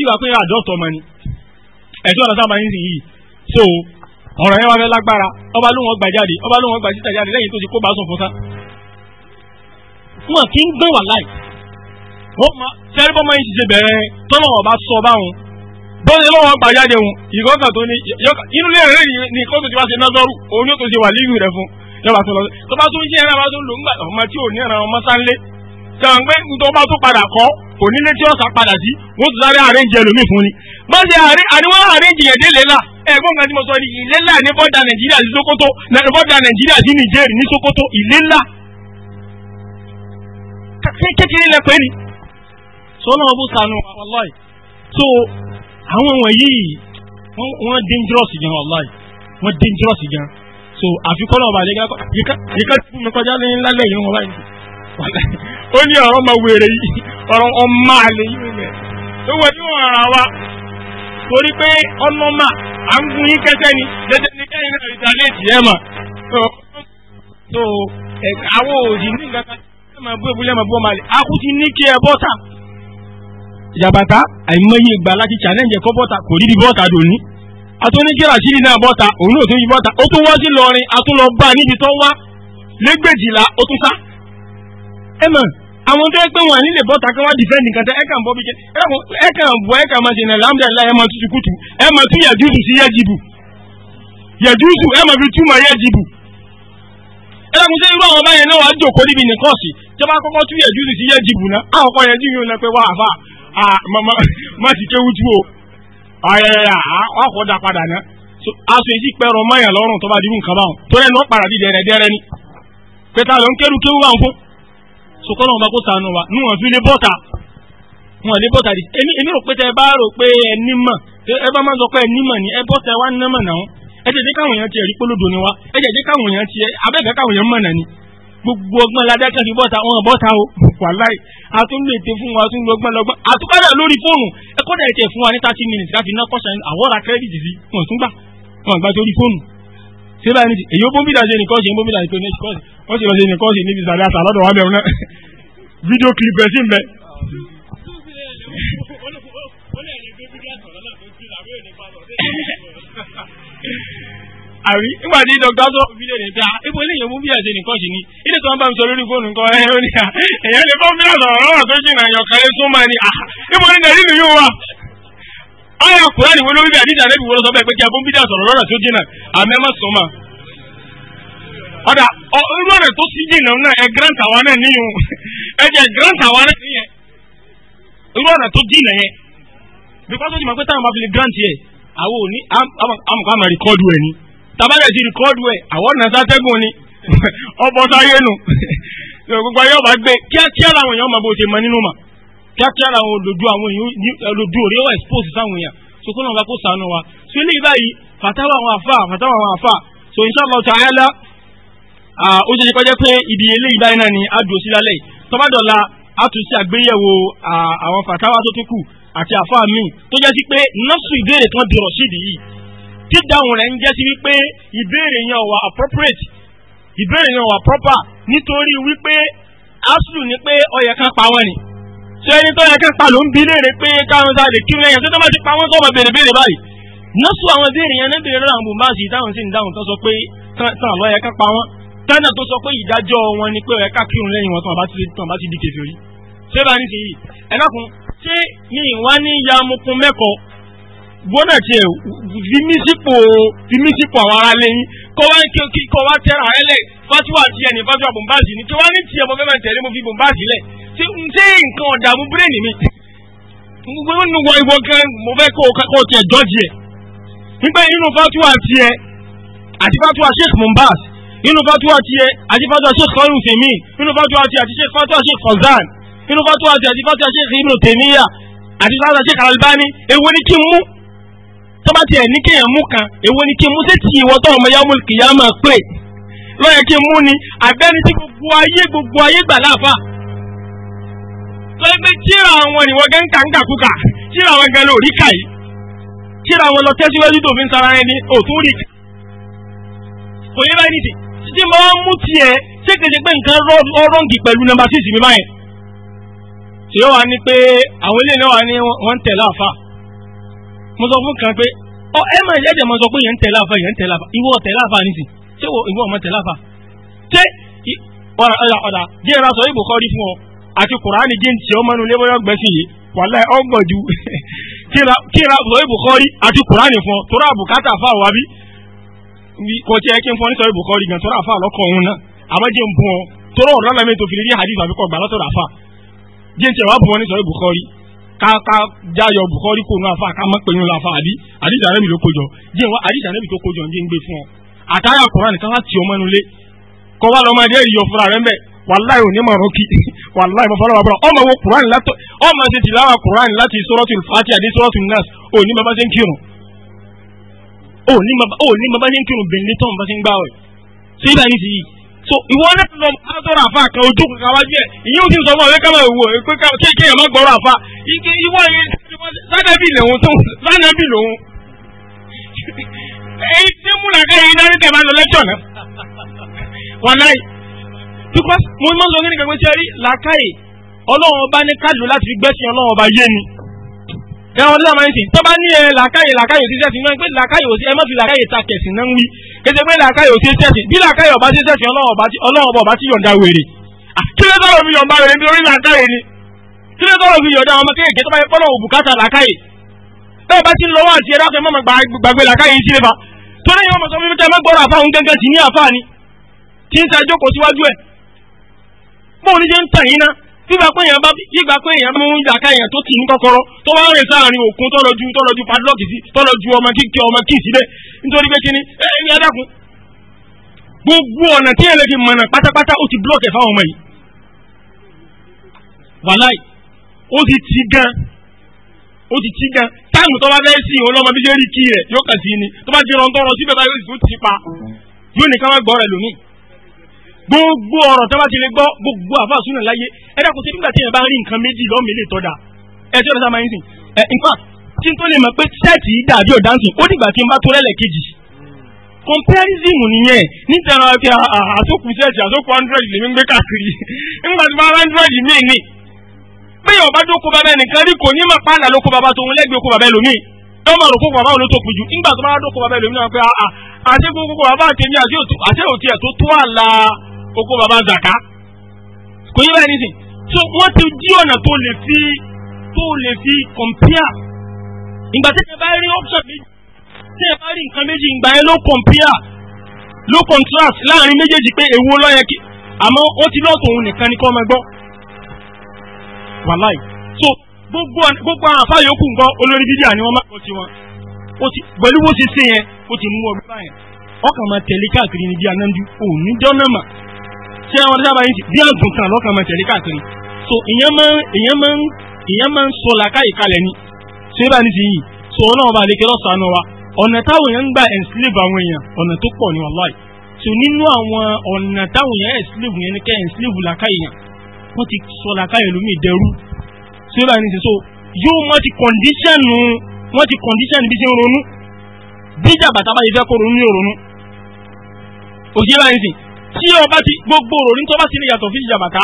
ìgbà pé àdọ́tọ̀ ọmọ ni ẹ̀tọ́ ọ̀nà sábà ń sìn yìí so ọ̀rọ̀ yẹn wá fẹ́ lágbára ọba ló wọn gbà jáde ọba ló wọn gbà síta jáde lẹ́yìn tó ti kó bá sùn fún tán. wọn kì í gbé wà láì wọn ma sẹ́rí bọ́ máa ń ṣiṣẹ́ bẹ̀rẹ̀ tọ́lọ̀ ọba sọ báwọn bọ́ọ̀lù lọ́wọ́ gbà jáde wọn ìkọ́kà tó ní inú ilé rẹ̀ ní ìkọ́kà tó ti wá ṣe názọ́rù òun yóò tó ṣe wà lọ́ba tó lọ tó bá tún ṣe ẹ̀rọ bá tún lò ńgbà ọmọ tí ò ní ẹ̀rọ ọmọ sáńlé kàn pé nítorí bá tún padà kọ́ kò nílé tí ọ̀sà padà sí wọ́n tún sáré àrẹ́ǹjẹ lómi fún ni. bá ṣe àríwá àrẹ́ǹjì yẹn dé lélà ẹ̀gbọ́n kan tí mo sọ ni ìlélà ní bọ́dà nàìjíríà sí Sokoto bọ́dà nàìjíríà sí Niger ní Sokoto ìlélà. kékeré lẹ pé ni sọlá ọbú sanu wàláì so àwọn wọ̀nyí wọ́n dangerous gan wàláì wọ́n dangerous gan so àfikún náà bàjẹ́ yíká tí mo kọjá ní lálẹ́ yìí wọn báyìí ó ní ọ̀rọ̀ máa wèrè yìí ọ̀rọ̀ ọmọ àlè yìí rẹ̀ tó wọ tí wọ́n ra wa torí pé ọlọ́mà à ń gun yín kẹsẹ́ ni dédé ní kẹ́yìn náà ìta léèjì ẹ̀ mà so àwọn òdì ní nǹkan kan ẹ̀ máa bú ebúlé máa bú ọmọ àlè akutu ní kí ẹ bọ́ta ìjàbàtà àìmọye ìgbà láti challenge ẹ̀kọ́ bọ́ta kò rí bí bọ́ta dòní atúnijẹ́ rashidi náà bọ́ta òun náà tún yí bọ́ta ó tún wá sí lọrin atúnlọ́gbà níbi tó wá lẹ́gbẹ̀jìlá ó tún sá. ẹ mọ̀ àwọn tó yẹ pé wọn nílé bọ́ta kí wọ́n dìfẹ́ǹdì kan tẹ ẹ kàn bọ́ bí jẹ ẹ kàn bọ́ ẹ kàn máa ṣe náà lámúdàlá ẹ máa tutù kùtù ẹ máa tún yàjúùsù sí yàjìbù yàjúùsù ẹ máa fi túmọ̀ yàjìbù. ẹ lọ́kùn sẹ́yìn báwọn ọba yẹn náà wàá jòkó níbi nìkan jọba kọ́kọ́ tún yàjúùsù sí yàjìbù náà ayẹyẹ àkọ́ da padà ná aṣọ èjì pẹ̀rọ mọ́yàn lọ́rùn tó bá dirú nǹkan báwọn tó rẹ̀ ní wọ́n padà bí dẹ̀rẹ̀ dẹ̀rẹ̀ ni pété àlọ́ ń kéru kéwu báwọn fún sokọ́nà ọba kó sànù wa ní wọn fi lé bọ́ta wọn lé bọ́ta di èmi èmi rò pé tẹ bá rò pé ẹ nímọ̀ ẹ bá máa sọ pé ẹ nímọ̀ ni ẹ bọ́ta ẹ wá nímọ̀ náà ẹ jẹ́ káwọn èèyàn ti ẹ̀rí polódo ni wa ẹ jẹ́ káwọn èèyàn ti abẹ́fẹ́ káwọn èèyàn mọ̀ náà ni gbogbo ọgbọ́n ládàkàn ní bọ́ta wọn bọ́ta o wàláì àtúndètè fún wa àtúndè ọgbọ́n lọ́gbọ́n àtúpadà lórí fóònù ẹ kọ́ dẹ̀ tẹ̀ fún wa ní thirty minutes láti ná kọ́sà àwọ̀ra kírẹ́dìtì sí wọn tún gbà wọn gbà sórí fóònù. sébà ní ti èyí ó bómi ìdájọ́ nìkan ṣe ń bómi ìdájọ́ ní kọ́ọ̀sì wọ́n sì lọ ṣe nìkan ṣe níbi ìsàlẹ̀ àtàlọ́dọ̀ wa bẹ̀rù náà fídíò kílípù ẹ̀ sí ń bẹ. àrí nígbà tí dọ́kítà sọ fídíò ní pé à ibo eléyìí mú bí àti nìkan ṣì ni ilé tí wọ́n bá mi sọ lórí fóònù nǹkan ẹ̀ ó ní à ah, èyàn lè fọ́ fílà sọ̀rọ̀ lọ́wọ́ tó jìnnà ni à ibo ní ni wọ́n lórí bí àdìsí àlẹ́ sọ bẹ́ẹ̀ pé kí abó ń sọ̀rọ̀ lọ́rọ̀ tó jìnnà má sọ ọ̀dà tó sí jìnnà náà ẹ tabalẹ̀ ti rìkọ́ọ̀dù ẹ̀ àwọn ọ̀nà sátẹ́gùn ni ọbọ̀ sáyé nù gbogbo ayé ọba gbé kíákíá làwọn èèyàn máa bó ṣe mọ nínú mà kíákíá làwọn olójú àwọn èèyàn olójú òrí ọ̀ expose sáwọn èèyàn so kó náà bá kó sànù wa so eléyìí báyìí fàtàwà àwọn àfà fàtàwà àwọn àfà so inshallah ta'ala ó ṣe ṣe kọjá pé ibi eléyìí báyìí náà ni a dùn sí lálẹ́ tọ́bádọ́la a tún ṣe àgbéyẹ̀wò àwọn fàtàwà tó tún kù àti àfà míì tó jẹ́ sí pé nọ́ọ̀sì ìbéèrè kan dìrọ̀ sídìí yìí dídáhùn rẹ̀ ń jẹ́ sí wípé ìbéèrè yẹn wà appropriate ìbéèrè yẹn wà proper nítorí wípé aslu ni pé ó yẹ kan pa wọ́n ni ṣé ẹni tó yẹ kan pa ló ń bi léèrè pé káwọn sá lè kírun ẹ̀yàn tó tó bá ti pa wọ́n tó ọmọ béèrè béèrè báyìí nọ́ọ̀sù àwọn béèrè yẹn níbèrè lọ́dọ̀ àwọn bùnbáàsì táwọn sì ń tó sọ pé tán ló yẹ kan pa wọ́n tánà tó sọ pé ìdájọ́ wọn ni pé ó yẹ lẹ́yìn wọn tó wọn ti di kèfèrí ṣé bá ní ti yìí ẹ̀ náà ṣé mi ìwá ní ya mokun mẹ́kọ̀ọ́ gbọ́dọ̀ tiẹ̀ fimisipò fimisipò àwọn ará lẹ́yìn kọ́ wá kí kọ́ wá tẹ́ra àwọn ẹlẹ́ fatuwa tiẹ̀ ní fatuwa bòmbáàsì ni tí wọ́n ní tiẹ̀ mo fẹ́ máa tẹ̀lé mo fi bòmbáàsì lẹ̀ ṣé nǹkan ọ̀dààmú bírèèni mi gbogbo nínú wọ ìwọ gan mo fẹ́ kó kó tiẹ̀ jọ́ọ̀jì ẹ̀ nígbà nínú fatuwa tiẹ̀ àti fatuwa sheikh mombas nínú fatuwa tiẹ̀ àti fatuwa sheikh kọ́rin fèmí nínú fatuwa tiẹ̀ àti sheikh fatuwa sheikh fọ̀zán nínú fatuwa tiẹ̀ àti fatuwa sheikh ibn tèmíyà àti fatuwa sheikh albani èwo ni kí n mú tó bá tiẹ̀ ní kéèyàn mú kan èwo ni kí n mú sí ti ìwọ tó ọmọ yàmú kìyà máa pè lọ́yẹ̀ kí n mú ni àbẹ́ni tí gbogbo ayé gbogbo ayé gbà láàfà lọ́yẹ̀ pé tíra àwọn ìwọ̀n gẹ́ ń kà ń kàkúkà tíra àwọn gẹ́ lórí kà yìí tíra àwọn lọ tẹ́síwájú tó fi ń sara ẹni òtún rí kò yẹ báyìí nìdí títí mo wá mú tiẹ̀ ṣé kejì pé nǹkan rọ́ǹgì pẹ̀lú nọ́mbà sísì mi báyìí tí ó wà ní pé àwọn ilé náà wà ní wọ́n ń tẹ̀lé àfà mo sọ fún kan pé ọ ẹ máa yẹ jẹ́ mo sọ pé yẹn ń tẹ̀lé àfa yẹn ń tẹ̀lé àfa ìwọ tẹ̀lé àfa nìsí ṣé ìwọ ọmọ tẹ̀lé àfa ṣé ọ̀dà ọ̀dà ọ̀dà díẹ̀ ra sọ yìí Bukhari fún ọ àti Kùránì jí ń tiẹ̀ ọmọ inú lébọ́yọ̀ gbẹ̀sìn yìí wàlá ẹ̀ ọgbọ̀n ju kí ra sọ yìí Bukhari àti Kùránì fún ọ tó rà bùkátà fà wá bí kò tiẹ̀ kí n fọ́ ní sọ yìí Bukhari gan tó rà fà lọ́kọ̀ ká jáyọ bukọri kò nù afa ká má pè yín lafa àbí àdìjà rẹ mi ló kojọ jẹ wá àdìjà rẹ mi tó kojọ njẹ ń gbé fún ọ àtàyà kura nìkan wá tì ọmọ ẹnu lé kọ wá lọmọ ẹdẹ yíyọ fúnra rẹ mbẹ wàláyé òní mọ̀ ọ́n kí wàláyé bàbá wà bọ̀rọ̀ ọmọ wo kurani látọ̀ ọmọ ṣe ti láwa kurani láti suratul Fatiha àti suratul Nas òní bàbá ṣe ń kírun òní bàbá ṣe ń kírun bẹ̀ẹ́ ní tọ́ so ìwọ náà lọ máa sọ̀rọ̀ àfa kan ojú kankan wájú ẹ̀ ìyẹn ò sì sọ fún ọ̀rẹ́ ká máa wò ó pé kí èèyàn má gbọ́rọ̀ àfa ike ìwọ yẹn sádàbí lòun tó sádàbí lòun. èyí tí múra ká yẹn dání tẹ̀ bá lọ lẹ́tọ̀ náà wọn náà because mo máa ń sọ kí ni kankan ṣe rí làákàyè ọlọ́run ọba ní kájù láti fi gbẹ́sìn ọlọ́run ọba yé ni ẹ̀wọ̀n tó máa ń sìn tó bá ní ẹ làákàyè làákàyè òsì sẹ́sìn náà pé làákàyè òsì ẹ má fi làákàyè ta kẹ̀sìn náà ń wí kété pé làákàyè òsì sẹ́sìn bí làákàyè ọba sí sẹ́sìn ọlọ́run ọba ti yọ̀ǹda wèrè kí ló tọrọ fi yọ̀ǹda wèrè nítorí làákàyè ni kí ló tọrọ fi yọ̀ǹda ọmọ kéèké tó bá yẹ pọ́nà òbùkátà làákàyè bẹ́ẹ̀ bá ti ń lọ́wọ́ àti ẹ̀dá fẹ́mọ́ fa torí yẹn ọmọ sọ fún mi kẹ́ ẹ má ni tí gbígbà pé èèyàn bá gbígbà pé èèyàn mú ìdàkà èèyàn tó tì ní kọ́kọ́rọ́ tó wá ń rìn sáàrin òkun tọ́lọ ju tọ́lọ ju padlock sí tọ́lọ ju ọmọ kíkẹ́ ọmọ kí síbẹ̀ nítorí pé kíni ẹ ní adákun gbogbo ọ̀nà tí èèyàn lè fi mọ̀nà pátápátá ó ti blọ́ọ̀kì fáwọn ọmọ yìí wàláì ó ti ti gan ó ti ti gan táàmù tó bá fẹ́ sí ìhòòhò ọmọ bíi ṣe kí rẹ̀ yóò kà sí ni tó bá ti pa yóò ní gbogbo ọ̀rọ̀ tó bá ti lè gbọ́ gbogbo àfa súnà láyé ẹ dákun sí nígbà tí èèyàn bá rí nǹkan méjì lọ́mìí lè tọ́da ẹ tí ó lọ sá máa ń sìn ẹ nǹkan tí n tó lè mọ̀ pé sẹ́ẹ̀tì yìí dàbí ò dáńsìn ó dìgbà tí n bá tó lẹ́lẹ̀ kejì comparison nìyẹn nítorí pé ah, ah, ah, àsókù sẹ́ẹ̀tì àsókù hundred lèmi ń gbé káàkiri nígbà tí wọ́n hundred mi ni bẹ́ẹ̀ ọba tó kó bàbá ẹnìkan rí kò ní mọ̀ pààlà ló kó bàbá tó ń lẹ́gbẹ̀ẹ́ kó bàbá ẹlòmíì tọ́mọ rò kó bàbá òun tó kù jù nígbà tó bá dó kó bàbá ẹlòmíì náà pé àṣẹ gbogbo bàbá àtẹ̀mí àṣẹ òtí ẹ̀ tó tó àlà okó baba zaka kò yẹ báyìí nísìn so wọ́n ti di ọ̀nà tó lè fi tó lè fi compare ìgbà tí ẹ bá rí option méjì tí ẹ bá rí nǹkan méjì ìgbà yẹn ló compare ló contrast láàrin méjèèjì pé èwo ló yẹ kí àmọ́ ó ti lọ́ọ̀tún òun nìkan ni kọ́ ọmọ ẹgbọ́ wàláì so gbogbo àwọn àfáà yòókù nǹkan olórí bídíà ni wọ́n máa kọ́ tiwọn pẹ̀lú bó ṣe ṣe yẹn ó ti mú ọgbẹ́ báyẹn ọkàn máa tẹ̀lé káàkiri ṣé àwọn ọ̀dọ́ sábàáyé bí àgùntàn lọ́kàn máa tẹ̀lé káàkiri so ìyẹn máa ń ìyẹn máa ń ìyẹn máa ń sọ làkàyè kalẹ̀ ni ṣé bá ní ti yìí so ọlọ́run bá lè kí wa ọ̀nà táwọn èèyàn ń gbà enslave àwọn èèyàn ọ̀nà tó pọ̀ ní wàláì so nínú àwọn ọ̀nà táwọn èèyàn enslave yẹn ni kẹ́ enslave làkàyè yẹn wọ́n ti sọ làkàyè lómi ìdẹ́rú so yóò wọ́n ti condition wọ́n ti condition bí ṣe ń ronú bí jàbàtà bá tí ọba ti gbogbo òròrí tó bá ti ní yàtọ̀ fi jàbàtà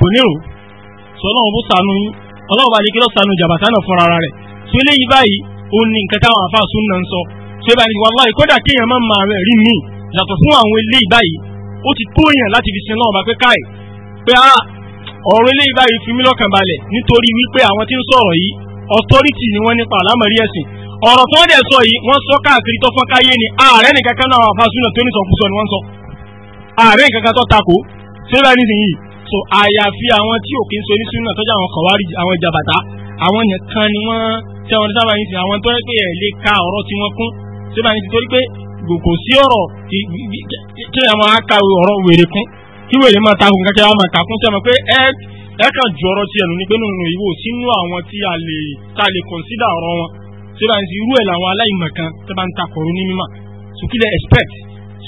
kò ní rò sọ ọlọ́run bó sànú yín ọlọ́run bá lékelọ́ sànú jàbàtà náà fúnra rẹ̀ tó eléyìí báyìí ó ní nǹkan táwọn àfáà sún náà ń sọ tó ẹ bá ní wàláì kódà kéèyàn má máa rẹ̀ rí míì yàtọ̀ fún àwọn eléyìí báyìí ó ti tó èèyàn láti fi sin náà bá pé káì pé a ah, ọ̀rọ̀ eléyìí báyìí fi mí lọ́kàn balẹ̀ nítorí wípé àwọn tí ń sọ̀rọ̀ yìí authority ni wọ́n nípa àlámọ̀rí ẹ̀sìn ọ̀rọ̀ tó wọ́n dẹ̀ sọ yìí wọ́n sọ káàkiri tó fọ́n káyé ni ààrẹ nìkan kan náà àfa súnà tó ní sọkúsọ ni wọ́n sọ ààrẹ nǹkan kan tó takò ṣé bá ní sìnyí so àyàfi àwọn tí òkè ń so ní sunna tọ́jú àwọn kọ̀wárí àwọn jàbàtà àwọn nìkan ni wọ́n tẹ́ wọn sábà ní sìn àwọn tó rẹ́ pé ẹ̀ lè ka ọ̀rọ̀ tí wọ́n kún ṣé bá ní sìn torí pé kò sí ọ̀rọ̀ kí ẹ̀ máa ka ọ̀rọ̀ wèrè kún kí wèrè máa takùn kankan ẹ̀ máa kàkún sẹ́mi pé ẹ ẹ kàn ju ọ̀rọ̀ tiẹ̀ nù ní pé nínú ìwò sínú àwọn tí a lè tá lè consider ọ̀rọ̀ wọn ṣé bá sìn irú ẹ̀ làwọn aláìmọ̀kan tó bá ń takọ̀rọ̀ ní mímọ̀ so expect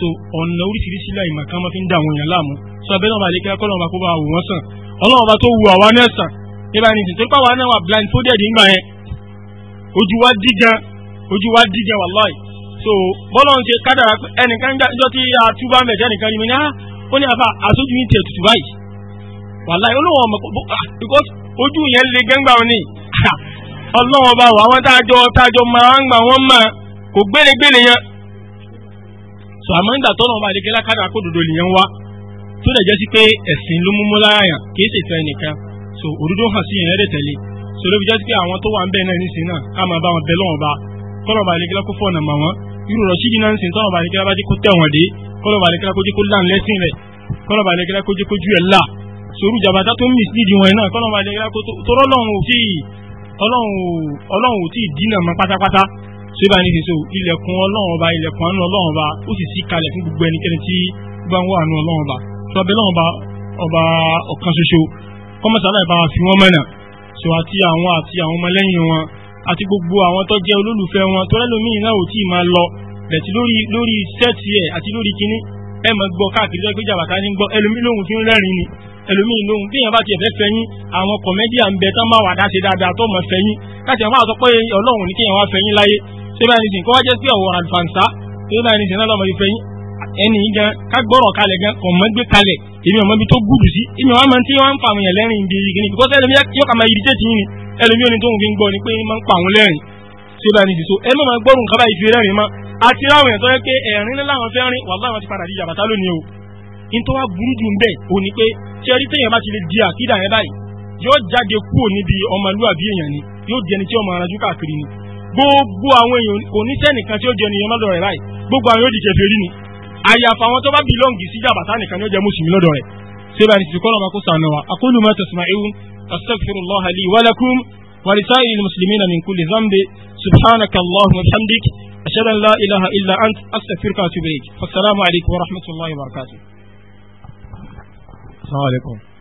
so ọ̀nà oríṣiríṣi láì mà ká má fi ń dà àwọn èèyàn láàmú so abẹ́rẹ́ ọba àlékẹ́ kọ́ lọ́wọ́ kó bá wò wọ́n sàn ọlọ́wọ́ ọba tó wu àwa náà sàn nígbà ní ìsìn tó náà wà blind folded ńgbà yẹn ojú wa dí gan ojú wa dí gan wàláì so bọ́lá ń ṣe kádàrá ẹnìkan jọ tí a tú bá ń bẹ̀jẹ̀ nìkan ni mo ní á ah! ó ní afa àsójú yìí tiẹ̀ tutù báyìí wàláì ọlọ́wọ́ so àmọ́ ń gbà tọ́nà ọba àdékẹ́lá kádà kó dodo nìyẹn wá tó dẹ̀ jẹ́ sí pé ẹ̀sìn ló múmú lára yàn kìí ṣètò ẹnìkan so òdodo hàn sí yẹn rẹ̀ tẹ̀lé so ló fi jẹ́ sí pé àwọn tó wà ń bẹ̀ náà ní sin náà ká máa bá wọn bẹ lọ́wọ́ ba kọ́nà ọba àdékẹ́lá kó fọ̀nà mà wọ́n irú rọ̀ṣídìí náà ń sin tọ́nà ọba àdékẹ́lá bá jẹ́ kó tẹ̀ wọ́n dé kọ́nà ọba àdékẹ́lá kó jẹ́ kó lá lẹ́sìn rẹ̀ kọ́nà ọba àdékẹ́lá kó jẹ́ kó ju ẹ̀ là soru jabata tó ń mì sí ìdíwọ̀n náà kọ́nà ọba àdékẹ́lá kó tó rọ́lọ́run ò tí ọlọ́run ò dínà mọ́ pátápátá síbà ní sísọ ilẹ̀kùn ọlọ́run ọba ilẹ̀kùn àánú ọlọ́run ọba ó sì sí kalẹ̀ fún gbogbo ẹnikẹ́ni tí bá ń wà àánú ọlọ́run ọba tó abẹ́ lọ́run ọba ọba ọ̀kan ṣoṣo kọ́mọ̀sálà ìbá fi wọ́n mọ̀nà sọ àti àwọn àti àwọn ọmọlẹ́yìn wọn àti gbogbo àwọn tó jẹ́ olólùfẹ́ wọn tó lẹ́lòmíì náà ò tí ì máa lọ bẹ̀tí lórí lórí sẹ́ẹ̀tì ẹ̀ àti lórí kinní ẹ mọ̀ gbọ́ káàkiri lọ́gbẹ́ jàbàtà ní gbọ́ ẹlòmíì lóhun fi ń rẹ́rìn ni ẹlòmíì lóhun bí èèyàn bá tiẹ̀ fẹ́ fẹ́yìn àwọn kọ̀mẹ́díà ń bẹ tán máa wà dáṣe dáadáa tó mọ̀ fẹ́yìn láti àwọn àsọpọ̀ ọlọ́run ní kéèyàn wá fẹ́yìn láyé ṣé báyìí nìsín kó wá jẹ́ sí ọ̀wọ́ àlùfàǹsá ṣé báyìí nìsín náà lọ́mọ ìfẹ́ yín ẹni yìí gan kágbọ́rọ̀ kalẹ̀ gan kò mọ́ gbé kalẹ̀ èmi ibi tó gùdù sí èmi ọmọ máa ń tí wọ́n ń fa àwọn èèyàn lẹ́rìn ibi yìí ni because ẹlòmí yóò kà máa yìí tètè yìí ni ẹlòmí ò fi ń ni pé máa ń pa àwọn lẹ́rìn ṣé báyìí nìsín so ẹ má máa gbọ́rù nǹkan báyìí fi rẹ́rìn mọ́ àti ráwọn èèyàn tó yẹ pé ẹ̀rín ńlá àwọn fẹ́ rìn wàhálà wọn ti padà di jàbátá lónìí o in tó wá burú jù ń bẹ̀ ò ní pé ṣe rí téèyàn bá gbogbo àwọn èèyàn kò ní sẹ́nìkan tí ó jẹ nìyẹn lọ́dọ̀ rẹ̀ báyìí gbogbo àwọn yóò di kèfèrí ni àyàfà àwọn tó bá bìlọ́ǹgì sí jàbàtà nìkan yóò jẹ mùsùlùmí lọ́dọ̀ rẹ̀ síbẹ̀ àti tìkọ́ lọ́mọ kó sànù wa aqulu ma tasma'un astaghfirullah li wa lakum wa lisa'iril muslimina min kulli dhanbi subhanaka allahumma